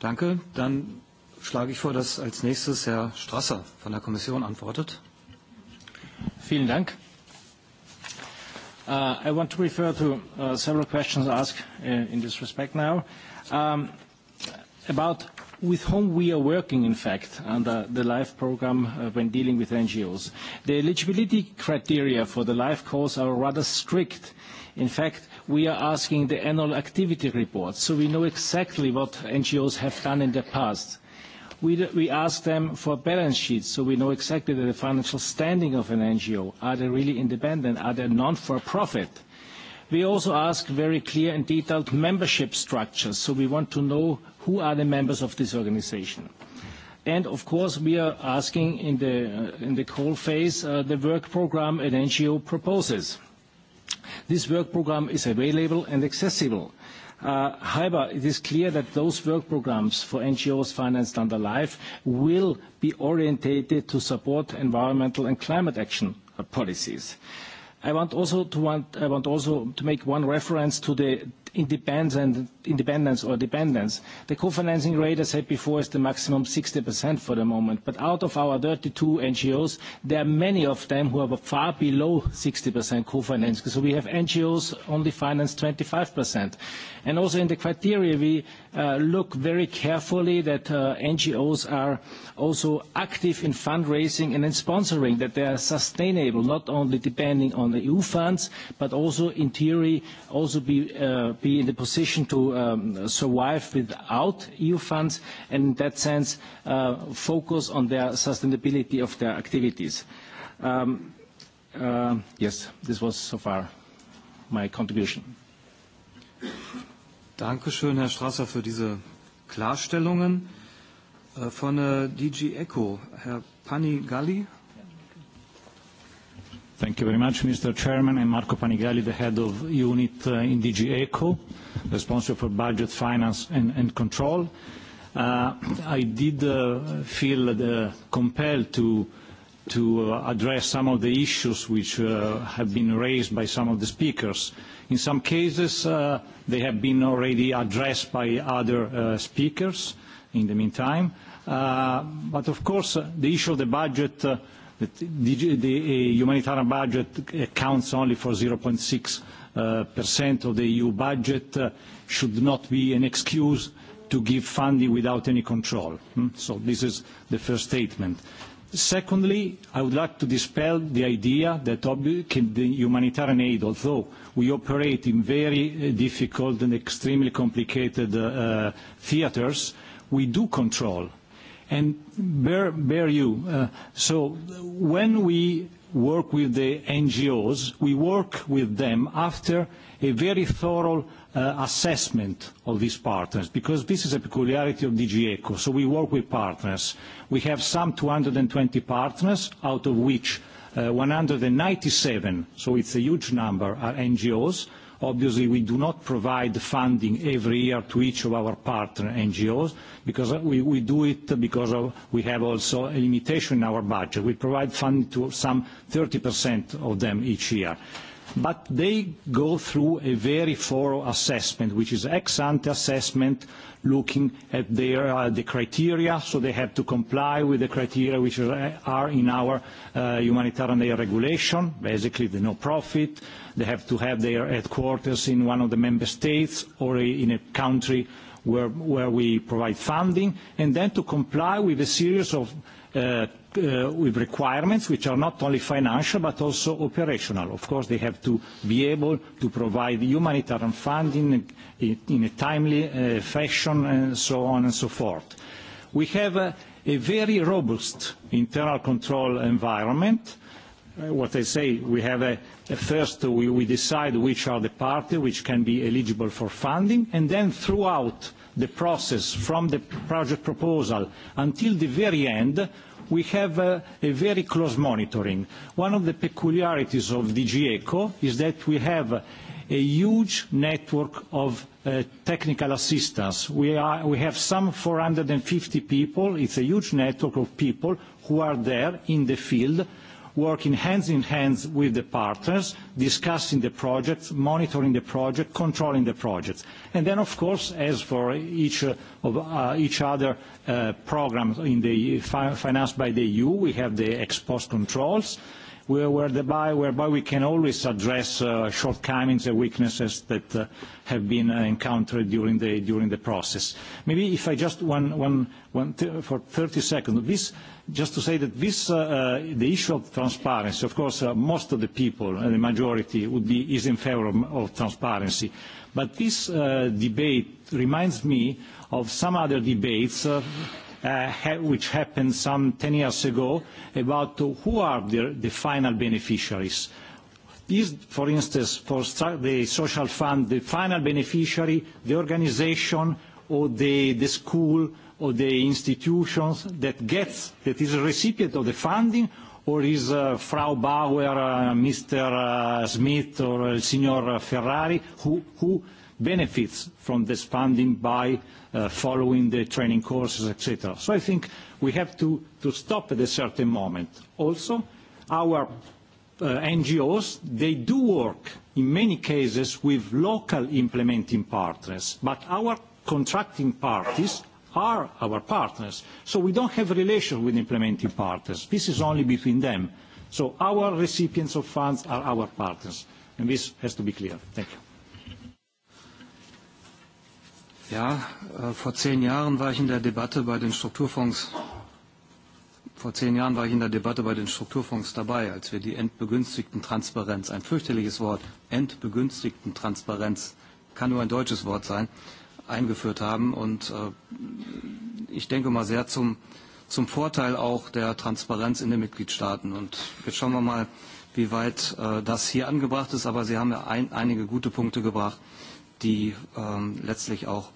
Danke. Dann schlage ich vor, dass als nächstes Herr Strasser von der Kommission antwortet. Vielen Dank. Uh, I want to refer to uh, several questions asked uh, in this respect now. Um, about with whom we are working, in fact, under the LIFE program uh, when dealing with NGOs. The eligibility criteria for the LIFE course are rather strict. In fact, we are asking the annual activity report, so we know exactly what NGOs have done in the past. We, we ask them for balance sheets so we know exactly the financial standing of an NGO. Are they really independent? Are they non-for-profit? We also ask very clear and detailed membership structures, so we want to know who are the members of this organization. And of course, we are asking in the, uh, in the call phase, uh, the work program an NGO proposes. This work program is available and accessible. Uh, however, it is clear that those work programs for NGOs financed under LIFE will be orientated to support environmental and climate action policies. I want also to, want, I want also to make one reference to the independent, independence or dependence. The co-financing rate, as I said before, is the maximum 60% for the moment. But out of our 32 NGOs, there are many of them who are far below 60% co-financing. So we have NGOs only finance 25%. And also in the criteria, we uh, look very carefully that uh, NGOs are also active in fundraising and in sponsoring, that they are sustainable, not only depending on the EU funds, but also in theory, also be uh, be in the position to um, survive without EU funds and in that sense uh, focus on their sustainability of their activities. Um, uh, yes, this was so far my contribution. Dankeschön, Herr Strasser, für diese Klarstellungen. Äh, von äh, DG ECHO, Herr Pani Galli. Thank you very much, Mr. Chairman. I'm Marco Panigali, the head of unit uh, in DG ECO, responsible for budget, finance, and, and control. Uh, I did uh, feel the, uh, compelled to, to uh, address some of the issues which uh, have been raised by some of the speakers. In some cases, uh, they have been already addressed by other uh, speakers in the meantime. Uh, but of course, uh, the issue of the budget uh, that the, the eh, humanitarian budget accounts only for 0.6% uh, percent of the EU budget uh, should not be an excuse to give funding without any control. Hmm? So this is the first statement. Secondly, I would like to dispel the idea that the humanitarian aid, although we operate in very eh, difficult and extremely complicated uh, uh theaters, we do control And bear, bear you. Uh, so when we work with the NGOs, we work with them after a very thorough uh, assessment of these partners, because this is a peculiarity of DG ECO. So we work with partners. We have some 220 partners, out of which uh, 197, so it's a huge number, are NGOs. Obviously, we do not provide funding every year to each of our partner NGOs because uh, we, we do it because of, we have also a limitation in our budget. We provide funding to some 30% of them each year but they go through a very thorough assessment, which is ex-ante assessment, looking at their, uh, the criteria, so they have to comply with the criteria which are in our uh, humanitarian aid regulation, basically the no profit. They have to have their headquarters in one of the member states or in a country uh, where, where we provide funding, and then to comply with a series of uh, uh, with requirements which are not only financial but also operational. Of course, they have to be able to provide humanitarian funding in, in a timely uh, fashion and so on and so forth. We have a, a very robust internal control environment uh, Uh, what I say, we have a, a first, we, we decide which are the party which can be eligible for funding, and then throughout the process, from the project proposal until the very end, we have a, a very close monitoring. One of the peculiarities of DG ECO is that we have a huge network of uh, technical assistance. We, are, we have some 450 people. It's a huge network of people who are there in the field working hands in hands with the partners, discussing the projects, monitoring the project, controlling the projects. And then, of course, as for each uh, of uh, each other uh, program in the fi financed by the EU, we have the ex post controls. Uh, whereby, whereby we can always address uh, shortcomings and weaknesses that uh, have been uh, encountered during the, during the process. Maybe if I just one, one, one th for 30 seconds, this, just to say that this, uh, uh, the issue of transparency, of course, uh, most of the people, uh, the majority, would be, is in favor of, of transparency. But this uh, debate reminds me of some other debates uh, uh, ha which happened some 10 years ago about who are the, the final beneficiaries. These, for instance, for the social fund, the final beneficiary, the organization or the, the school or the institutions that gets, that is a recipient of the funding or is uh, Frau Bauer, uh, Mr. Uh, Smith or uh, Signor Ferrari who, who benefits from this funding by uh, following the training courses, etc. So I think we have to, to stop at a certain moment. Also, our uh, NGOs, they do work in many cases with local implementing partners, but our contracting parties are our partners. So we don't have relations with implementing partners. This is only between them. So our recipients of funds are our partners. And this has to be clear. Thank you. Ja, äh, vor zehn Jahren war ich in der Debatte bei den Strukturfonds. Vor zehn Jahren war ich in der Debatte bei den Strukturfonds dabei, als wir die entbegünstigten Transparenz, ein fürchterliches Wort, entbegünstigten Transparenz, kann nur ein deutsches Wort sein, eingeführt haben. Und äh, ich denke mal sehr zum, zum Vorteil auch der Transparenz in den Mitgliedstaaten. Und jetzt schauen wir mal, wie weit äh, das hier angebracht ist. Aber Sie haben ja ein, einige gute Punkte gebracht, die ähm, letztlich auch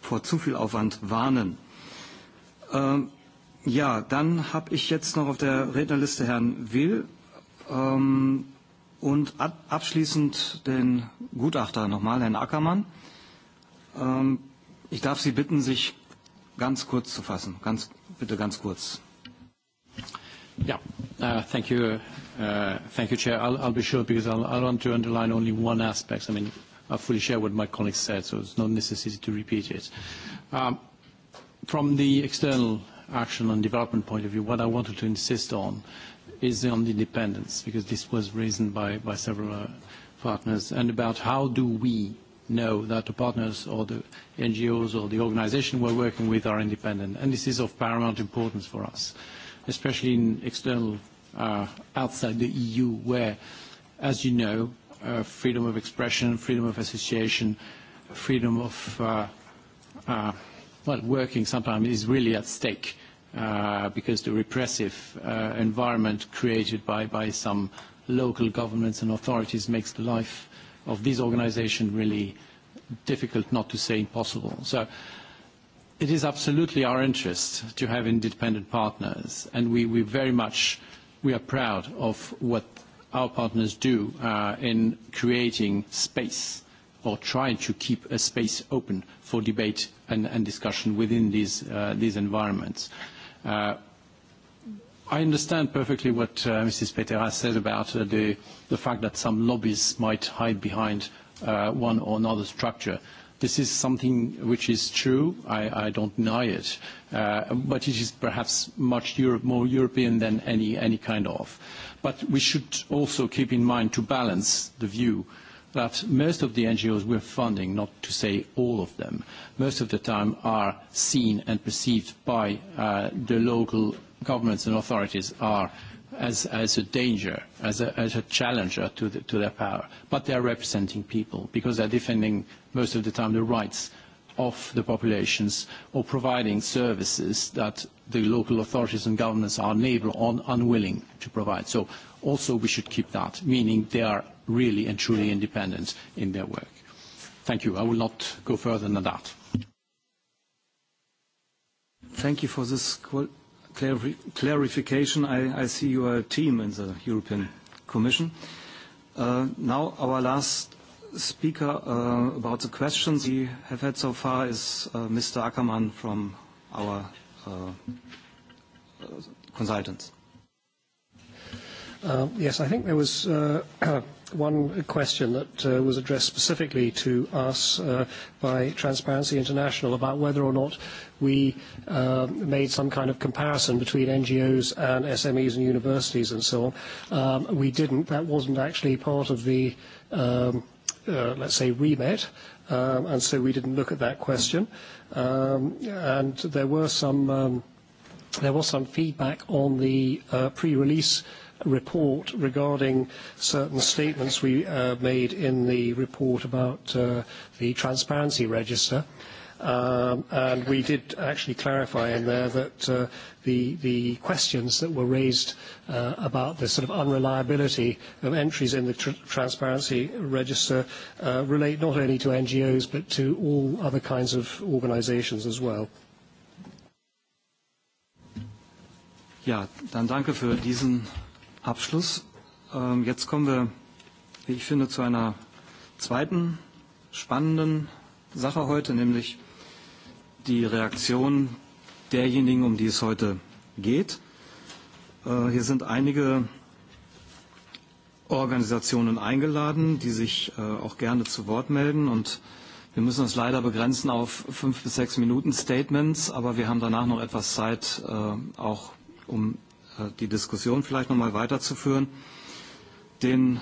vor zu viel Aufwand warnen. Ähm, ja, dann habe ich jetzt noch auf der Rednerliste Herrn Will ähm, und ab, abschließend den Gutachter nochmal, Herrn Ackermann. Ähm, ich darf Sie bitten, sich ganz kurz zu fassen. Ganz, bitte ganz kurz. Yeah. Uh, thank you. Uh, thank you, Chair. I'll, I'll be short sure because I'll, I'll want to underline only one aspect. I mean, I fully share what my colleagues said, so it's no necessity to repeat it. Um, from the external action and development point of view, what I wanted to insist on is on the independence, because this was raised by, by several uh, partners, and about how do we know that the partners or the NGOs or the organization we're working with are independent. And this is of paramount importance for us, especially in external, uh, outside the EU, where, as you know, uh, freedom of expression, freedom of association, freedom of uh, uh, well, working sometimes is really at stake uh, because the repressive uh, environment created by, by some local governments and authorities makes the life of these organizations really difficult, not to say impossible. So it is absolutely our interest to have independent partners, and we, we very much we are proud of what our partners do uh, in creating space or trying to keep a space open for debate and, and discussion within these, uh, these environments. Uh, I understand perfectly what uh, Mrs. Petera said about uh, the, the fact that some lobbies might hide behind uh, one or another structure. Uh, This is something which is true. I, I don't deny it. Uh, but it is perhaps much Europe, more European than any, any kind of. But we should also keep in mind to balance the view that most of the NGOs we're funding, not to say all of them, most of the time are seen and perceived by uh, the local governments and authorities are uh, as, as a danger, as a, as a challenger to, the, to their power. But they are representing people because they're defending most of the time the rights of the populations or providing services that the local authorities and governments are unable or unwilling to provide. So also we should keep that, meaning they are really and truly independent in their work. Thank you. I will not go further than that. Thank you for this clari clarification. I, I see you are a team in the European Commission. Uh, now our last speaker uh, about the questions we have had so far is uh, Mr. Ackermann from our uh, uh, consultants. Uh, yes, I think there was uh, one question that uh, was addressed specifically to us uh, by Transparency International about whether or not we uh, made some kind of comparison between NGOs and SMEs and universities and so on. Um, we didn't. That wasn't actually part of the, um, uh, let's say, remit. Um, and so we didn't look at that question. Um, and there were some, um, there was some feedback on the uh, pre-release uh, report regarding certain statements we uh, made in the report about uh, the transparency register. Um, and we did actually clarify in there that uh, the, the questions that were raised uh, about the sort of unreliability of entries in the tr transparency register uh, relate not only to NGOs but to all other kinds of organizations as well. Ja, dann danke für diesen Abschluss. Ähm, jetzt kommen wir, wie ich finde, zu einer zweiten spannenden Sache heute, nämlich die Reaktion derjenigen, um die es heute geht. Äh, hier sind einige Organisationen eingeladen, die sich äh, auch gerne zu Wort melden. Und wir müssen uns leider begrenzen auf fünf bis sechs Minuten Statements, aber wir haben danach noch etwas Zeit, äh, auch um Äh, die Diskussion vielleicht nochmal weiterzuführen. Den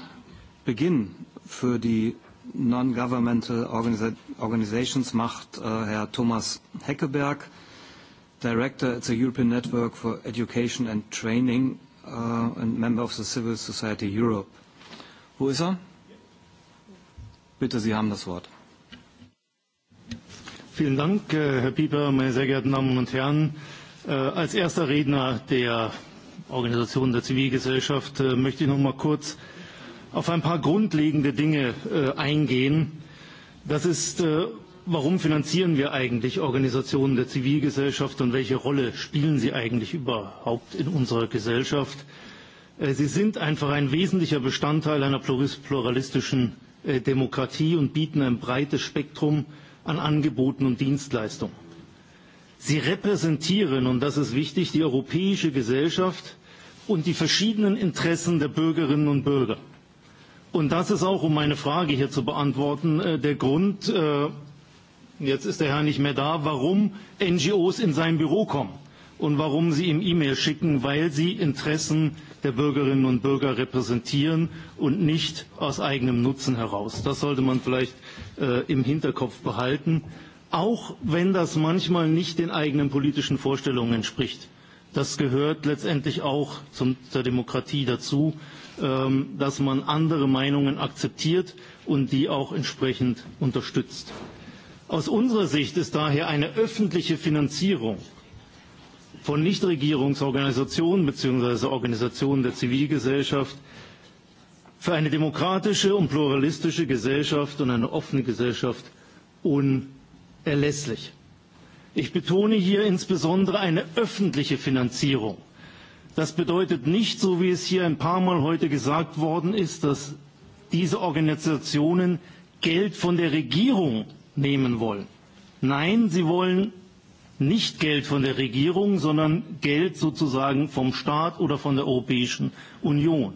Beginn für die Non-Governmental Organizations macht äh, Herr Thomas Heckeberg, Director at the European Network for Education and Training uh, and Member of the Civil Society Europe. Wo ist er? Bitte, Sie haben das Wort. Vielen Dank, äh, Herr Pieper, meine sehr geehrten Damen und Herren. Als erster Redner der Organisationen der Zivilgesellschaft äh, möchte ich noch mal kurz auf ein paar grundlegende Dinge äh, eingehen. Das ist, äh, warum finanzieren wir eigentlich Organisationen der Zivilgesellschaft und welche Rolle spielen sie eigentlich überhaupt in unserer Gesellschaft? Äh, sie sind einfach ein wesentlicher Bestandteil einer pluralistischen äh, Demokratie und bieten ein breites Spektrum an Angeboten und Dienstleistungen. Sie repräsentieren, und das ist wichtig, die europäische Gesellschaft und die verschiedenen Interessen der Bürgerinnen und Bürger. Und das ist auch, um meine Frage hier zu beantworten, äh, der Grund, äh, jetzt ist der Herr nicht mehr da, warum NGOs in sein Büro kommen und warum sie ihm E-Mail schicken, weil sie Interessen der Bürgerinnen und Bürger repräsentieren und nicht aus eigenem Nutzen heraus. Das sollte man vielleicht äh, im Hinterkopf behalten, auch wenn das manchmal nicht den eigenen politischen Vorstellungen entspricht das gehört letztendlich auch zum, zur Demokratie dazu, ähm, dass man andere Meinungen akzeptiert und die auch entsprechend unterstützt. Aus unserer Sicht ist daher eine öffentliche Finanzierung von Nichtregierungsorganisationen bzw. Organisationen der Zivilgesellschaft für eine demokratische und pluralistische Gesellschaft und eine offene Gesellschaft unerlässlich. Ich betone hier insbesondere eine öffentliche Finanzierung. Das bedeutet nicht, so wie es hier ein paar Mal heute gesagt worden ist, dass diese Organisationen Geld von der Regierung nehmen wollen. Nein, sie wollen nicht Geld von der Regierung, sondern Geld sozusagen vom Staat oder von der Europäischen Union.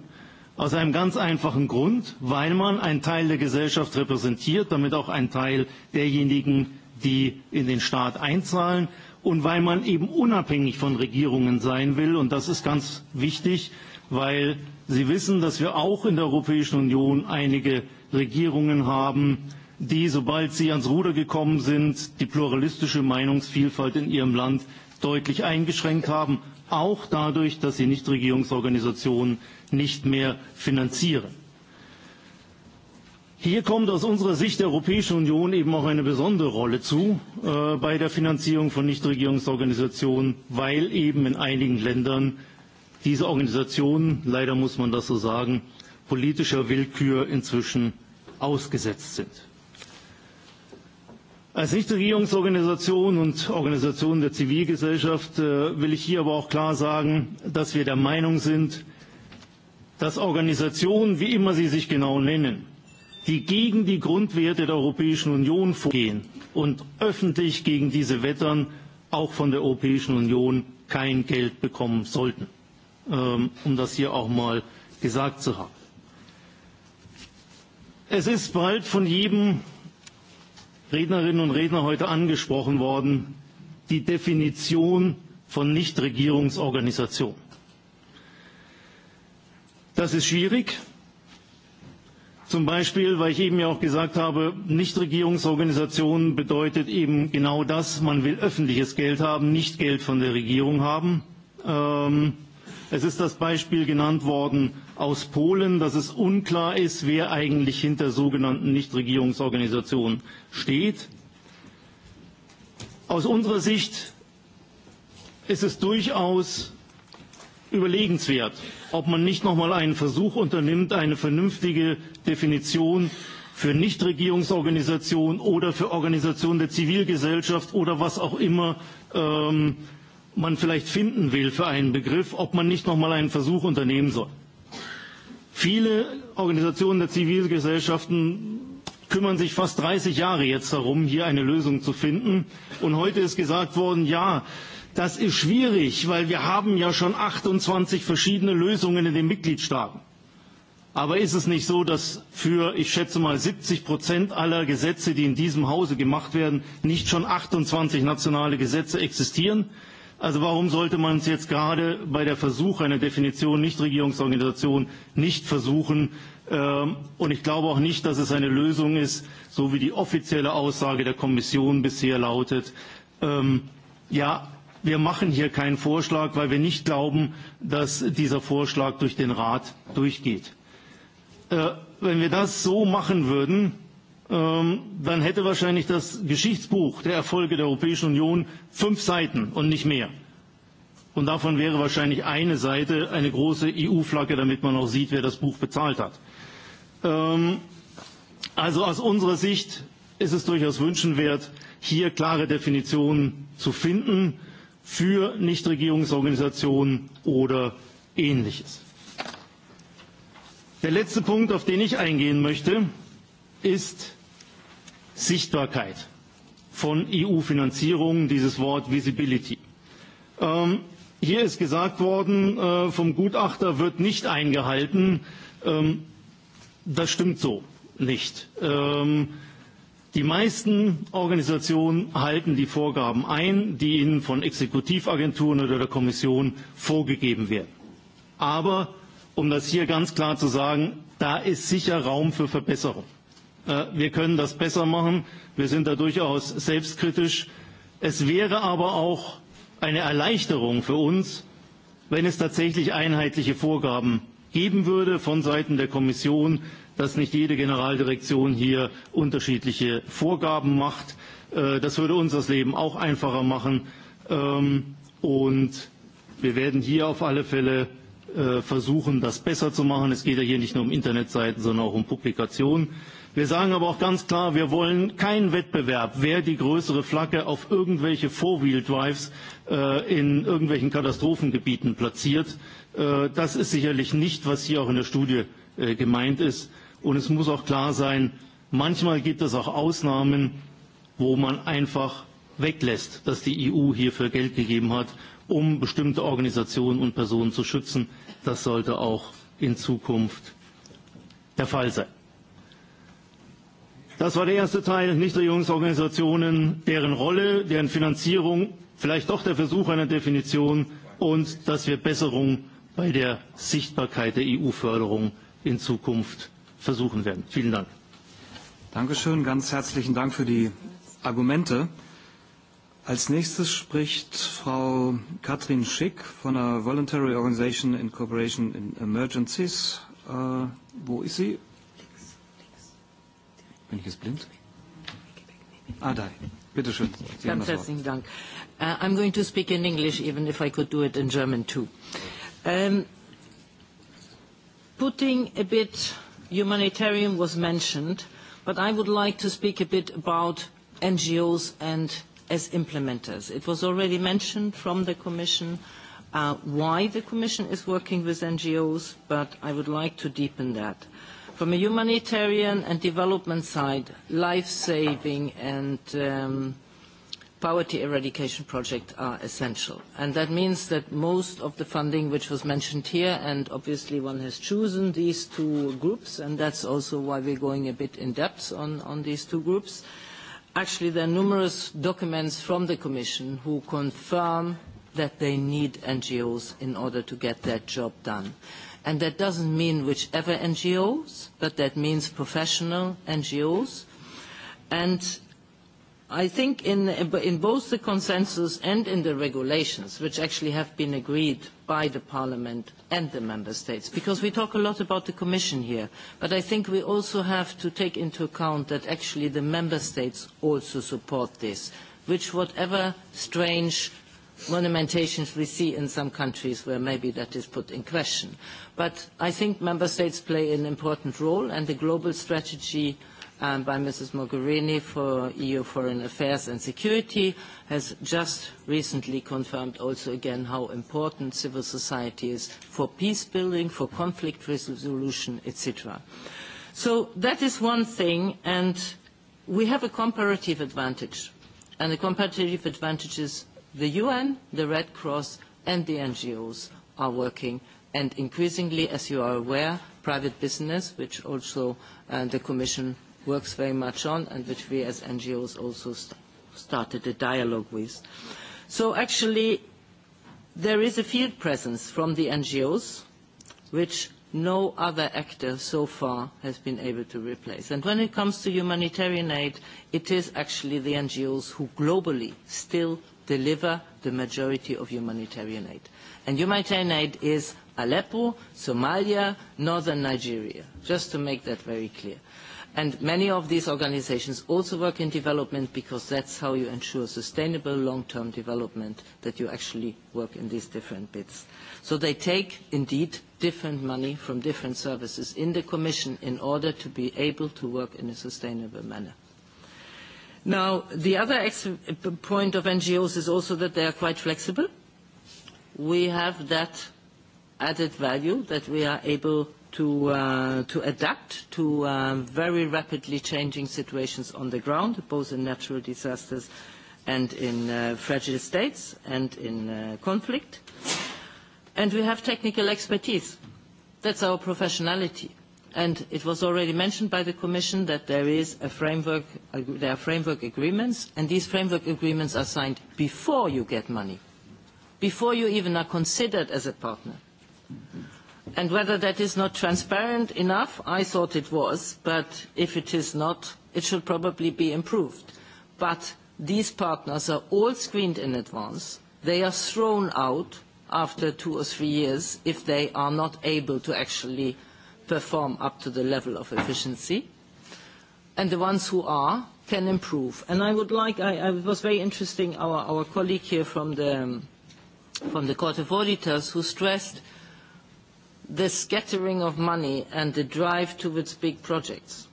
Aus einem ganz einfachen Grund, weil man einen Teil der Gesellschaft repräsentiert, damit auch einen Teil derjenigen die in den Staat einzahlen und weil man eben unabhängig von Regierungen sein will. Und das ist ganz wichtig, weil Sie wissen, dass wir auch in der Europäischen Union einige Regierungen haben, die, sobald sie ans Ruder gekommen sind, die pluralistische Meinungsvielfalt in ihrem Land deutlich eingeschränkt haben, auch dadurch, dass sie Nichtregierungsorganisationen nicht mehr finanzieren. Hier kommt aus unserer Sicht der Europäischen Union eben auch eine besondere Rolle zu äh, bei der Finanzierung von Nichtregierungsorganisationen, weil eben in einigen Ländern diese Organisationen, leider muss man das so sagen, politischer Willkür inzwischen ausgesetzt sind. Als Nichtregierungsorganisation und Organisation der Zivilgesellschaft äh, will ich hier aber auch klar sagen, dass wir der Meinung sind, dass Organisationen, wie immer sie sich genau nennen, die gegen die Grundwerte der Europäischen Union vorgehen und öffentlich gegen diese wettern, auch von der Europäischen Union kein Geld bekommen sollten, ähm, um das hier auch mal gesagt zu haben. Es ist bald von jedem Rednerinnen und Redner heute angesprochen worden, die Definition von Nichtregierungsorganisationen. Das ist schwierig, Zum Beispiel, weil ich eben ja auch gesagt habe, Nichtregierungsorganisationen bedeutet eben genau das, man will öffentliches Geld haben, nicht Geld von der Regierung haben. Ähm, es ist das Beispiel genannt worden aus Polen, dass es unklar ist, wer eigentlich hinter sogenannten Nichtregierungsorganisationen steht. Aus unserer Sicht ist es durchaus überlegenswert, ob man nicht noch mal einen Versuch unternimmt, eine vernünftige Definition für Nichtregierungsorganisationen oder für Organisationen der Zivilgesellschaft oder was auch immer ähm, man vielleicht finden will für einen Begriff, ob man nicht noch mal einen Versuch unternehmen soll. Viele Organisationen der Zivilgesellschaften kümmern sich fast 30 Jahre jetzt darum, hier eine Lösung zu finden. Und heute ist gesagt worden, ja, äh, Das ist schwierig, weil wir haben ja schon 28 verschiedene Lösungen in den Mitgliedstaaten. Aber ist es nicht so, dass für, ich schätze mal, 70 Prozent aller Gesetze, die in diesem Hause gemacht werden, nicht schon 28 nationale Gesetze existieren? Also warum sollte man es jetzt gerade bei der Versuch einer Definition Nichtregierungsorganisation nicht versuchen? Ähm, und ich glaube auch nicht, dass es eine Lösung ist, so wie die offizielle Aussage der Kommission bisher lautet. Ähm, ja, Wir machen hier keinen Vorschlag, weil wir nicht glauben, dass dieser Vorschlag durch den Rat durchgeht. Äh, wenn wir das so machen würden, ähm, dann hätte wahrscheinlich das Geschichtsbuch der Erfolge der Europäischen Union fünf Seiten und nicht mehr. Und davon wäre wahrscheinlich eine Seite eine große EU-Flagge, damit man auch sieht, wer das Buch bezahlt hat. Ähm, also aus unserer Sicht ist es durchaus wünschenswert, hier klare Definitionen zu finden für Nichtregierungsorganisationen oder Ähnliches. Der letzte Punkt, auf den ich eingehen möchte, ist Sichtbarkeit von EU-Finanzierungen, dieses Wort Visibility. Ähm, hier ist gesagt worden, äh, vom Gutachter wird nicht eingehalten. Ähm, das stimmt so nicht. Ähm, Die meisten Organisationen halten die Vorgaben ein, die ihnen von Exekutivagenturen oder der Kommission vorgegeben werden. Aber, um das hier ganz klar zu sagen, da ist sicher Raum für Verbesserung. Äh, wir können das besser machen. Wir sind da durchaus selbstkritisch. Es wäre aber auch eine Erleichterung für uns, wenn es tatsächlich einheitliche Vorgaben geben würde von Seiten der Kommission, dass nicht jede Generaldirektion hier unterschiedliche Vorgaben macht. Äh, das würde uns das Leben auch einfacher machen. Ähm, und wir werden hier auf alle Fälle äh, versuchen, das besser zu machen. Es geht ja hier nicht nur um Internetseiten, sondern auch um Publikationen. Wir sagen aber auch ganz klar, wir wollen keinen Wettbewerb, wer die größere Flagge auf irgendwelche Four-Wheel-Drives äh, in irgendwelchen Katastrophengebieten platziert. Äh, das ist sicherlich nicht, was hier auch in der Studie äh, gemeint ist. Und es muss auch klar sein, manchmal gibt es auch Ausnahmen, wo man einfach weglässt, dass die EU hierfür Geld gegeben hat, um bestimmte Organisationen und Personen zu schützen. Das sollte auch in Zukunft der Fall sein. Das war der erste Teil, Nichtregierungsorganisationen, deren Rolle, deren Finanzierung, vielleicht doch der Versuch einer Definition und dass wir Besserungen bei der Sichtbarkeit der EU-Förderung in Zukunft versuchen werden. Vielen Dank. Dankeschön. Ganz herzlichen Dank für die Argumente. Als nächstes spricht Frau Katrin Schick von der Voluntary Organization in Cooperation in Emergencies. Äh, wo ist sie? Bin ich jetzt blind? Ah, da. Bitte schön. Sie Ganz herzlichen Dank. Uh, I'm going to speak in English, even if I could do it in German too. Um, putting a bit humanitarian was mentioned, but I would like to speak a bit about NGOs and as implementers. It was already mentioned from the Commission uh, why the Commission is working with NGOs, but I would like to deepen that. From a humanitarian and development side, life-saving and um, poverty eradication project are essential. And that means that most of the funding which was mentioned here, and obviously one has chosen these two groups, and that's also why we're going a bit in depth on, on these two groups. Actually, there are numerous documents from the Commission who confirm that they need NGOs in order to get that job done. And that doesn't mean whichever NGOs, but that means professional NGOs. And I think in, in both the consensus and in the regulations, which actually have been agreed by the Parliament and the Member States, because we talk a lot about the Commission here, but I think we also have to take into account that actually the Member States also support this, which whatever strange monumentations we see in some countries where maybe that is put in question. But I think member states play an important role and the global strategy uh, and um, by Mrs. Mogherini for EU Foreign Affairs and Security has just recently confirmed also again how important civil society is for peace building, for conflict resolution, etc. So that is one thing, and we have a comparative advantage. And the comparative advantage is the UN, the Red Cross, and the NGOs are working and increasingly, as you are aware, private business, which also uh, the Commission works very much on and which we as NGOs also st started a dialogue with. So actually, there is a field presence from the NGOs, which no other actor so far has been able to replace. And when it comes to humanitarian aid, it is actually the NGOs who globally still deliver the majority of humanitarian aid. And humanitarian aid is Aleppo, Somalia, northern Nigeria, just to make that very clear. Uh, And many of these organizations also work in development because that's how you ensure sustainable long-term development that you actually work in these different bits. So they take indeed different money from different services in the Commission in order to be able to work in a sustainable manner. Now, the other ex point of NGOs is also that they are quite flexible. We have that added value that we are able to, uh, to adapt to um, very rapidly changing situations on the ground, both in natural disasters and in uh, fragile states and in uh, conflict. And we have technical expertise. That's our professionality. And it was already mentioned by the Commission that there, is a framework, uh, there are framework agreements, and these framework agreements are signed before you get money, before you even are considered as a partner. Mm-hmm And whether that is not transparent enough, I thought it was, but if it is not, it should probably be improved. But these partners are all screened in advance. They are thrown out after two or three years if they are not able to actually perform up to the level of efficiency. And the ones who are can improve. And I would like, I, I was very interesting, our, our colleague here from the, um, from the Court of Auditors who stressed – the scattering of money and the drive towards big projects.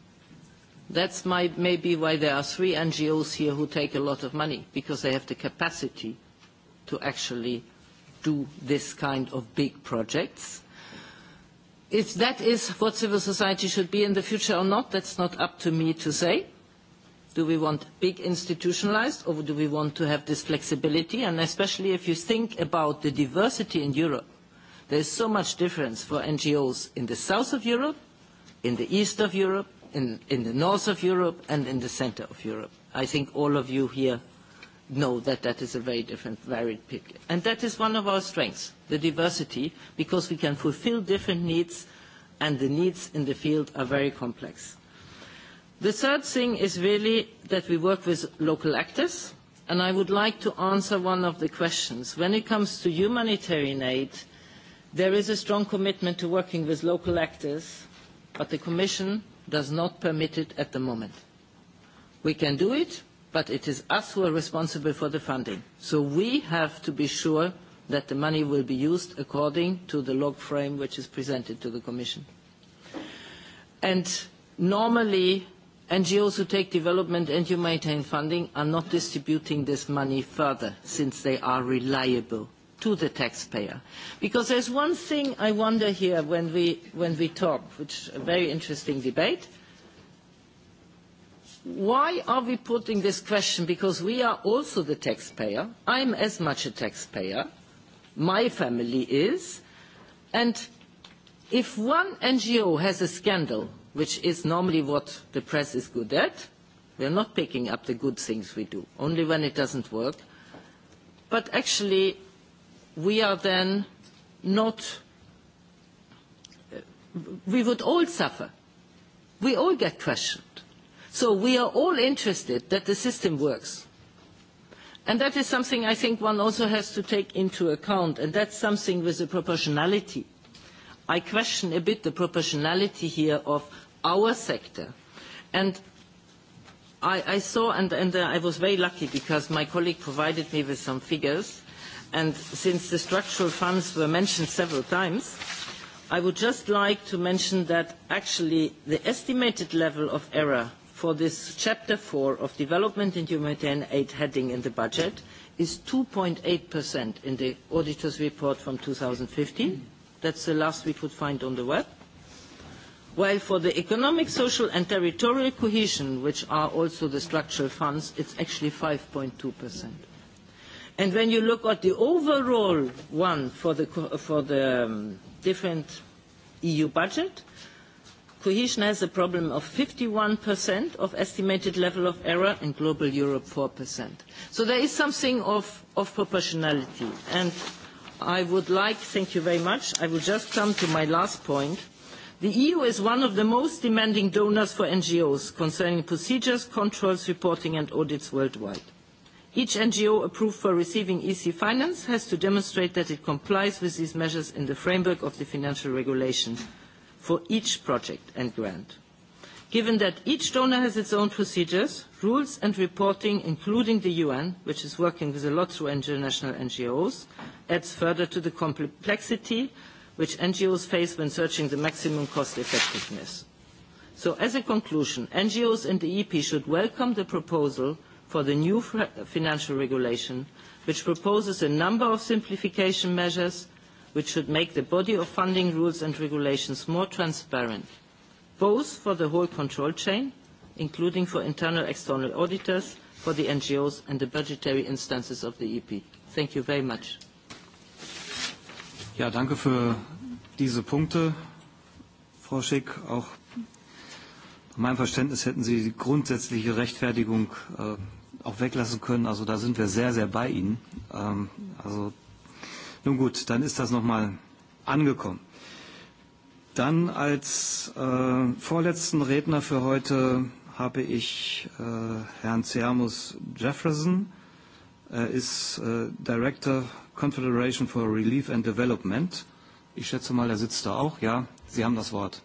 That's my, maybe why there are three NGOs here who take a lot of money, because they have the capacity to actually do this kind of big projects. If that is what civil society should be in the future or not, that's not up to me to say. Do we want big institutionalized or do we want to have this flexibility? And especially if you think about the diversity in Europe, There is so much difference for NGOs in the south of Europe, in the east of Europe, in, in the north of Europe, and in the center of Europe. I think all of you here know that that is a very different, varied picture. And that is one of our strengths, the diversity, because we can fulfill different needs, and the needs in the field are very complex. The third thing is really that we work with local actors, and I would like to answer one of the questions. When it comes to humanitarian aid, uh, There is a strong commitment to working with local actors, but the Commission does not permit it at the moment. We can do it, but it is us who are responsible for the funding. So we have to be sure that the money will be used according to the log frame which is presented to the Commission. And normally, NGOs who take development and humanitarian funding are not distributing this money further, since they are reliable to the taxpayer. Because there's one thing I wonder here when we, when we talk, which is a very interesting debate. Why are we putting this question? Because we are also the taxpayer. I'm as much a taxpayer. My family is. And if one NGO has a scandal, which is normally what the press is good at, we are not picking up the good things we do, only when it doesn't work. But actually, we are then not, uh, we would all suffer. We all get questioned. So we are all interested that the system works. And that is something I think one also has to take into account, and that's something with the proportionality. I question a bit the proportionality here of our sector. And I, I saw, and, and uh, I was very lucky because my colleague provided me with some figures and since the structural funds were mentioned several times, I would just like to mention that actually the estimated level of error for this Chapter 4 of Development and Humanitarian Aid heading in the budget is 2.8% in the auditor's report from 2015. That's the last we could find on the web. While for the economic, social, and territorial cohesion, which are also the structural funds, it's actually 5.2%. And when you look at the overall one for the, for the um, different EU budget, cohesion has a problem of 51% of estimated level of error and global Europe 4%. So there is something of, of proportionality. And I would like, thank you very much, I will just come to my last point. The EU is one of the most demanding donors for NGOs concerning procedures, controls, reporting and audits worldwide. Each NGO approved for receiving EC finance has to demonstrate that it complies with these measures in the framework of the financial regulation for each project and grant. Given that each donor has its own procedures, rules and reporting, including the UN, which is working with a lot through international NGOs, adds further to the complexity which NGOs face when searching the maximum cost effectiveness. So as a conclusion, NGOs and the EP should welcome the proposal for the new financial regulation, which proposes a number of simplification measures which should make the body of funding rules and regulations more transparent, both for the whole control chain, including for internal external auditors, for the NGOs and the budgetary instances of the EP. Thank you very much. Ja, danke für diese Punkte, Frau Schick. Auch nach meinem Verständnis hätten Sie die grundsätzliche Rechtfertigung äh, auch weglassen können. Also da sind wir sehr, sehr bei Ihnen. Ähm, also nun gut, dann ist das nochmal angekommen. Dann als äh, vorletzten Redner für heute habe ich äh, Herrn Seamus Jefferson. Er ist äh, Director Confederation for Relief and Development. Ich schätze mal, er sitzt da auch. Ja, Sie haben das Wort.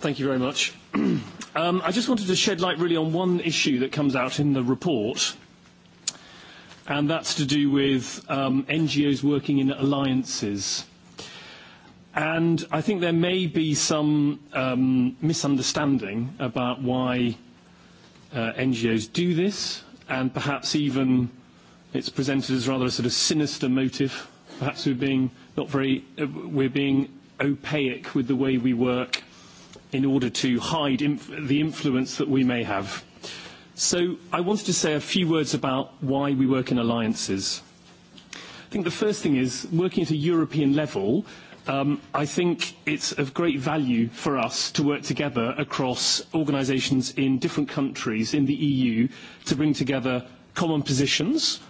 Thank you very much. um, I just wanted to shed light really on one issue that comes out in the report, and that's to do with um, NGOs working in alliances. And I think there may be some um, misunderstanding about why uh, NGOs do this, and perhaps even it's presented as rather a sort of sinister motive. Perhaps we're being not very, uh, we're being opaque with the way we work in order to hide inf- the influence that we may have. So I wanted to say a few words about why we work in alliances. I think the first thing is working at a European level, um, I think it's of great value for us to work together across organisations in different countries in the EU to bring together common positions,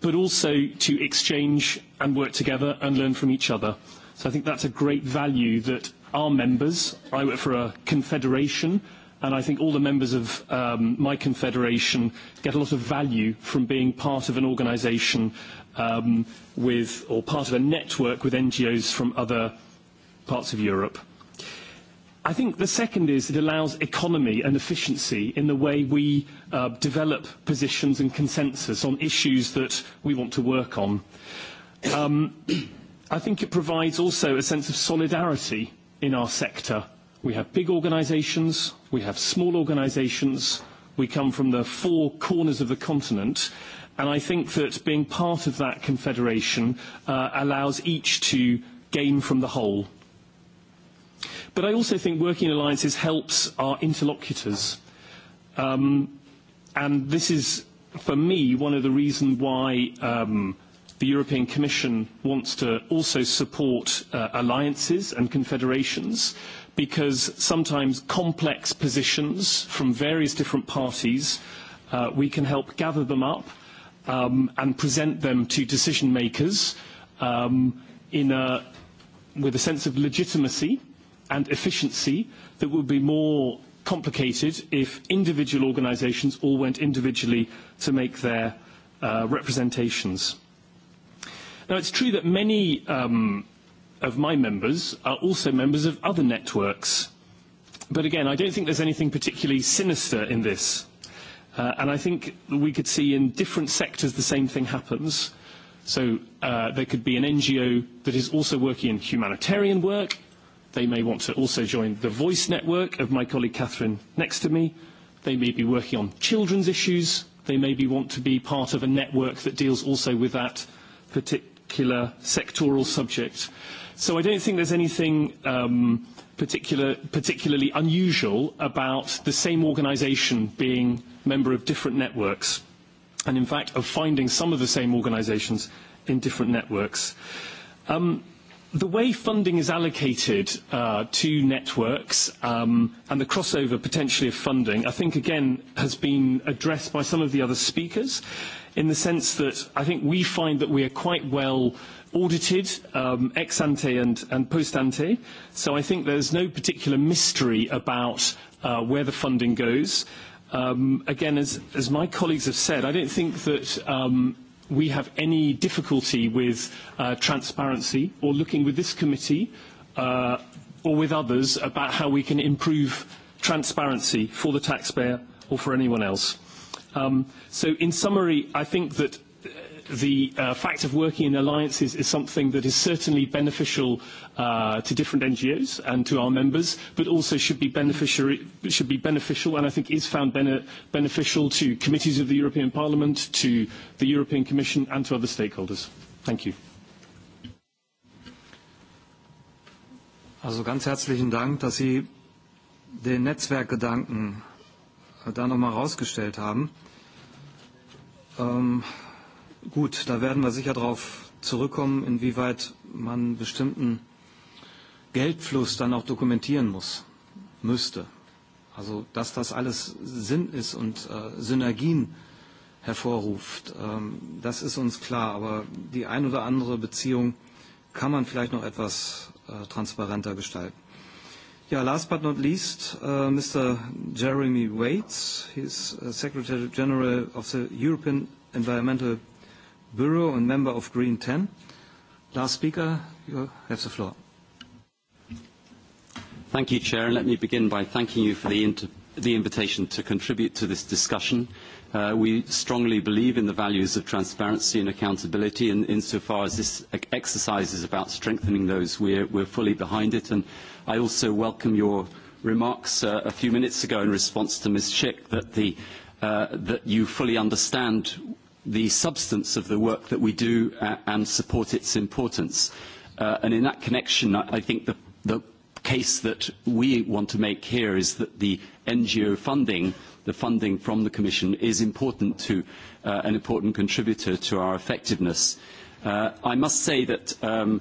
but also to exchange and work together and learn from each other. So I think that's a great value that our members. I work for a confederation, and I think all the members of um, my confederation get a lot of value from being part of an organisation um, with, or part of a network with NGOs from other parts of Europe. I think the second is it allows economy and efficiency in the way we uh, develop positions and consensus on issues that we want to work on. Um, I think it provides also a sense of solidarity in our sector. We have big organizations, we have small organizations, we come from the four corners of the continent, and I think that being part of that confederation uh, allows each to gain from the whole. But I also think working alliances helps our interlocutors. Um, and this is, for me, one of the reasons why um, The European Commission wants to also support uh, alliances and confederations because sometimes complex positions from various different parties, uh, we can help gather them up um, and present them to decision makers um, in a, with a sense of legitimacy and efficiency that would be more complicated if individual organisations all went individually to make their uh, representations. Now, it's true that many um, of my members are also members of other networks. But again, I don't think there's anything particularly sinister in this. Uh, and I think we could see in different sectors the same thing happens. So uh, there could be an NGO that is also working in humanitarian work. They may want to also join the voice network of my colleague Catherine next to me. They may be working on children's issues. They maybe want to be part of a network that deals also with that particular particular sectoral subject. So I don't think there's anything um, particular, particularly unusual about the same organisation being member of different networks, and in fact of finding some of the same organisations in different networks. Um, the way funding is allocated uh, to networks um, and the crossover potentially of funding, I think again has been addressed by some of the other speakers in the sense that I think we find that we are quite well audited um, ex ante and, and post ante. So I think there's no particular mystery about uh, where the funding goes. Um, again, as, as my colleagues have said, I don't think that um, we have any difficulty with uh, transparency or looking with this committee uh, or with others about how we can improve transparency for the taxpayer or for anyone else. Um, so in summary, I think that uh, the uh, fact of working in alliances is something that is certainly beneficial uh, to different NGOs and to our members, but also should be, beneficiary, should be beneficial and I think is found bene- beneficial to committees of the European Parliament, to the European Commission and to other stakeholders. Thank you. Also ganz herzlichen Dank, dass Sie den Netzwerkgedanken äh, da nochmal rausgestellt haben. Ähm, gut, da werden wir sicher darauf zurückkommen, inwieweit man bestimmten Geldfluss dann auch dokumentieren muss, müsste. Also, dass das alles Sinn ist und äh, Synergien hervorruft, ähm, das ist uns klar. Aber die ein oder andere Beziehung kann man vielleicht noch etwas äh, transparenter gestalten. Yeah, last but not least, uh, Mr. Jeremy Waits. He's uh, Secretary General of the European Environmental Bureau and member of Green 10. Last speaker, you have the floor. Thank you, Chair. Let me begin by thanking you for the, the invitation to contribute to this discussion. Uh, we strongly believe in the values of transparency and accountability, and insofar as this e-, exercise is about strengthening those, we're, we're fully behind it. And I also welcome your remarks uh, a few minutes ago in response to Ms. Schick that, the, uh, that you fully understand the substance of the work that we do uh, and support its importance. Uh, and in that connection, I, I think the, the case that we want to make here is that the NGO funding – the funding from the Commission is important to uh, an important contributor to our effectiveness. Uh, I must say that um,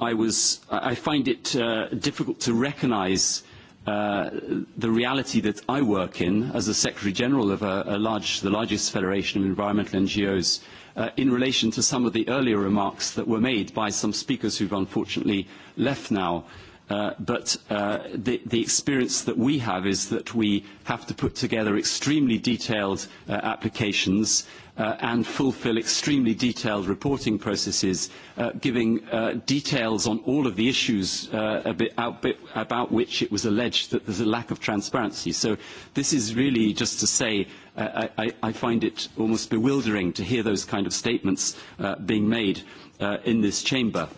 I, was, I find it uh, difficult to recognize uh, the reality that I work in as the Secretary General of a, a large, the largest federation of environmental NGOs uh, in relation to some of the earlier remarks that were made by some speakers who've unfortunately left now. Uh, Uh, but uh, the, the experience that we have is that we have to put together extremely detailed uh, applications uh, and fulfill extremely detailed reporting processes, uh, giving uh, details on all of the issues uh, a bit out, bit about which it was alleged that there's a lack of transparency. So this is really just to say uh, I, I find it almost bewildering to hear those kind of statements uh, being made uh, in this chamber. Uh,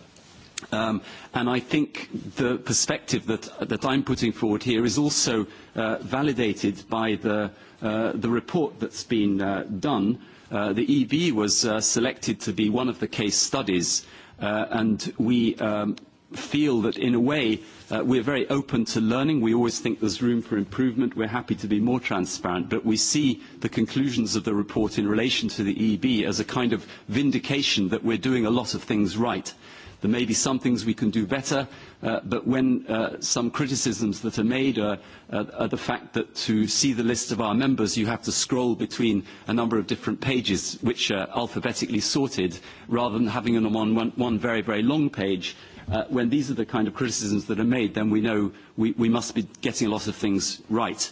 Um, and I think the perspective that, that I'm putting forward here is also uh, validated by the, uh, the report that's been uh, done. Uh, the EB was uh, selected to be one of the case studies, uh, and we um, feel that in a way uh, we're very open to learning. We always think there's room for improvement. We're happy to be more transparent, but we see the conclusions of the report in relation to the EB as a kind of vindication that we're doing a lot of things right. Uh, There may be some things we can do better, uh, but when uh, some criticisms that are made are, are, uh, are the fact that to see the list of our members, you have to scroll between a number of different pages, which are alphabetically sorted, rather than having them on one, one very, very long page. Uh, when these are the kind of criticisms that are made, then we know we, we must be getting a lot of things right.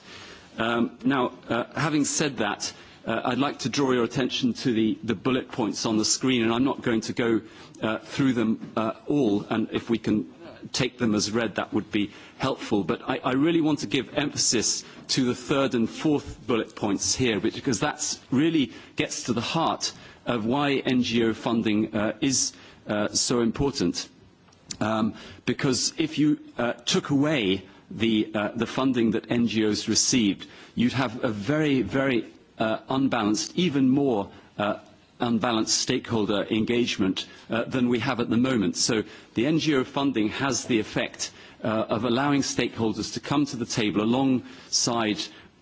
Um, now, uh, having said that, uh, Uh, I'd like to draw your attention to the, the bullet points on the screen, and I'm not going to go uh, through them uh, all, and if we can uh, take them as read, that would be helpful. But I, I really want to give emphasis to the third and fourth bullet points here, because that really gets to the heart of why NGO funding uh, is uh, so important. Um, because if you uh, took away the, uh, the funding that NGOs received, you'd have a very, very uh, unbalanced, even more uh, unbalanced stakeholder engagement uh, than we have at the moment. So the NGO funding has the effect uh, of allowing stakeholders to come to the table alongside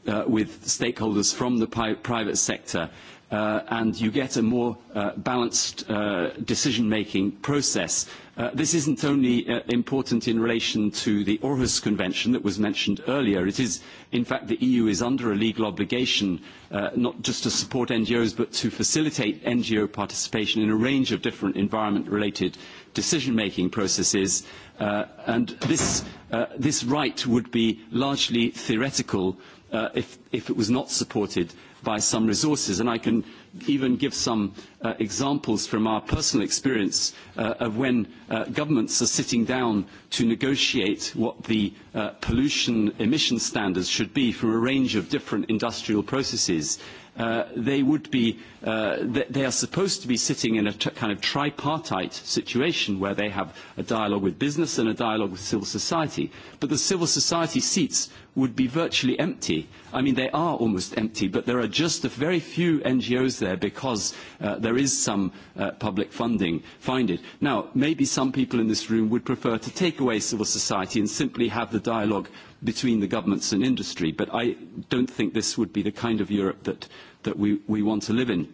uh, with stakeholders from the pri private sector uh, and you get a more uh, balanced uh, decision-making process uh, Uh, this isn't only uh, important in relation to the Aarhus Convention that was mentioned earlier. It is, in fact, the EU is under a legal obligation uh, not just to support NGOs but to facilitate NGO participation in a range of different environment-related decision-making processes. Uh, and this, uh, this right would be largely theoretical uh, if, if it was not supported by some resources. And I can even give some uh, examples from our personal experience uh, of when uh, governments are sitting down to negotiate what the uh, pollution emission standards should be for a range of different industrial processes. Uh, they would be, uh, th- they are supposed to be sitting in a t- kind of tripartite situation where they have a dialogue with business and a dialogue with civil society. But the civil society seats would be virtually empty. I mean, they are almost empty, but there are just a very few NGOs there because uh, there is some uh, public funding funded. Now, maybe some people in this room would prefer to take away civil society and simply have the dialogue between the governments and industry, but I don't think this would be the kind of Europe that, that we, we want to live in.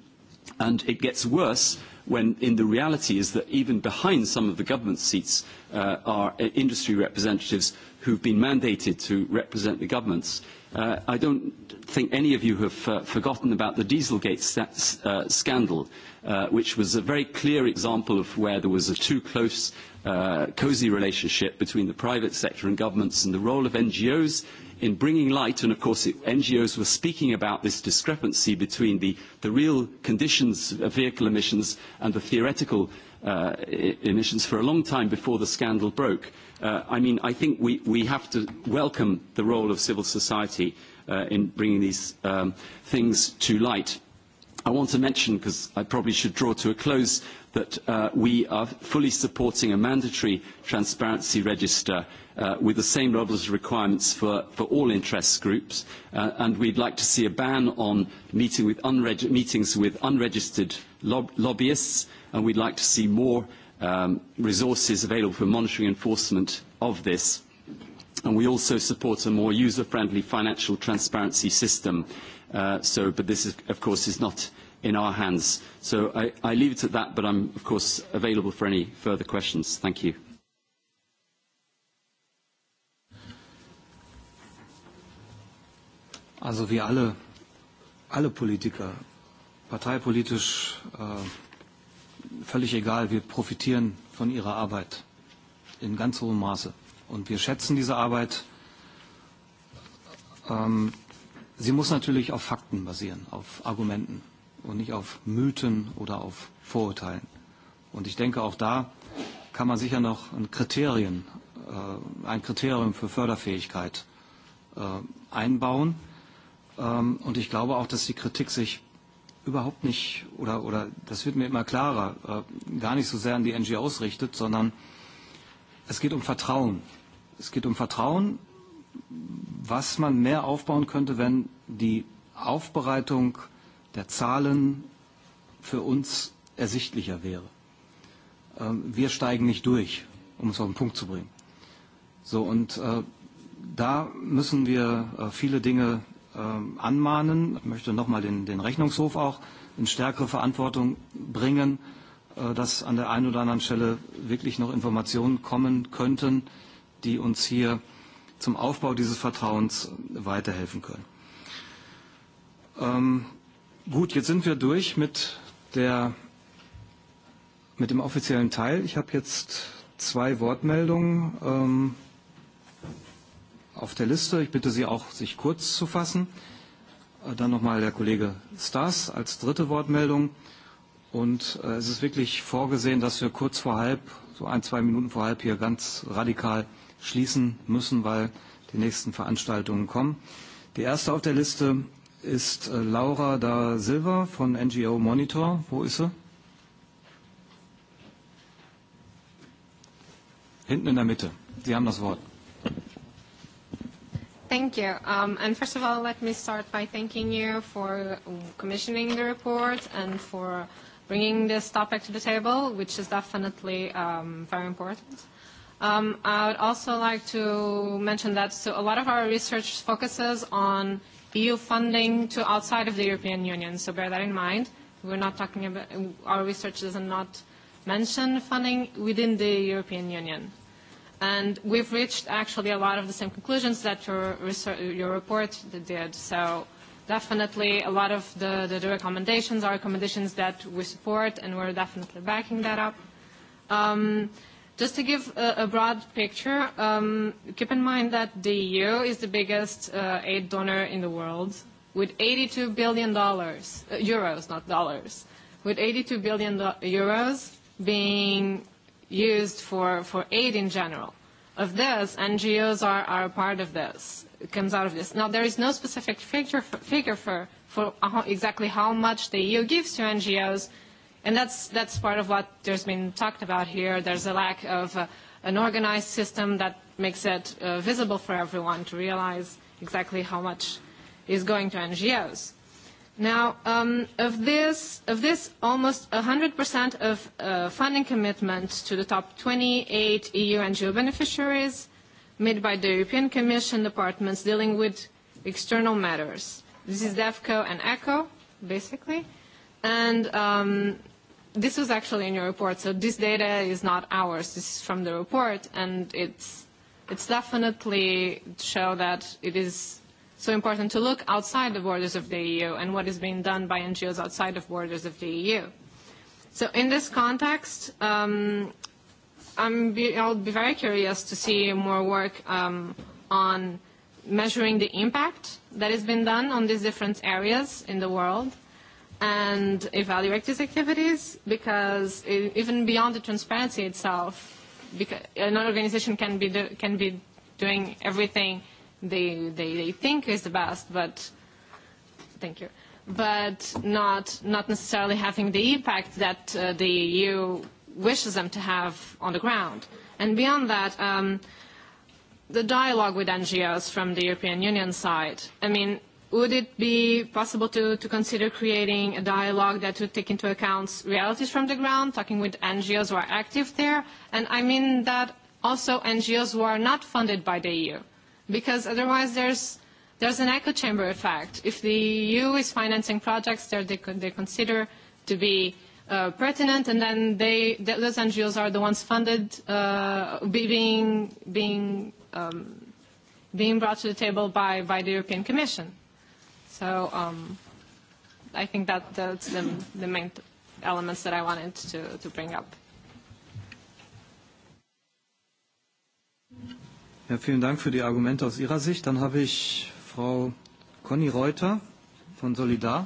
And it gets worse when in the reality is that even behind some of the government seats uh, are uh, industry representatives who've been mandated to represent the governments. Uh, I don't think any of you have uh, forgotten about the Dieselgate st- uh, scandal, uh, which was a very clear example of where there was a too close, uh, cozy relationship between the private sector and governments and the role of NGOs in bringing light, and of course it, NGOs were speaking about this discrepancy between the, the real conditions of vehicle emissions and the theoretical uh, uh, emissions for a long time before the scandal broke. Uh, I mean, I think we, we have to welcome the role of civil society uh, in bringing these um, things to light. I want to mention, because I probably should draw to a close, that uh, we are fully supporting a mandatory transparency register uh, uh, with the same levels of requirements for, for all interest groups, uh, and we'd like to see a ban on meeting with unreg- meetings with unregistered lob- lobbyists, and we'd like to see more um, resources available for monitoring enforcement of this. And we also support a more user-friendly financial transparency system. Uh, so, but this, is, of course, is not in our hands. So I, I leave it at that, but I'm, of course, available for any further questions. Thank you. Also wie alle, alle Politiker, parteipolitisch äh, völlig egal, wir profitieren von ihrer Arbeit in ganz hohem Maße. Und wir schätzen diese Arbeit. Ähm, sie muss natürlich auf Fakten basieren, auf Argumenten und nicht auf Mythen oder auf Vorurteilen. Und ich denke, auch da kann man sicher noch ein, Kriterien, äh, ein Kriterium für Förderfähigkeit äh, einbauen. Ähm, und ich glaube auch, dass die Kritik sich überhaupt nicht, oder, oder das wird mir immer klarer, äh, gar nicht so sehr an die NGOs richtet, sondern es geht um Vertrauen. Es geht um Vertrauen, was man mehr aufbauen könnte, wenn die Aufbereitung der Zahlen für uns ersichtlicher wäre. Ähm, wir steigen nicht durch, um es auf den Punkt zu bringen. So, und äh, da müssen wir äh, viele Dinge ähm, anmahnen. Ich möchte nochmal den, den Rechnungshof auch in stärkere Verantwortung bringen, äh, dass an der einen oder anderen Stelle wirklich noch Informationen kommen könnten, die uns hier zum Aufbau dieses Vertrauens weiterhelfen können. Ähm, gut, jetzt sind wir durch mit, der, mit dem offiziellen Teil. Ich habe jetzt zwei Wortmeldungen. Ähm, auf der Liste. Ich bitte Sie auch, sich kurz zu fassen. Äh, dann nochmal der Kollege Stars als dritte Wortmeldung. Und äh, es ist wirklich vorgesehen, dass wir kurz vor halb, so ein, zwei Minuten vor halb hier ganz radikal schließen müssen, weil die nächsten Veranstaltungen kommen. Die erste auf der Liste ist äh, Laura da Silva von NGO Monitor. Wo ist sie? Hinten in der Mitte. Sie haben das Wort. Thank you. Um, and first of all, let me start by thanking you for commissioning the report and for bringing this topic to the table, which is definitely um, very important. Um, I would also like to mention that so a lot of our research focuses on EU funding to outside of the European Union, so bear that in mind. We're not talking about, our research does not mention funding within the European Union. And we've reached actually a lot of the same conclusions that your, research, your report did. So definitely a lot of the, the, the recommendations are recommendations that we support, and we're definitely backing that up. Um, Just to give a, a broad picture, um, keep in mind that the EU is the biggest uh, aid donor in the world with 82 billion dollars, uh, euros, not dollars, with 82 billion do- euros being used for, for aid in general. Of this, NGOs are, are a part of this, it comes out of this. Now, there is no specific figure for, figure for, for how, exactly how much the EU gives to NGOs, and that's, that's part of what there's been talked about here. There's a lack of uh, an organized system that makes it uh, visible for everyone to realize exactly how much is going to NGOs. Now, um, of this, of this almost 100% of uh, funding commitments to the top 28 EU NGO beneficiaries made by the European Commission departments dealing with external matters. This is DEFCO and ECHO, basically. And um, this was actually in your report, so this data is not ours. This is from the report, and it's, it's definitely show that it is so important to look outside the borders of the EU and what is being done by NGOs outside of borders of the EU. So in this context, um, I'm be, I'll be very curious to see more work um, on measuring the impact that has been done on these different areas in the world and evaluate these activities because it, e, even beyond the transparency itself, because an organization can be, do, can be doing everything they, they, they think is the best, but thank you, but not, not necessarily having the impact that uh, the EU wishes them to have on the ground. And beyond that, um, the dialogue with NGOs from the European Union side, I mean, would it be possible to, to consider creating a dialogue that would take into account realities from the ground, talking with NGOs who are active there? And I mean that also NGOs who are not funded by the EU because otherwise there's there's an echo chamber effect. If the EU is financing projects that they, they consider to be uh, pertinent, and then they, the, those NGOs are the ones funded, uh, being, being, um, being brought to the table by, by the European Commission. So um, I think that that's the, the main elements that I wanted to, to bring up. Ja, vielen Dank für die Argumente aus Ihrer Sicht. Dann habe ich Frau Conny Reuter von Solidar.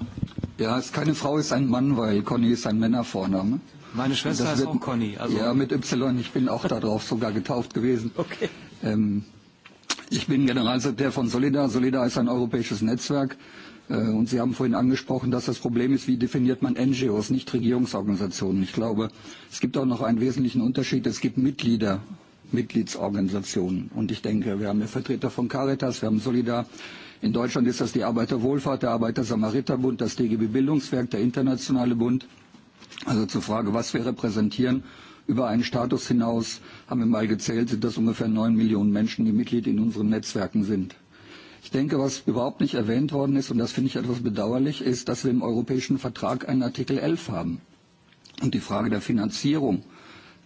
Ja, es ist keine Frau, es ist ein Mann, weil Conny ist ein Männervorname. Meine Schwester heißt auch Conny. Also ja, mit Y. Ich bin auch darauf sogar getauft gewesen. Okay. Ähm, ich bin Generalsekretär von Solidar. Solidar ist ein europäisches Netzwerk. Äh, und Sie haben vorhin angesprochen, dass das Problem ist, wie definiert man NGOs, nicht Regierungsorganisationen. Ich glaube, es gibt auch noch einen wesentlichen Unterschied. Es gibt Mitglieder Mitgliedsorganisationen. Und ich denke, wir haben hier Vertreter von Caritas, wir haben Solidar. In Deutschland ist das die Arbeiterwohlfahrt, der Arbeiter-Samariter-Bund, das DGB Bildungswerk, der Internationale Bund. Also zur Frage, was wir repräsentieren, über einen Status hinaus haben wir mal gezählt, sind das ungefähr neun Millionen Menschen, die Mitglied in unseren Netzwerken sind. Ich denke, was überhaupt nicht erwähnt worden ist, und das finde ich etwas bedauerlich, ist, dass wir im europäischen Vertrag einen Artikel 11 haben. Und die Frage der Finanzierung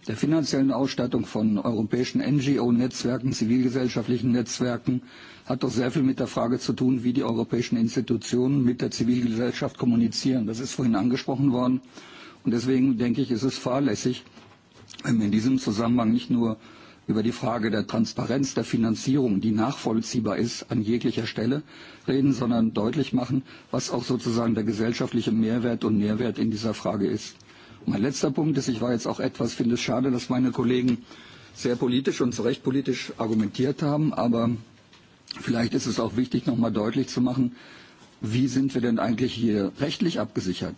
der finanziellen Ausstattung von europäischen NGO-Netzwerken, zivilgesellschaftlichen Netzwerken hat doch sehr viel mit der Frage zu tun, wie die europäischen Institutionen mit der Zivilgesellschaft kommunizieren. Das ist vorhin angesprochen worden. Und deswegen denke ich, ist es fahrlässig, wenn wir in diesem Zusammenhang nicht nur über die Frage der Transparenz der Finanzierung, die nachvollziehbar ist an jeglicher Stelle, reden, sondern deutlich machen, was auch sozusagen der gesellschaftliche Mehrwert und Nährwert in dieser Frage ist. Mein letzter Punkt ist, ich war jetzt auch etwas, finde es schade, dass meine Kollegen sehr politisch und zu Recht politisch argumentiert haben, aber vielleicht ist es auch wichtig, nochmal deutlich zu machen, wie sind wir denn eigentlich hier rechtlich abgesichert?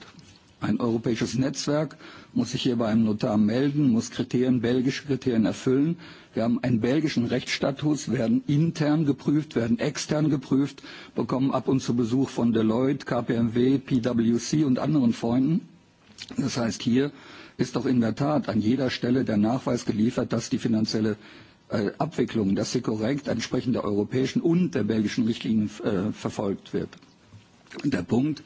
Ein europäisches Netzwerk muss sich hier bei einem Notar melden, muss Kriterien, belgische Kriterien erfüllen. Wir haben einen belgischen Rechtsstatus, werden intern geprüft, werden extern geprüft, bekommen ab und zu Besuch von Deloitte, KPMW, PwC und anderen Freunden. Das heißt, hier ist doch in der Tat an jeder Stelle der Nachweis geliefert, dass die finanzielle äh, Abwicklung, dass sie korrekt entsprechend der europäischen und der belgischen Richtlinien äh, verfolgt wird. Der Punkt,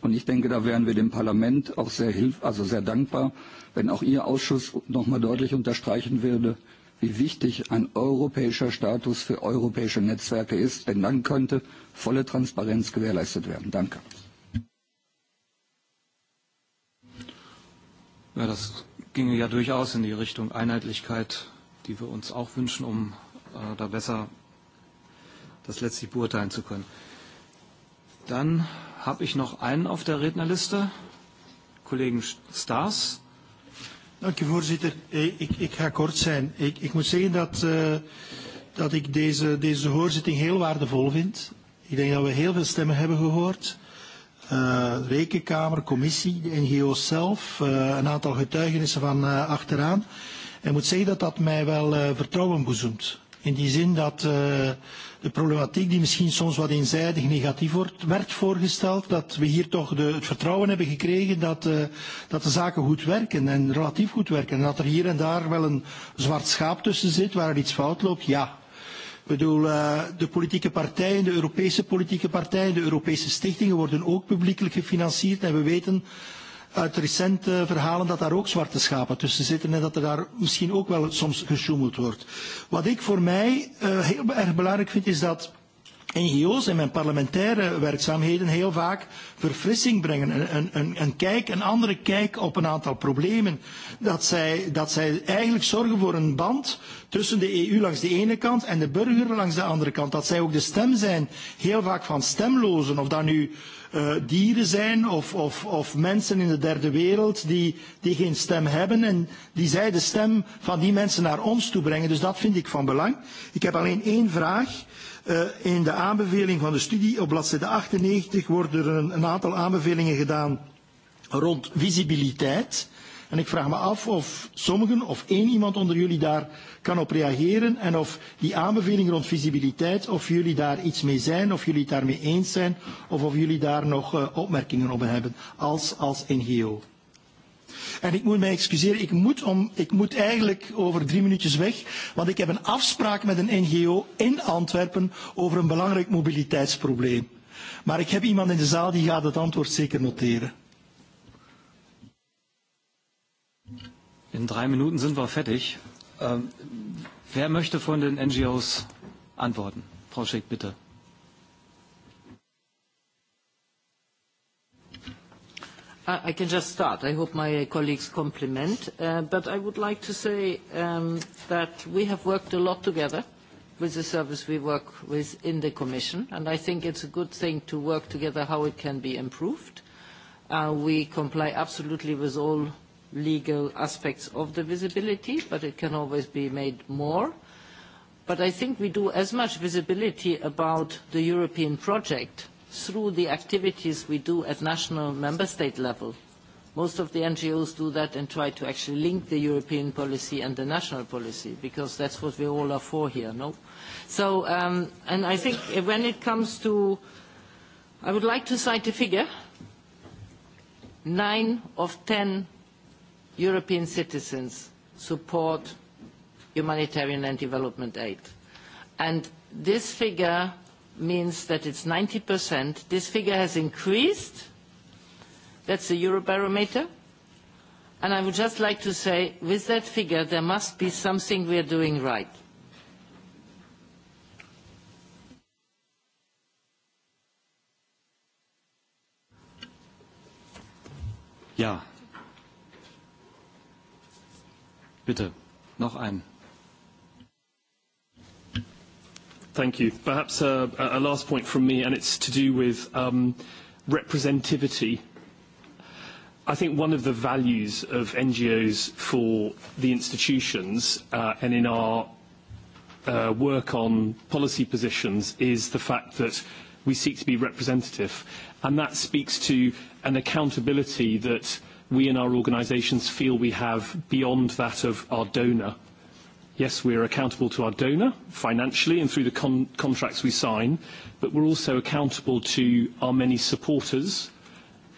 und ich denke, da wären wir dem Parlament auch sehr, hilf also sehr dankbar, wenn auch Ihr Ausschuss nochmal deutlich unterstreichen würde, wie wichtig ein europäischer Status für europäische Netzwerke ist, denn dann könnte volle Transparenz gewährleistet werden. Danke. Ja, das ginge ja durchaus in die Richtung Einheitlichkeit, die wir uns auch wünschen, um äh, da besser das letztlich beurteilen zu können. Dann habe ich noch einen auf der Rednerliste, Kollegen Stars. Dank u voorzitter. Eh, ik, ik ga kort zijn. Ik, ik moet zeggen dat, uh, dat ik deze, deze hoorzitting heel waardevol vind. Ik denk dat we heel veel stemmen hebben gehoord uh, Rekenkamer, commissie, de NGO's zelf, uh, een aantal getuigenissen van uh, achteraan. En ik moet zeggen dat dat mij wel uh, vertrouwen boezemt. In die zin dat uh, de problematiek die misschien soms wat eenzijdig negatief wordt, werd voorgesteld, dat we hier toch de, het vertrouwen hebben gekregen dat, uh, dat de zaken goed werken en relatief goed werken. En dat er hier en daar wel een zwart schaap tussen zit waar er iets fout loopt, ja. Ik bedoel, uh, de politieke partijen, de Europese politieke partijen, de Europese stichtingen worden ook publiekelijk gefinancierd. En we weten uit recente verhalen dat daar ook zwarte schapen tussen zitten en dat er daar misschien ook wel soms gesjoemeld wordt. Wat ik voor mij uh, heel erg belangrijk vind is dat uh, NGO's in mijn parlementaire werkzaamheden heel vaak verfrissing brengen. Een, een, een kijk, een andere kijk op een aantal problemen. Dat zij, dat zij eigenlijk zorgen voor een band tussen de EU langs de ene kant en de burger langs de andere kant. Dat zij ook de stem zijn, heel vaak van stemlozen, of dat nu uh, dieren zijn of, of, of mensen in de derde wereld die, die geen stem hebben en die zij de stem van die mensen naar ons toe brengen. Dus dat vind ik van belang. Ik heb alleen één vraag. Uh, Uh, in de aanbeveling van de studie op bladzijde 98 worden er een, een aantal aanbevelingen gedaan rond visibiliteit. En ik vraag me af of sommigen of één iemand onder jullie daar kan op reageren en of die aanbeveling rond visibiliteit, of jullie daar iets mee zijn, of jullie het daarmee eens zijn, of of jullie daar nog uh, opmerkingen op hebben als, als NGO. En ik moet mij excuseren, ik moet, om, ik moet eigenlijk over drie minuutjes weg, want ik heb een afspraak met een NGO in Antwerpen over een belangrijk mobiliteitsprobleem. Maar ik heb iemand in de zaal die gaat het antwoord zeker noteren. In drei Minuten sind wir fertig. Ähm, wer möchte von den NGOs antworten? Frau Schick, bitte. I, I can just start. I hope my colleagues compliment. Uh, but I would like to say um, that we have worked a lot together with the service we work with in the Commission, and I think it's a good thing to work together how it can be improved. Uh, we comply absolutely with all legal aspects of the visibility, but it can always be made more. But I think we do as much visibility about the European project through the activities we do at national member state level. Most of the NGOs do that and try to actually link the European policy and the national policy, because that's what we all are for here, no? So, um, and I think when it comes to, I would like to cite a figure, nine of ten European citizens support humanitarian and development aid. And this figure means that it's 90%. This figure has increased. That's the Eurobarometer. And I would just like to say, with that figure, there must be something we are doing right. Ja. Bitte, noch ein. Thank you. Perhaps uh, a last point from me, and it's to do with um, representativity. I think one of the values of NGOs for the institutions uh, and in our uh, work on policy positions is the fact that we seek to be representative. And that speaks to an accountability that we in our organisations feel we have beyond that of our donor. Uh, Yes, we are accountable to our donor financially and through the con contracts we sign, but we're also accountable to our many supporters,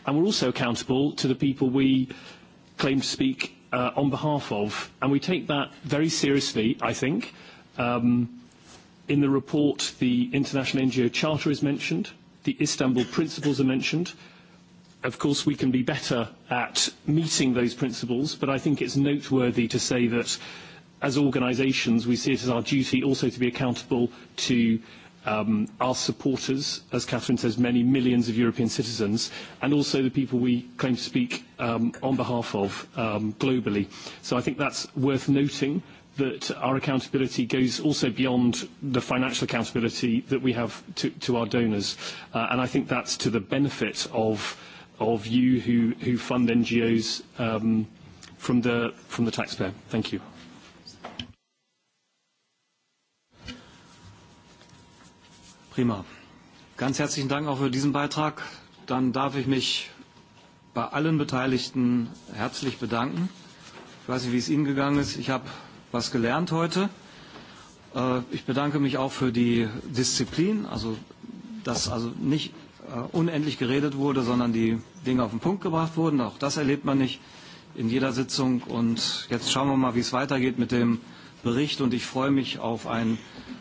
and we're also accountable to the people we claim to speak uh, on behalf of. And we take that very seriously, I think. Um, in the report, the International NGO Charter is mentioned, the Istanbul Principles are mentioned. Of course, we can be better at meeting those principles, but I think it's noteworthy to say that as organisations, we see it as our duty also to be accountable to um, our supporters, as Catherine says, many millions of European citizens, and also the people we claim to speak um, on behalf of um, globally. So I think that's worth noting that our accountability goes also beyond the financial accountability that we have to, to our donors. Uh, and I think that's to the benefit of, of you who, who fund NGOs um, from, the, from the taxpayer. Thank you. Prima. Ganz herzlichen Dank auch für diesen Beitrag. Dann darf ich mich bei allen Beteiligten herzlich bedanken. Ich weiß nicht, wie es Ihnen gegangen ist. Ich habe was gelernt heute. Äh, ich bedanke mich auch für die Disziplin, also dass also nicht äh, unendlich geredet wurde, sondern die Dinge auf den Punkt gebracht wurden. Auch das erlebt man nicht in jeder Sitzung. Und jetzt schauen wir mal, wie es weitergeht mit dem Bericht und ich freue mich auf einen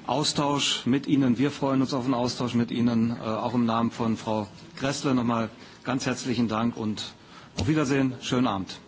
Austausch mit Ihnen. Wir freuen uns auf einen Austausch mit Ihnen. Äh, auch im Namen von Frau Gressler nochmal ganz herzlichen Dank und auf Wiedersehen. Schönen Abend.